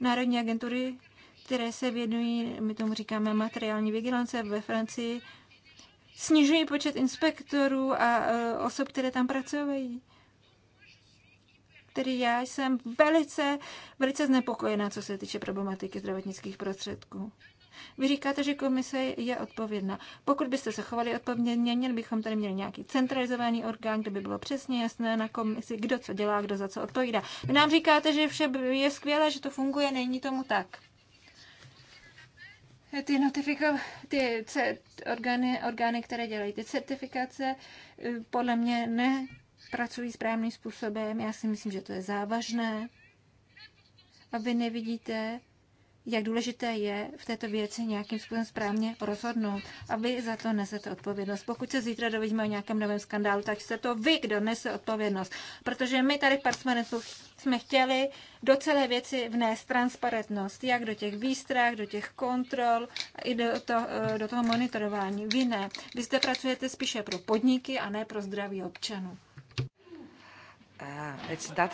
Národní agentury, které se věnují, my tomu říkáme materiální vigilance ve Francii, snižují počet inspektorů a eh, osob, které tam pracují který já jsem velice, velice znepokojená, co se týče problematiky zdravotnických prostředků. Vy říkáte, že komise je odpovědná. Pokud byste se chovali odpovědně, měli bychom tady měli nějaký centralizovaný orgán, kde by bylo přesně jasné na komisi, kdo co dělá, kdo za co odpovídá. Vy nám říkáte, že vše je skvělé, že to funguje, není tomu tak. Ty, notifiko, ty orgány, orgány, které dělají ty certifikace, eh, podle mě ne pracují správným způsobem. Já si myslím, že to je závažné. A vy nevidíte, jak důležité je v této věci nějakým způsobem správně rozhodnout. A vy za to nesete odpovědnost. Pokud se zítra dovidíme o nějakém novém skandálu, tak jste to vy, kdo nese odpovědnost. Protože my tady v parlamentu jsme chtěli do celé věci vnést transparentnost, jak do těch výstrah, do těch kontrol, i do, to, do toho monitorování. Vy ne. Vy zde pracujete spíše pro podniky a ne pro zdraví občanů. Ah, it's that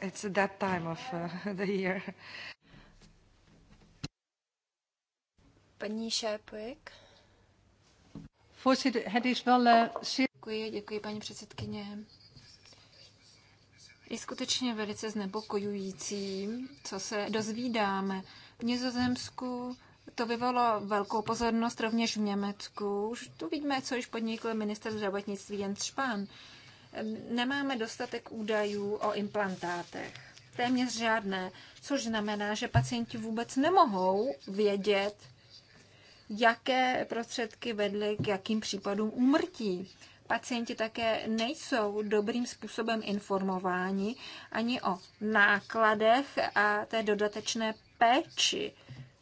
it's that time of uh, the year. Paní Šépek. Voorzitter, het is wel eh, Děkuji, děkuji paní předsedkyně. Je skutečně velice znepokojující, co se dozvídáme. V Nizozemsku to vyvolalo velkou pozornost rovněž v Německu. Už tu vidíme, co již podnikl minister zdravotnictví Jens Spahn nemáme dostatek údajů o implantátech. Téměř žádné, což znamená, že pacienti vůbec nemohou vědět, jaké prostředky vedly k jakým případům úmrtí. Pacienti také nejsou dobrým způsobem informováni ani o nákladech a té dodatečné péči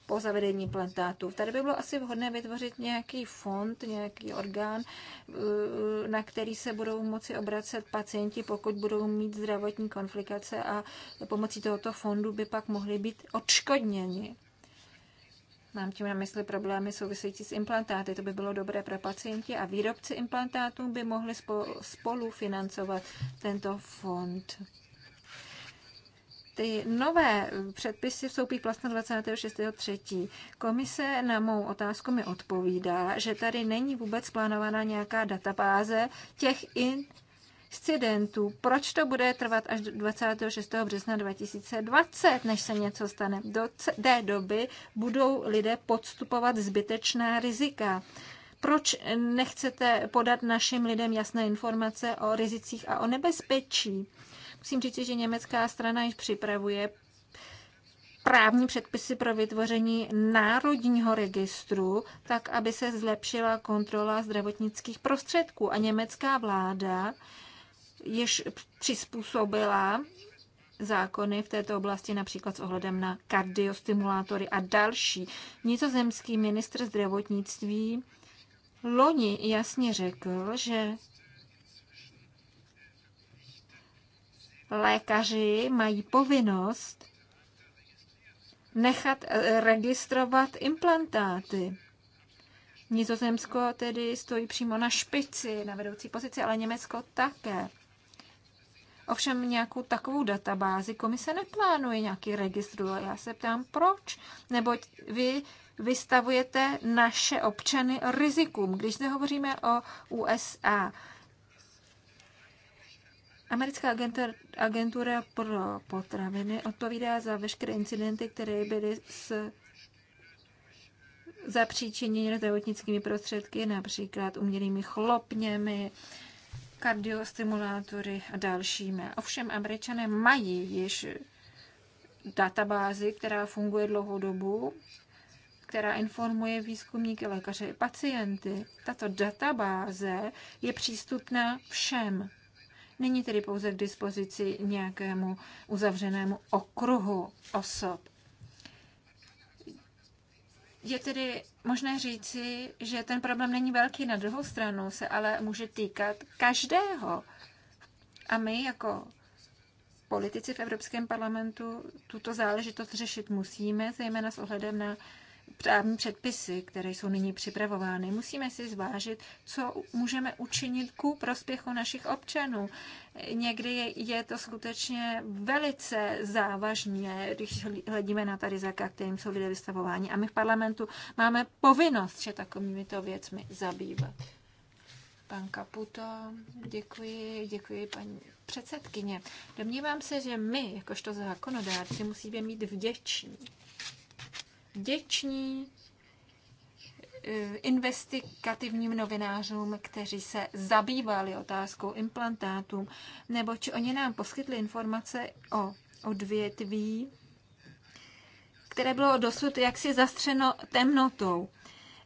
po zavedení plantátů. Tady by bylo asi vhodné vytvořit nějaký fond, nějaký orgán, eh, na který se budou moci obracet pacienti, pokud budou mít zdravotní konflikace a pomocí tohoto fondu by pak mohli být odškodněni. Mám tím na mysli problémy související s implantáty. To by bylo dobré pro pacienti a výrobci implantátů by mohli spolu financovat tento fond. Ty nové předpisy vstoupí vlastně 26.3. Komise na mou otázku mi odpovídá, že tady není vůbec plánovaná nějaká databáze těch incidentů. Proč to bude trvat až 26. března 2020, než se něco stane? Do té doby budou lidé podstupovat zbytečná rizika proč nechcete podat našim lidem jasné informace o rizicích a o nebezpečí? Musím říct, že německá strana již připravuje právní předpisy pro vytvoření národního registru, tak aby se zlepšila kontrola zdravotnických prostředků. A německá vláda již přizpůsobila zákony v této oblasti, například s ohledem na kardiostimulátory a další. Nizozemský ministr zdravotnictví loni jasně řekl, že lékaři mají povinnost nechat eh, registrovat implantáty. Nizozemsko tedy stojí přímo na špici, na vedoucí pozici, ale Německo také. Ovšem nějakou takovou databázi komise neplánuje nějaký registr. Já se ptám, proč? Neboť vy vystavujete naše občany rizikům, když nehovoříme o USA. Americká agentura, pro potraviny odpovídá za veškeré incidenty, které byly s zapříčiněny zdravotnickými prostředky, například umělými chlopněmi, kardiostimulátory a dalšími. Ovšem američané mají již databázi, která funguje dlouhou dobu, která informuje výzkumníky, lékaře i pacienty. Tato databáze je přístupná všem. Není tedy pouze k dispozici nějakému uzavřenému okruhu osob. Je tedy možné říci, že ten problém není velký, na druhou stranu se ale může týkat každého. A my jako politici v Evropském parlamentu tuto záležitost řešit musíme, zejména s ohledem na právní předpisy, které jsou nyní připravovány. Musíme si zvážit, co můžeme učinit ku prospěchu našich občanů. Někdy je, to skutečně velice závažné, když hledíme na ta rizika, kterým jsou lidé vystavováni. A my v parlamentu máme povinnost se to věcmi zabývat. Pan Kaputo, děkuji, děkuji paní předsedkyně. Domnívám se, že my, jakožto zákonodárci, musíme mít vděční vděční eh, investigativním novinářům, kteří se zabývali otázkou implantátů, či oni nám poskytli informace o odvětví, které bylo dosud jaksi zastřeno temnotou.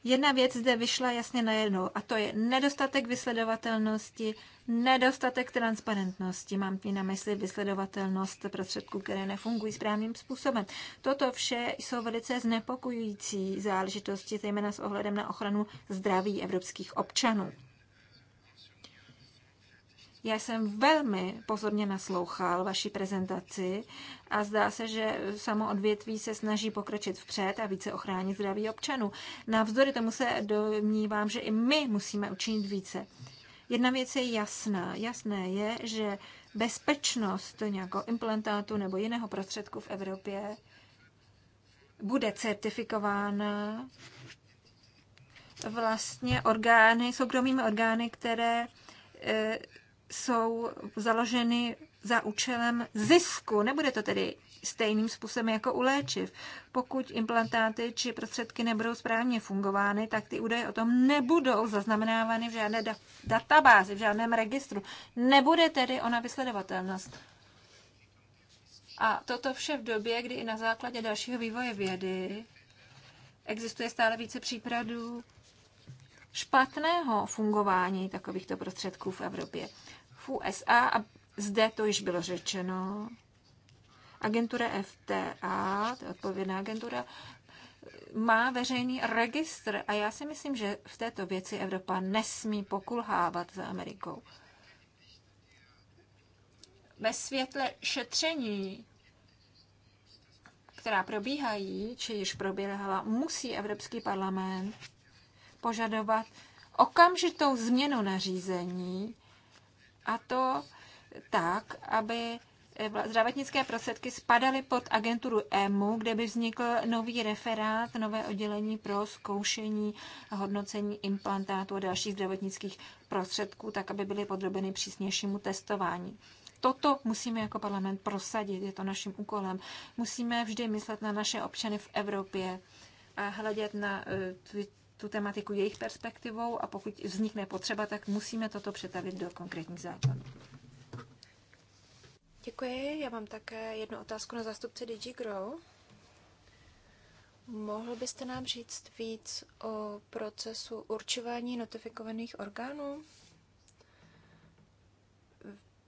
Jedna věc zde vyšla jasně najednou a to je nedostatek vysledovatelnosti, nedostatek transparentnosti. Mám tím na mysli vysledovatelnost prostředků, které nefungují správným způsobem. Toto vše jsou velice znepokojující záležitosti, zejména s ohledem na ochranu zdraví evropských občanů. Já jsem velmi pozorně naslouchal vaší prezentaci a zdá se, že samo odvětví se snaží pokročit vpřed a více ochránit zdraví občanů. Navzdory tomu se domnívám, že i my musíme učinit více. Jedna věc je jasná. Jasné je, že bezpečnost nějakého implantátu nebo jiného prostředku v Evropě bude certifikována vlastně orgány, soukromými orgány, které eh, jsou založeny za účelem zisku. Nebude to tedy stejným způsobem jako u léčiv. Pokud implantáty či prostředky nebudou správně fungovány, tak ty údaje o tom nebudou zaznamenávány v žádné da- databázi, v žádném registru. Nebude tedy ona vysledovatelnost. A toto vše v době, kdy i na základě dalšího vývoje vědy existuje stále více případů špatného fungování takovýchto prostředků v Evropě. USA, a zde to již bylo řečeno, agentura FTA, to je odpovědná agentura, má veřejný registr a já si myslím, že v této věci Evropa nesmí pokulhávat za Amerikou. Ve světle šetření, která probíhají, či již proběhla, musí Evropský parlament požadovat okamžitou změnu nařízení, a to tak, aby zdravotnické prostředky spadaly pod agenturu EMU, kde by vznikl nový referát, nové oddělení pro zkoušení a hodnocení implantátů a dalších zdravotnických prostředků, tak aby byly podrobeny přísnějšímu testování. Toto musíme jako parlament prosadit, je to naším úkolem. Musíme vždy myslet na naše občany v Evropě a hledět na eh, tu tematiku jejich perspektivou a pokud vznikne potřeba, tak musíme toto přetavit do konkrétních zákonů. Děkuji. Já mám také jednu otázku na zástupce DigiGrow. Mohl byste nám říct víc o procesu určování notifikovaných orgánů?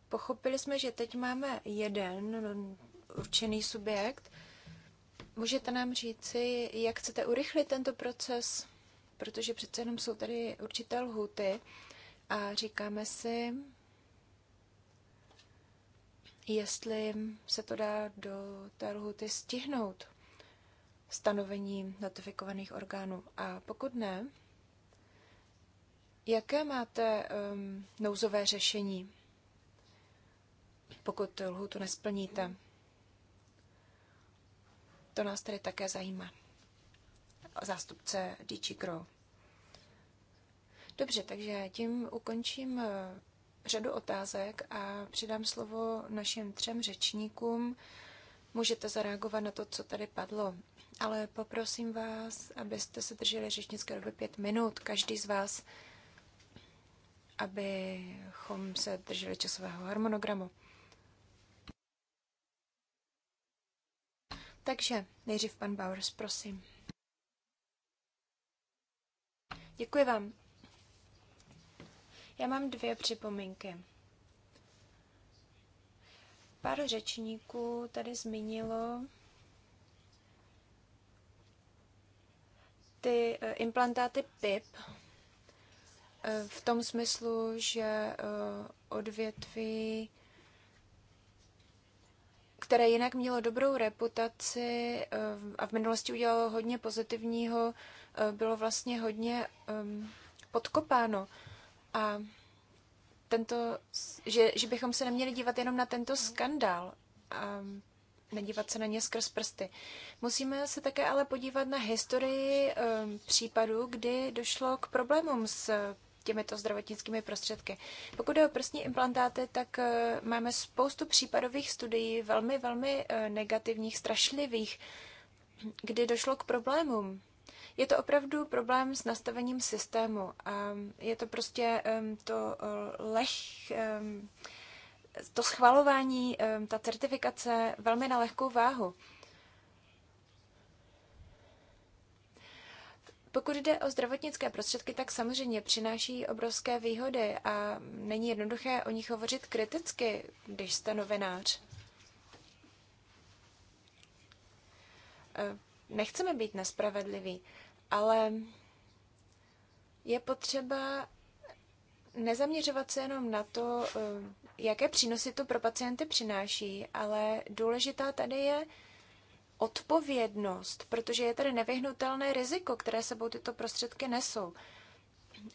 Pochopili jsme, že teď máme jeden no, určený subjekt. Můžete nám říci, jak chcete urychlit tento proces? protože přece jenom jsou tady určité lhuty a říkáme si, jestli se to dá do té lhuty stihnout stanovení notifikovaných orgánů. A pokud ne, jaké máte um, nouzové řešení, pokud lhutu nesplníte? To nás tedy také zajímá. Zástupce DG Grow. Dobře, takže tím ukončím eh, řadu otázek a přidám slovo našim třem řečníkům. Můžete zareagovat na to, co tady padlo, ale poprosím vás, abyste se drželi řečnické doby pět minut, každý z vás, abychom se drželi časového harmonogramu. Takže nejdřív pan Bowers, prosím. Děkuji vám. Já mám dvě připomínky. Pár řečníků tady zmínilo ty eh, implantáty PIP eh, v tom smyslu, že eh, odvětví které jinak mělo dobrou reputaci a v minulosti udělalo hodně pozitivního, bylo vlastně hodně podkopáno. A tento, že, že bychom se neměli dívat jenom na tento skandál a nedívat se na ně skrz prsty. Musíme se také ale podívat na historii um, případů, kdy došlo k problémům s těmito zdravotnickými prostředky. Pokud je o prstní implantáty, tak eh, máme spoustu případových studií, velmi, velmi eh, negativních, strašlivých, kdy došlo k problémům je to opravdu problém s nastavením systému a je to prostě to eh, leh, to schvalování, ta certifikace velmi na lehkou váhu. Pokud jde o zdravotnické prostředky, tak samozřejmě přináší obrovské výhody a není jednoduché o nich hovořit kriticky, když jste novinář. Eh, nechceme být nespravedliví ale je potřeba nezaměřovat se jenom na to, eh, jaké přínosy to pro pacienty přináší, ale důležitá tady je odpovědnost, protože je tady nevyhnutelné riziko, které sebou tyto prostředky nesou.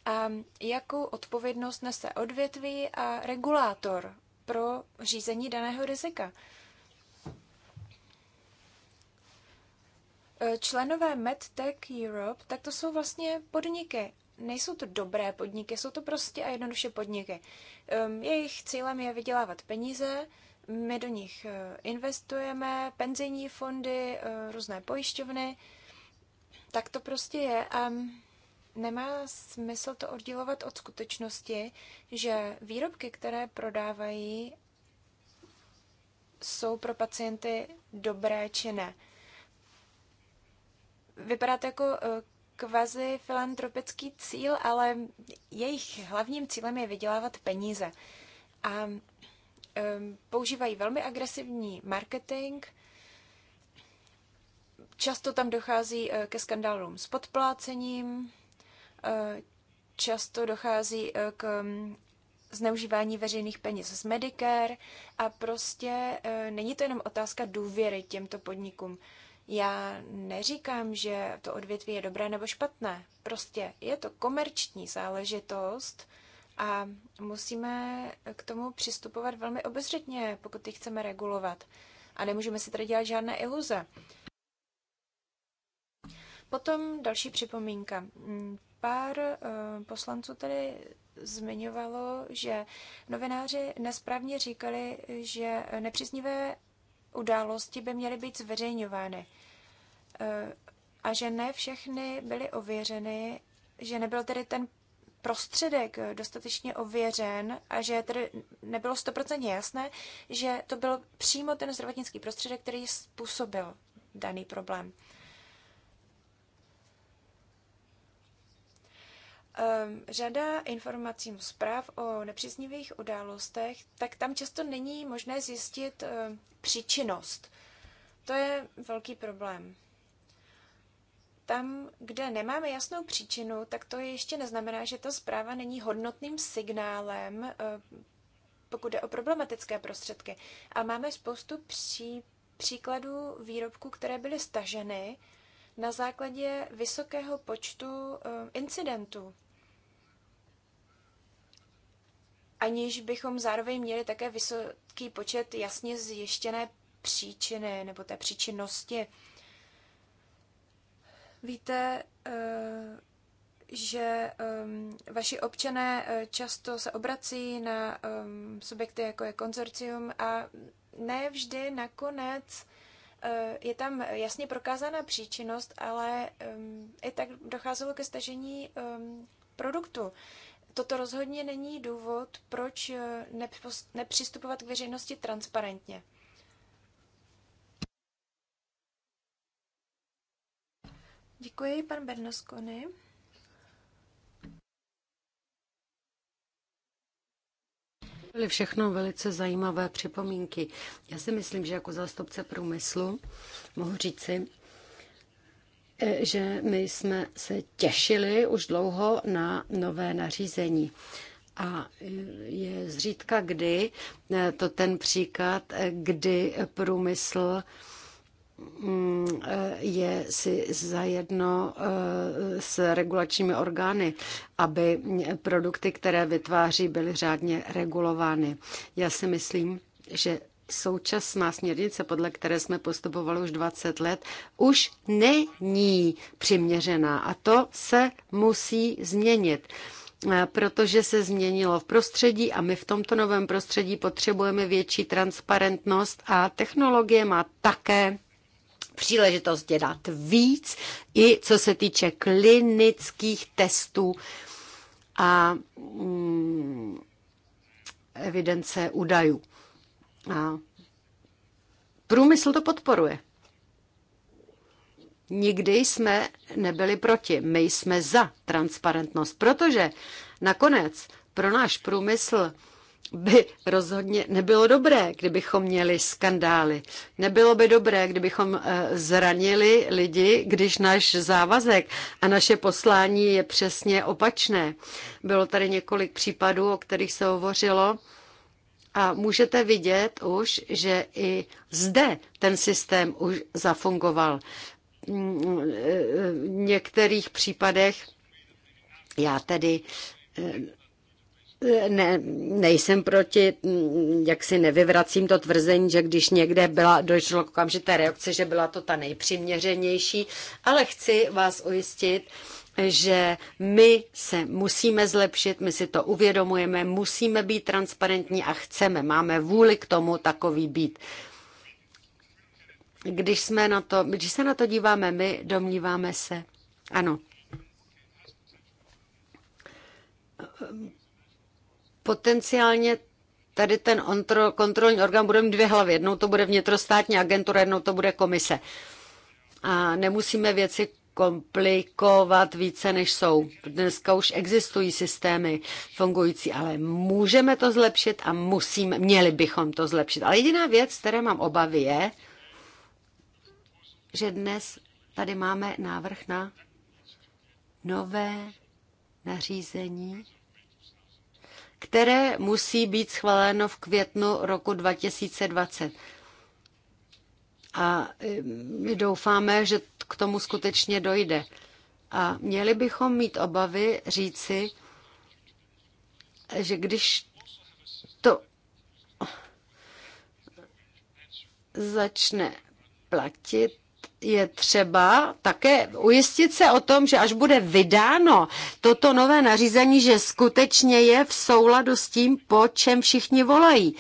A jakou odpovědnost nese odvětví a regulátor pro řízení daného rizika? členové MedTech Europe, tak to jsou vlastně podniky. Nejsou to dobré podniky, jsou to prostě a jednoduše podniky. Ehm, jejich cílem je vydělávat peníze, my do nich eh, investujeme, penzijní fondy, eh, různé pojišťovny. Tak to prostě je a nemá smysl to oddělovat od skutečnosti, že výrobky, které prodávají, jsou pro pacienty dobré či ne vypadá to jako eh, kvazi filantropický cíl, ale jejich hlavním cílem je vydělávat peníze. A používají velmi agresivní marketing, často tam dochází eh, ke skandálům s podplácením, eh, často dochází k mm, zneužívání veřejných peněz z Medicare a prostě není to jenom otázka důvěry těmto podnikům. Já neříkám, že to odvětví je dobré nebo špatné. Prostě je to komerční záležitost a musíme k tomu přistupovat velmi obezřetně, pokud ji chceme regulovat. A nemůžeme si tady dělat žádné iluze. Potom další připomínka. Mm, Pár eh, poslanců tady zmiňovalo, že novináři nesprávně říkali, že nepříznivé události by měly být zveřejňovány eh, a že ne všechny byly ověřeny, že nebyl tedy ten prostředek eh, dostatečně ověřen a že tedy nebylo stoprocentně jasné, že to byl přímo ten zdravotnický prostředek, který způsobil daný problém. Ehm, řada informací zpráv o nepříznivých událostech, tak tam často není možné zjistit ehm, příčinnost. To je velký problém. Tam, kde nemáme jasnou příčinu, tak to ještě neznamená, že ta zpráva není hodnotným signálem, ehm, pokud jde o problematické prostředky. A máme spoustu pří, příkladů výrobků, které byly staženy na základě vysokého počtu incidentů. aniž bychom zároveň měli také vysoký počet jasně zjištěné příčiny nebo té příčinnosti. Víte, eh, že ehm, vaši občané eh, často se obrací na ehm, subjekty jako je konzorcium a ne vždy nakonec eh, je tam jasně prokázaná příčinnost, ale ehm, i tak docházelo ke stažení produktu toto rozhodně není důvod, proč eh, nepřistupovat k veřejnosti transparentně. Děkuji, pan Bernoskony. Byly všechno velice zajímavé připomínky. Já si myslím, že jako zástupce průmyslu mohu říci, že my jsme se těšili už dlouho na nové nařízení. A je zřídka kdy, eh, to ten příklad, eh, kdy průmysl mm, eh, je si zajedno s regulačními orgány, aby produkty, které vytváří, byly řádně regulovány. Já si myslím, že současná směrnice, podle které jsme postupovali už 20 let, už není přiměřená a to se musí změnit eh, protože se změnilo v prostředí a my v tomto novém prostředí potřebujeme větší transparentnost a technologie má také příležitost dělat víc, i co se týče klinických testů a mm, evidence údajů. A průmysl to podporuje. Nikdy jsme nebyli proti, my jsme za transparentnost, protože nakonec pro náš průmysl by rozhodně nebylo dobré, kdybychom měli skandály. Nebylo by dobré, kdybychom eh, zranili lidi, když náš závazek a naše poslání je přesně opačné. Bylo tady několik případů, o kterých se hovořilo a můžete vidět už, že i zde ten systém už zafungoval. V některých případech já tedy eh, ne, nejsem proti, jak si nevyvracím to tvrzení, že když někde byla, došlo k okamžité reakce, že byla to ta nejpřiměřenější, ale chci vás ujistit, že my se musíme zlepšit, my si to uvědomujeme, musíme být transparentní a chceme, máme vůli k tomu takový být. Když, jsme na to, když se na to díváme my, domníváme se, ano, potenciálně tady ten kontrolní orgán bude mít dvě hlavy. Jednou to bude vnitrostátní agentura, jednou to bude komise. A nemusíme věci komplikovat více, než jsou. Dneska už existují systémy fungující, ale můžeme to zlepšit a musíme, měli bychom to zlepšit. Ale jediná věc, které mám obavy, je, že dnes tady máme návrh na nové nařízení, které musí být schváleno v květnu roku 2020 a eh, my doufáme, že k tomu skutečně dojde. A měli bychom mít obavy říci, že když to začne platit, je třeba také ujistit se o tom, že až bude vydáno toto nové nařízení, že skutečně je v souladu s tím, po čem všichni volají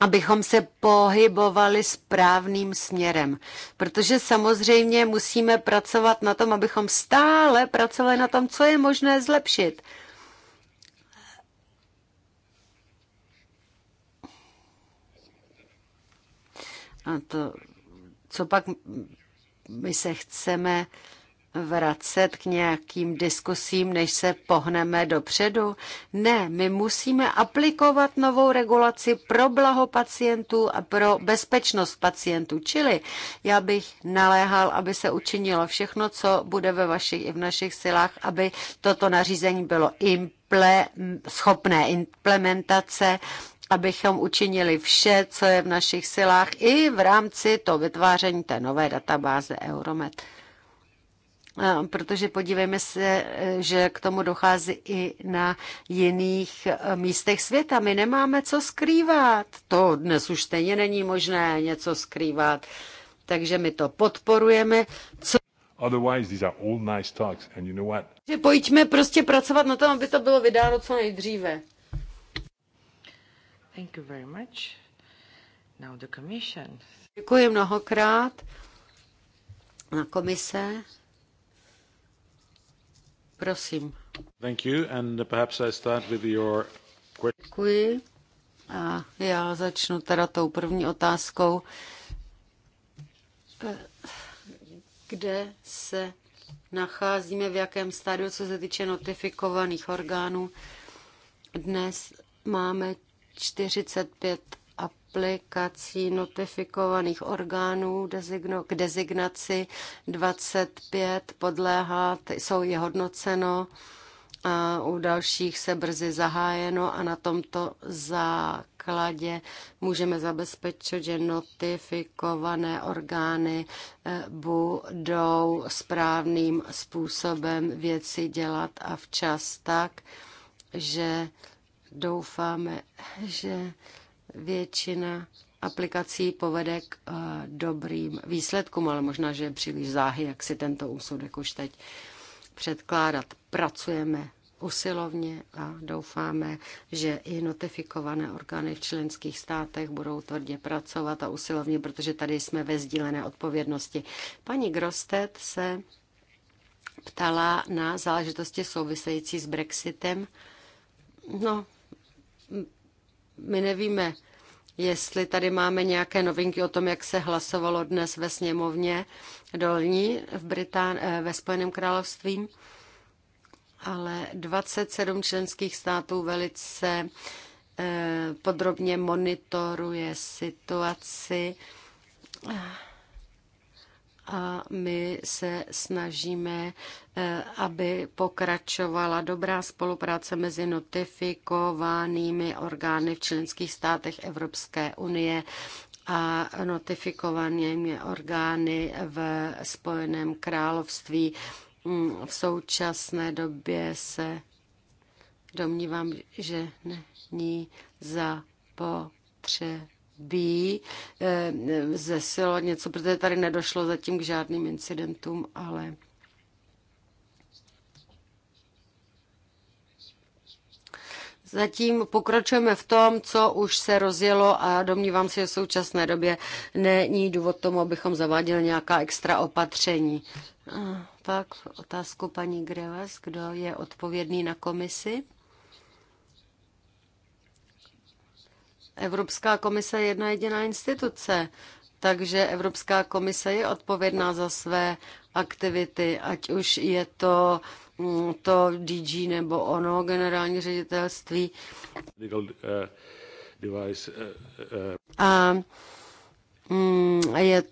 abychom se pohybovali správným směrem. Protože samozřejmě musíme pracovat na tom, abychom stále pracovali na tom, co je možné zlepšit. A to, co pak my se chceme vracet k nějakým diskusím, než se pohneme dopředu? Ne, my musíme aplikovat novou regulaci pro blaho pacientů a pro bezpečnost pacientů. Čili já bych naléhal, aby se učinilo všechno, co bude ve vašich i v našich silách, aby toto nařízení bylo imple, schopné implementace abychom učinili vše, co je v našich silách i v rámci to vytváření té nové databáze Euromed protože podívejme se, eh, že k tomu dochází i na jiných eh, místech světa. My nemáme co skrývat. To dnes už stejně není možné něco skrývat. Takže my to podporujeme. Co Otherwise, these are all nice talks, and you know what? Že pojďme prostě pracovat na tom, aby to bylo vydáno co nejdříve. Thank you very much. Now the commission. Děkuji mnohokrát na komise. Prosím. Děkuji. A já začnu teda tou první otázkou, eh, kde se nacházíme, v jakém stádiu, co se týče notifikovaných orgánů. Dnes máme 45 aplikací notifikovaných orgánů k designaci 25 podléhá, jsou je hodnoceno a u dalších se brzy zahájeno a na tomto základě můžeme zabezpečit, že notifikované orgány eh, budou správným způsobem věci dělat a včas tak, že doufáme, že většina aplikací povede k eh, dobrým výsledkům, ale možná, že je příliš záhy, jak si tento úsudek už teď předkládat. Pracujeme usilovně a doufáme, že i notifikované orgány v členských státech budou tvrdě pracovat a usilovně, protože tady jsme ve sdílené odpovědnosti. Paní Grostet se ptala na záležitosti související s Brexitem. No, my nevíme, jestli tady máme nějaké novinky o tom, jak se hlasovalo dnes ve sněmovně dolní v Britán- eh, ve Spojeném království, ale 27 členských států velice eh, podrobně monitoruje situaci a my se snažíme, eh, aby pokračovala dobrá spolupráce mezi notifikovanými orgány v členských státech Evropské unie a notifikovanými orgány v Spojeném království. Mm, v současné době se domnívám, že není zapotřebí by eh, zesilo něco, protože tady nedošlo zatím k žádným incidentům, ale Zatím pokračujeme v tom, co už se rozjelo a domnívám se, že v současné době není důvod tomu, abychom zaváděli nějaká extra opatření. A pak otázku paní Grevas, kdo je odpovědný na komisi? Evropská komise je jedna jediná instituce, takže Evropská komise je odpovědná za své aktivity, ať už je to mm, to DG nebo ono generální ředitelství. Uh, uh, uh, mm, a je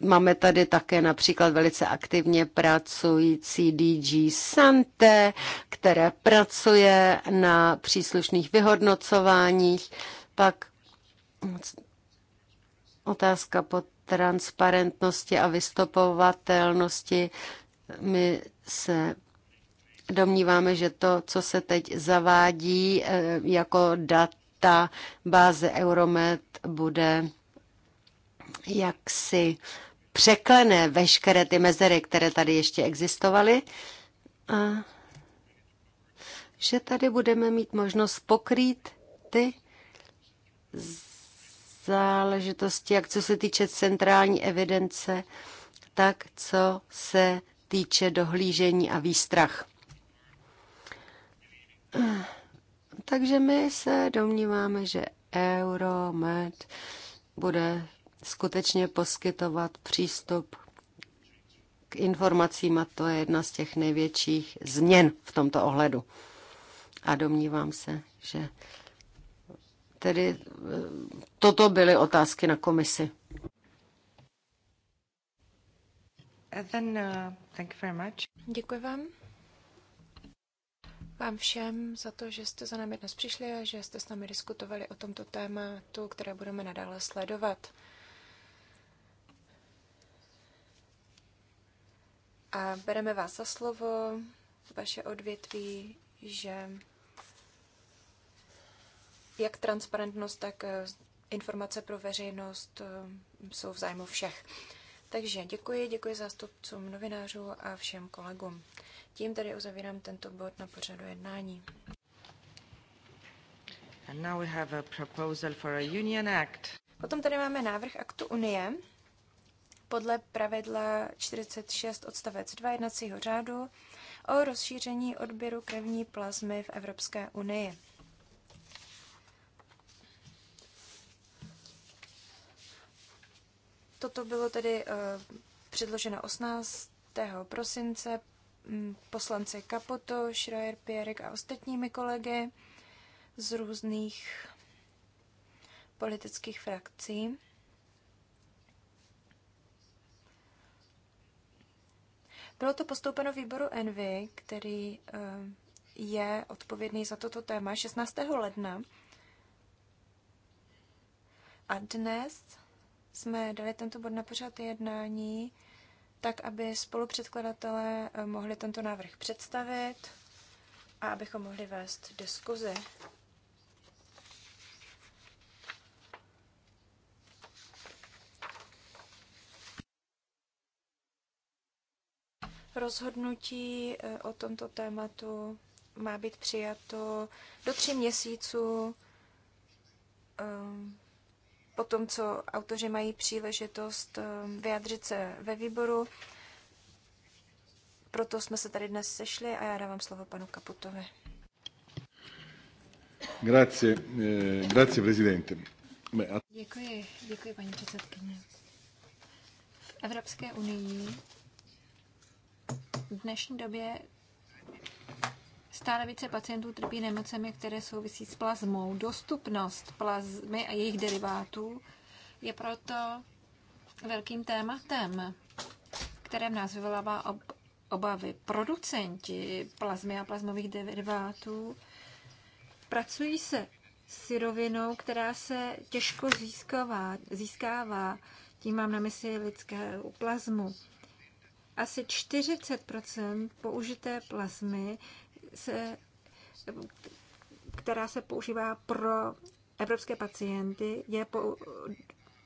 Máme tady také například velice aktivně pracující DG Sante, které pracuje na příslušných vyhodnocováních. Pak otázka po transparentnosti a vystupovatelnosti. My se domníváme, že to, co se teď zavádí eh, jako data báze Euromed, bude jaksi uh, překlene veškeré ty mezery, které tady ještě existovaly. A že tady budeme mít možnost pokrýt ty záležitosti, jak co se týče centrální evidence, tak co se týče dohlížení a výstrach. Takže my se domníváme, že Euromed bude skutečně poskytovat přístup k informacím a to je jedna z těch největších změn v tomto ohledu. A domnívám se, že tedy eh, toto byly otázky na komisi. Then, uh, thank you very much. Děkuji vám. Vám všem za to, že jste za námi dnes přišli a že jste s námi diskutovali o tomto tématu, které budeme nadále sledovat. A bereme vás za slovo, vaše odvětví, že jak transparentnost, tak eh, informace pro veřejnost eh, jsou v zájmu všech. Takže děkuji, děkuji zástupcům novinářů a všem kolegům. Tím tedy uzavírám tento bod na pořadu jednání. And now we have a proposal for a union act. Potom tady máme návrh aktu Unie, podle pravidla 46 odstavec 2 jednacího řádu o rozšíření odběru krevní plazmy v Evropské unii. Toto bylo tedy eh, předloženo 18. prosince mm, poslanci Kapoto, Schreier, Pierik a ostatními kolegy z různých politických frakcí. Bylo to postoupeno výboru Envy, který eh, je odpovědný za toto téma 16. ledna. A dnes jsme dali tento bod na pořad jednání, tak aby spolupředkladatelé eh, mohli tento návrh představit a abychom mohli vést diskuzi. Rozhodnutí eh, o tomto tématu má být přijato do tří měsíců ehm, po tom, co autoři mají příležitost ehm, vyjádřit se ve výboru. Proto jsme se tady dnes sešli a já dávám slovo panu Kaputovi. Grazie, eh, grazie presidente. Děkuji, děkuji paní předsedkyně. V Evropské unii v dnešní době stále více pacientů trpí nemocemi, které souvisí s plazmou. Dostupnost plazmy a jejich derivátů je proto velkým tématem, kterém nás vyvolává ob obavy. Producenti plazmy a plazmových derivátů pracují se syrovinou, která se těžko získává, získává. Tím mám na mysli lidské plazmu asi 40 použité plazmy, se, která se používá pro evropské pacienty, je po,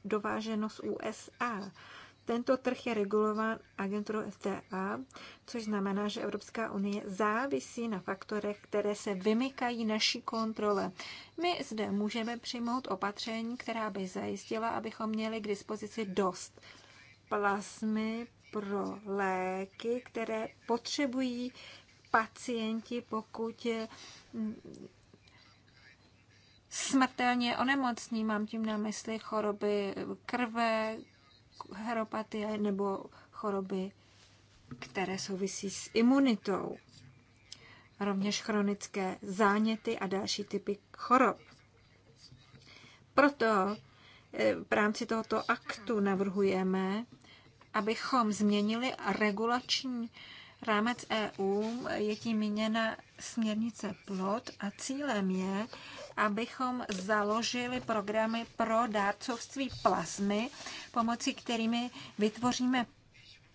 dováženo z USA. Tento trh je regulován agenturou FDA, což znamená, že Evropská unie závisí na faktorech, které se vymykají naší kontrole. My zde můžeme přijmout opatření, která by zajistila, abychom měli k dispozici dost plasmy pro léky, které potřebují pacienti, pokud smrtelně onemocní. Mám tím na mysli choroby krve, heropatie nebo choroby, které souvisí s imunitou. Rovněž chronické záněty a další typy chorob. Proto eh, v rámci tohoto aktu navrhujeme, abychom změnili regulační rámec EU, je tím míněna směrnice PLOT a cílem je, abychom založili programy pro dárcovství plazmy, pomocí kterými vytvoříme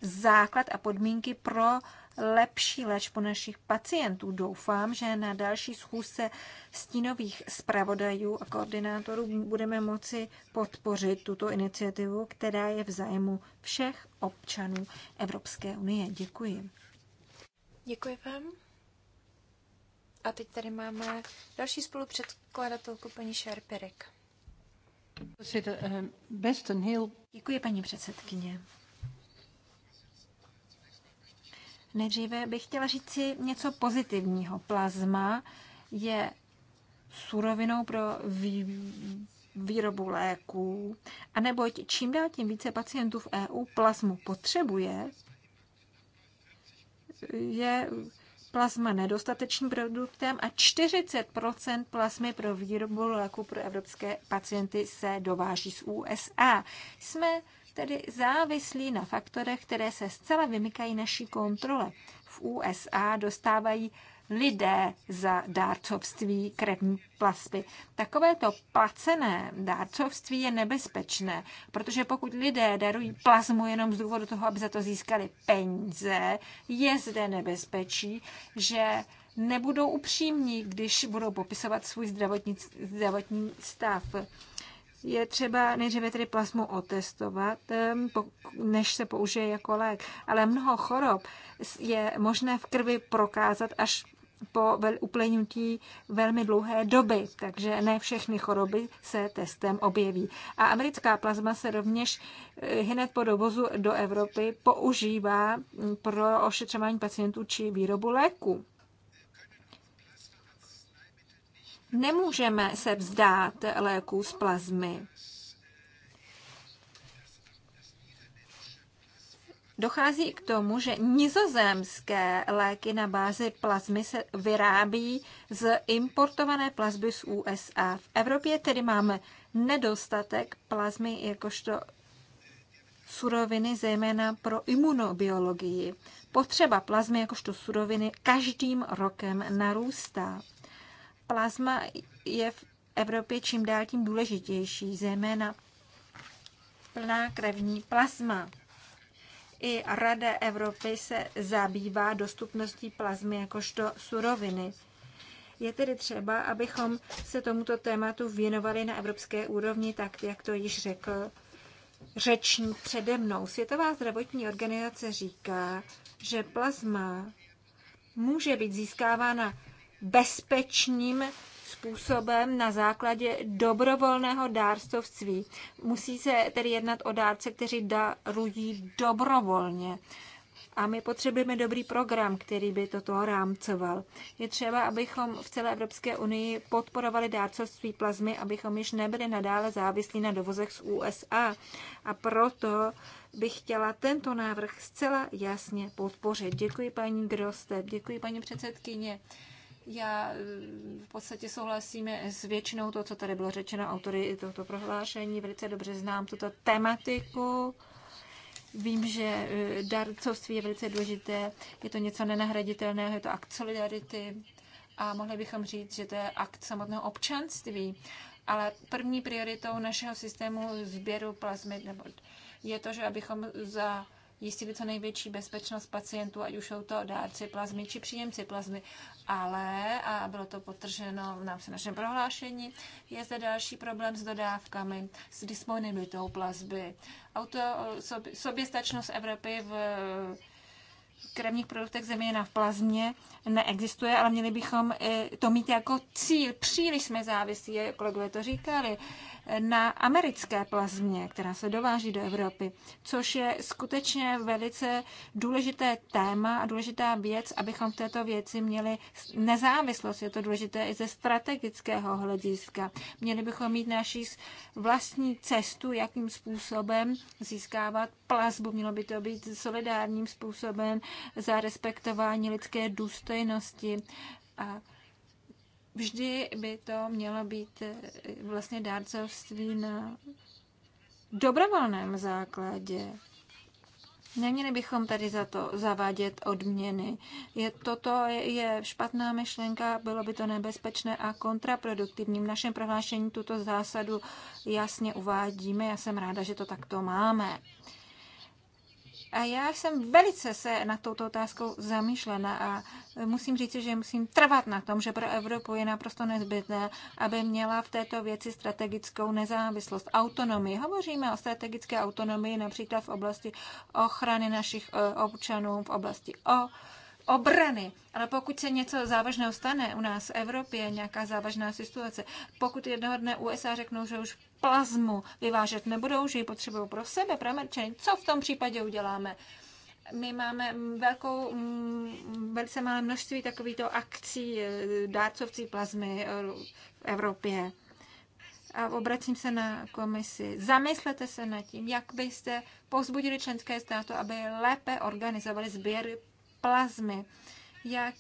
základ a podmínky pro lepší léčbu našich pacientů. Doufám, že na další schůzce stínových zpravodajů a koordinátorů budeme moci podpořit tuto iniciativu, která je v zájmu všech občanů Evropské unie. Děkuji. Děkuji vám. A teď tady máme další spolupředkladatelku paní Šarpirek. Eh, Děkuji, paní předsedkyně. Nejdříve bych chtěla říct si něco pozitivního. Plazma je surovinou pro výrobu léků, a neboť čím dál tím více pacientů v EU plazmu potřebuje, je plazma nedostatečným produktem a 40 plazmy pro výrobu léku pro evropské pacienty se dováží z USA. Jsme tedy závislí na faktorech, které se zcela vymykají naší kontrole. V USA dostávají lidé za dárcovství krevní plasty. Takovéto placené dárcovství je nebezpečné, protože pokud lidé darují plazmu jenom z důvodu toho, aby za to získali peníze, je zde nebezpečí, že nebudou upřímní, když budou popisovat svůj zdravotní, zdravotní stav je třeba nejdříve tedy plasmu otestovat, než se použije jako lék. Ale mnoho chorob je možné v krvi prokázat až po uplynutí velmi dlouhé doby, takže ne všechny choroby se testem objeví. A americká plazma se rovněž eh, hned po dovozu do Evropy používá pro ošetřování pacientů či výrobu léku. Nemůžeme se vzdát léků z plazmy. Dochází k tomu, že nizozemské léky na bázi plazmy se vyrábí z importované plazmy z USA. V Evropě tedy máme nedostatek plazmy jakožto suroviny, zejména pro imunobiologii. Potřeba plazmy jakožto suroviny každým rokem narůstá plazma je v Evropě čím dál tím důležitější, zejména plná krevní plazma. I Rada Evropy se zabývá dostupností plazmy jakožto suroviny. Je tedy třeba, abychom se tomuto tématu věnovali na evropské úrovni, tak jak to již řekl řečník přede mnou. Světová zdravotní organizace říká, že plazma může být získávána bezpečným způsobem na základě dobrovolného dárcovství. Musí se tedy jednat o dárce, kteří darují dobrovolně. A my potřebujeme dobrý program, který by toto rámcoval. Je třeba, abychom v celé Evropské unii podporovali dárcovství plazmy, abychom již nebyli nadále závislí na dovozech z USA. A proto bych chtěla tento návrh zcela jasně podpořit. Děkuji paní Groste, děkuji paní předsedkyně. Já eh, v podstatě souhlasím s většinou toho, co tady bylo řečeno autory tohoto prohlášení. Velice dobře znám tuto tematiku. Vím, že eh, darcovství je velice důležité, je to něco nenahraditelného, je to akt solidarity a mohli bychom říct, že to je akt samotného občanství. Ale první prioritou našeho systému sběru plazmy je to, že abychom za Jistě by co největší bezpečnost pacientů, ať už jsou to dárci plazmy či příjemci plazmy. Ale, a bylo to potrženo v našem prohlášení, je zde další problém s dodávkami, s disponibilitou plazby. Auto, soběstačnost Evropy v krevních produktech zeměna v plazmě neexistuje, ale měli bychom eh, to mít jako cíl. Příliš jsme závislí, kolegové to říkali na americké plazmě, která se dováží do Evropy, což je skutečně velice důležité téma a důležitá věc, abychom v této věci měli nezávislost. Je to důležité i ze strategického hlediska. Měli bychom mít naši vlastní cestu, jakým způsobem získávat plazbu. Mělo by to být solidárním způsobem za respektování lidské důstojnosti a Vždy by to mělo být eh, vlastně dárcovství na dobrovolném základě. Neměli bychom tady za to zavádět odměny. Je, toto je špatná myšlenka, bylo by to nebezpečné a kontraproduktivní. V našem prohlášení tuto zásadu jasně uvádíme. Já jsem ráda, že to takto máme. A já jsem velice se na touto otázkou zamýšlena a musím říct, že musím trvat na tom, že pro Evropu je naprosto nezbytné, aby měla v této věci strategickou nezávislost, autonomii. Hovoříme o strategické autonomii například v oblasti ochrany našich e, občanů, v oblasti o obrany. Ale pokud se něco závažného stane u nás v Evropě, nějaká závažná situace, pokud jednoho dne USA řeknou, že už plazmu vyvážet nebudou, že ji potřebují pro sebe, pro Američany. Co v tom případě uděláme? My máme velkou, mm, velice malé množství takovýchto akcí eh, dárcovcí plazmy eh, v Evropě. A obracím se na komisi. Zamyslete se nad tím, jak byste pozbudili členské státy, aby lépe organizovali sběr plazmy jak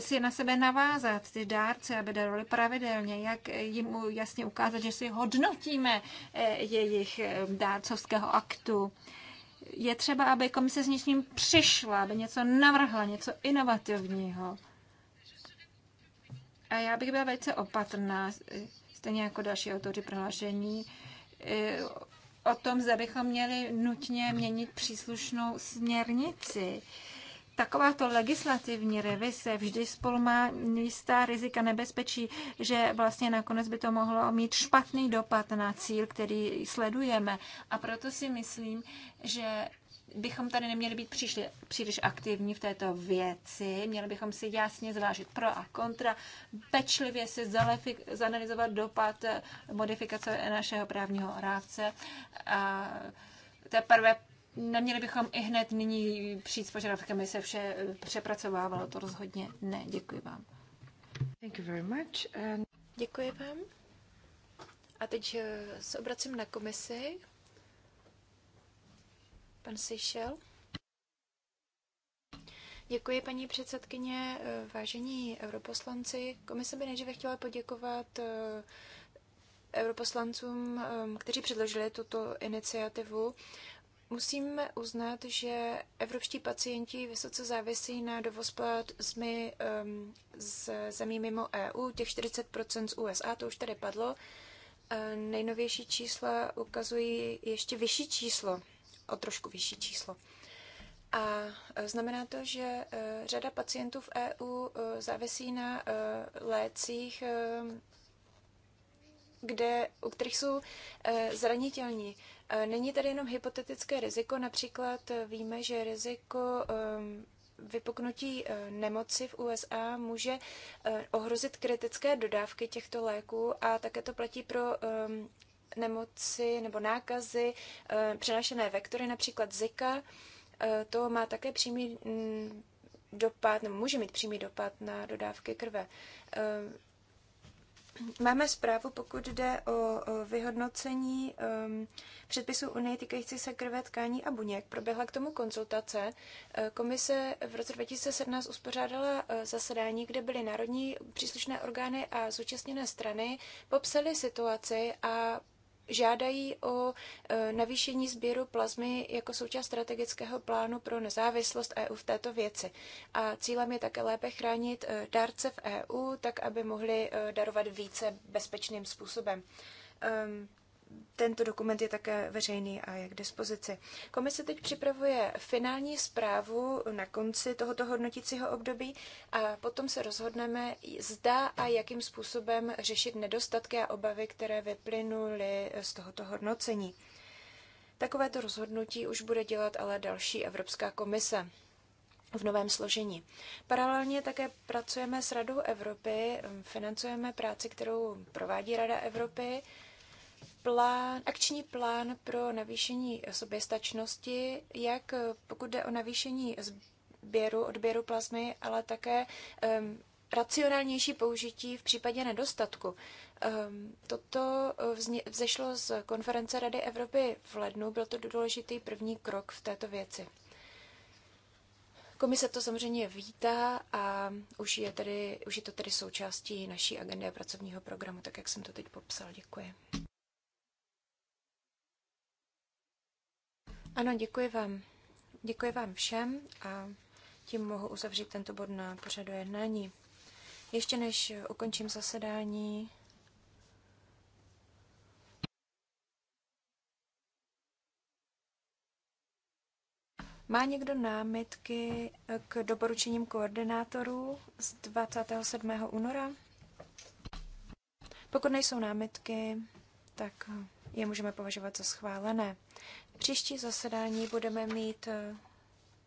si na sebe navázat ty dárce, aby darovali pravidelně, jak jim jasně ukázat, že si hodnotíme eh, jejich eh, dárcovského aktu. Je třeba, aby komise s něčím přišla, aby něco navrhla, něco inovativního. A já bych byla velice opatrná, stejně jako další autory prohlášení, eh, o tom, zda bychom měli nutně měnit příslušnou směrnici takováto legislativní revize vždy spolu má jistá rizika nebezpečí, že vlastně nakonec by to mohlo mít špatný dopad na cíl, který sledujeme. A proto si myslím, že bychom tady neměli být přišli, příliš aktivní v této věci. Měli bychom si jasně zvážit pro a kontra, pečlivě si zanalizovat dopad modifikace našeho právního rádce a teprve neměli bychom i hned nyní přijít s požadavkem, se vše eh, přepracovávalo. To rozhodně ne. Děkuji vám. Thank you very much. And... Děkuji vám. A teď eh, se obracím na komisi. Pan Seychel. Děkuji, paní předsedkyně, eh, vážení europoslanci. Komise by nejdříve chtěla poděkovat europoslancům, kteří předložili tuto iniciativu Musíme uznat, že evropští pacienti vysoce závisí na dovoz plazmy um, ehm, z zemí mimo EU, těch 40% z USA, to už tady padlo. Eh, nejnovější čísla ukazují ještě vyšší číslo, o trošku vyšší číslo. A eh, znamená to, že eh, řada pacientů v EU závisí na lécích, ehm, kde, u kterých jsou zranitelní. Eh, není tady jenom hypotetické riziko, například eh, víme, že riziko eh, vypuknutí nemoci v USA může ohrozit kritické dodávky těchto léků a také to platí pro nemoci nebo nákazy, přenášené vektory, například Zika. To má také přímý mm, dopad, nebo může mít přímý dopad na dodávky krve. Máme zprávu, pokud jde o vyhodnocení um, předpisů Unie týkající se krve, tkání a buněk. Proběhla k tomu konzultace. Uh, komise v roce 2017 uspořádala uh, zasedání, kde byly národní příslušné orgány a zúčastněné strany, popsali situaci a žádají o e, navýšení sběru plazmy jako součást strategického plánu pro nezávislost EU v této věci. A cílem je také lépe chránit e, dárce v EU, tak aby mohli e, darovat více bezpečným způsobem. Ehm, tento dokument je také veřejný a je k dispozici. Komise teď připravuje finální zprávu na konci tohoto hodnotícího období a potom se rozhodneme, zda a jakým způsobem řešit nedostatky a obavy, které vyplynuly z tohoto hodnocení. Takovéto rozhodnutí už bude dělat ale další Evropská komise v novém složení. Paralelně také pracujeme s Radou Evropy, financujeme práci, kterou provádí Rada Evropy plán, akční plán pro navýšení soběstačnosti, jak pokud jde o navýšení sběru, odběru plazmy, ale také um, racionálnější použití v případě nedostatku. Um, toto vzešlo z konference Rady Evropy v lednu, byl to důležitý první krok v této věci. Komise to samozřejmě vítá a už je, tady, už je to tedy součástí naší agendy a pracovního programu, tak jak jsem to teď popsal. Děkuji. Ano, děkuji vám. Děkuji vám všem a tím mohu uzavřít tento bod na pořadu jednání. Ještě než ukončím zasedání, Má někdo námitky k doporučením koordinátorů z 27. února? Pokud nejsou námitky, tak je můžeme považovat za schválené. Příští zasedání budeme mít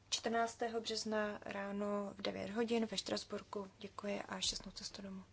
14. Eh, března ráno v 9 hodin ve Štrasburku. Děkuji a šťastnou cestu domů.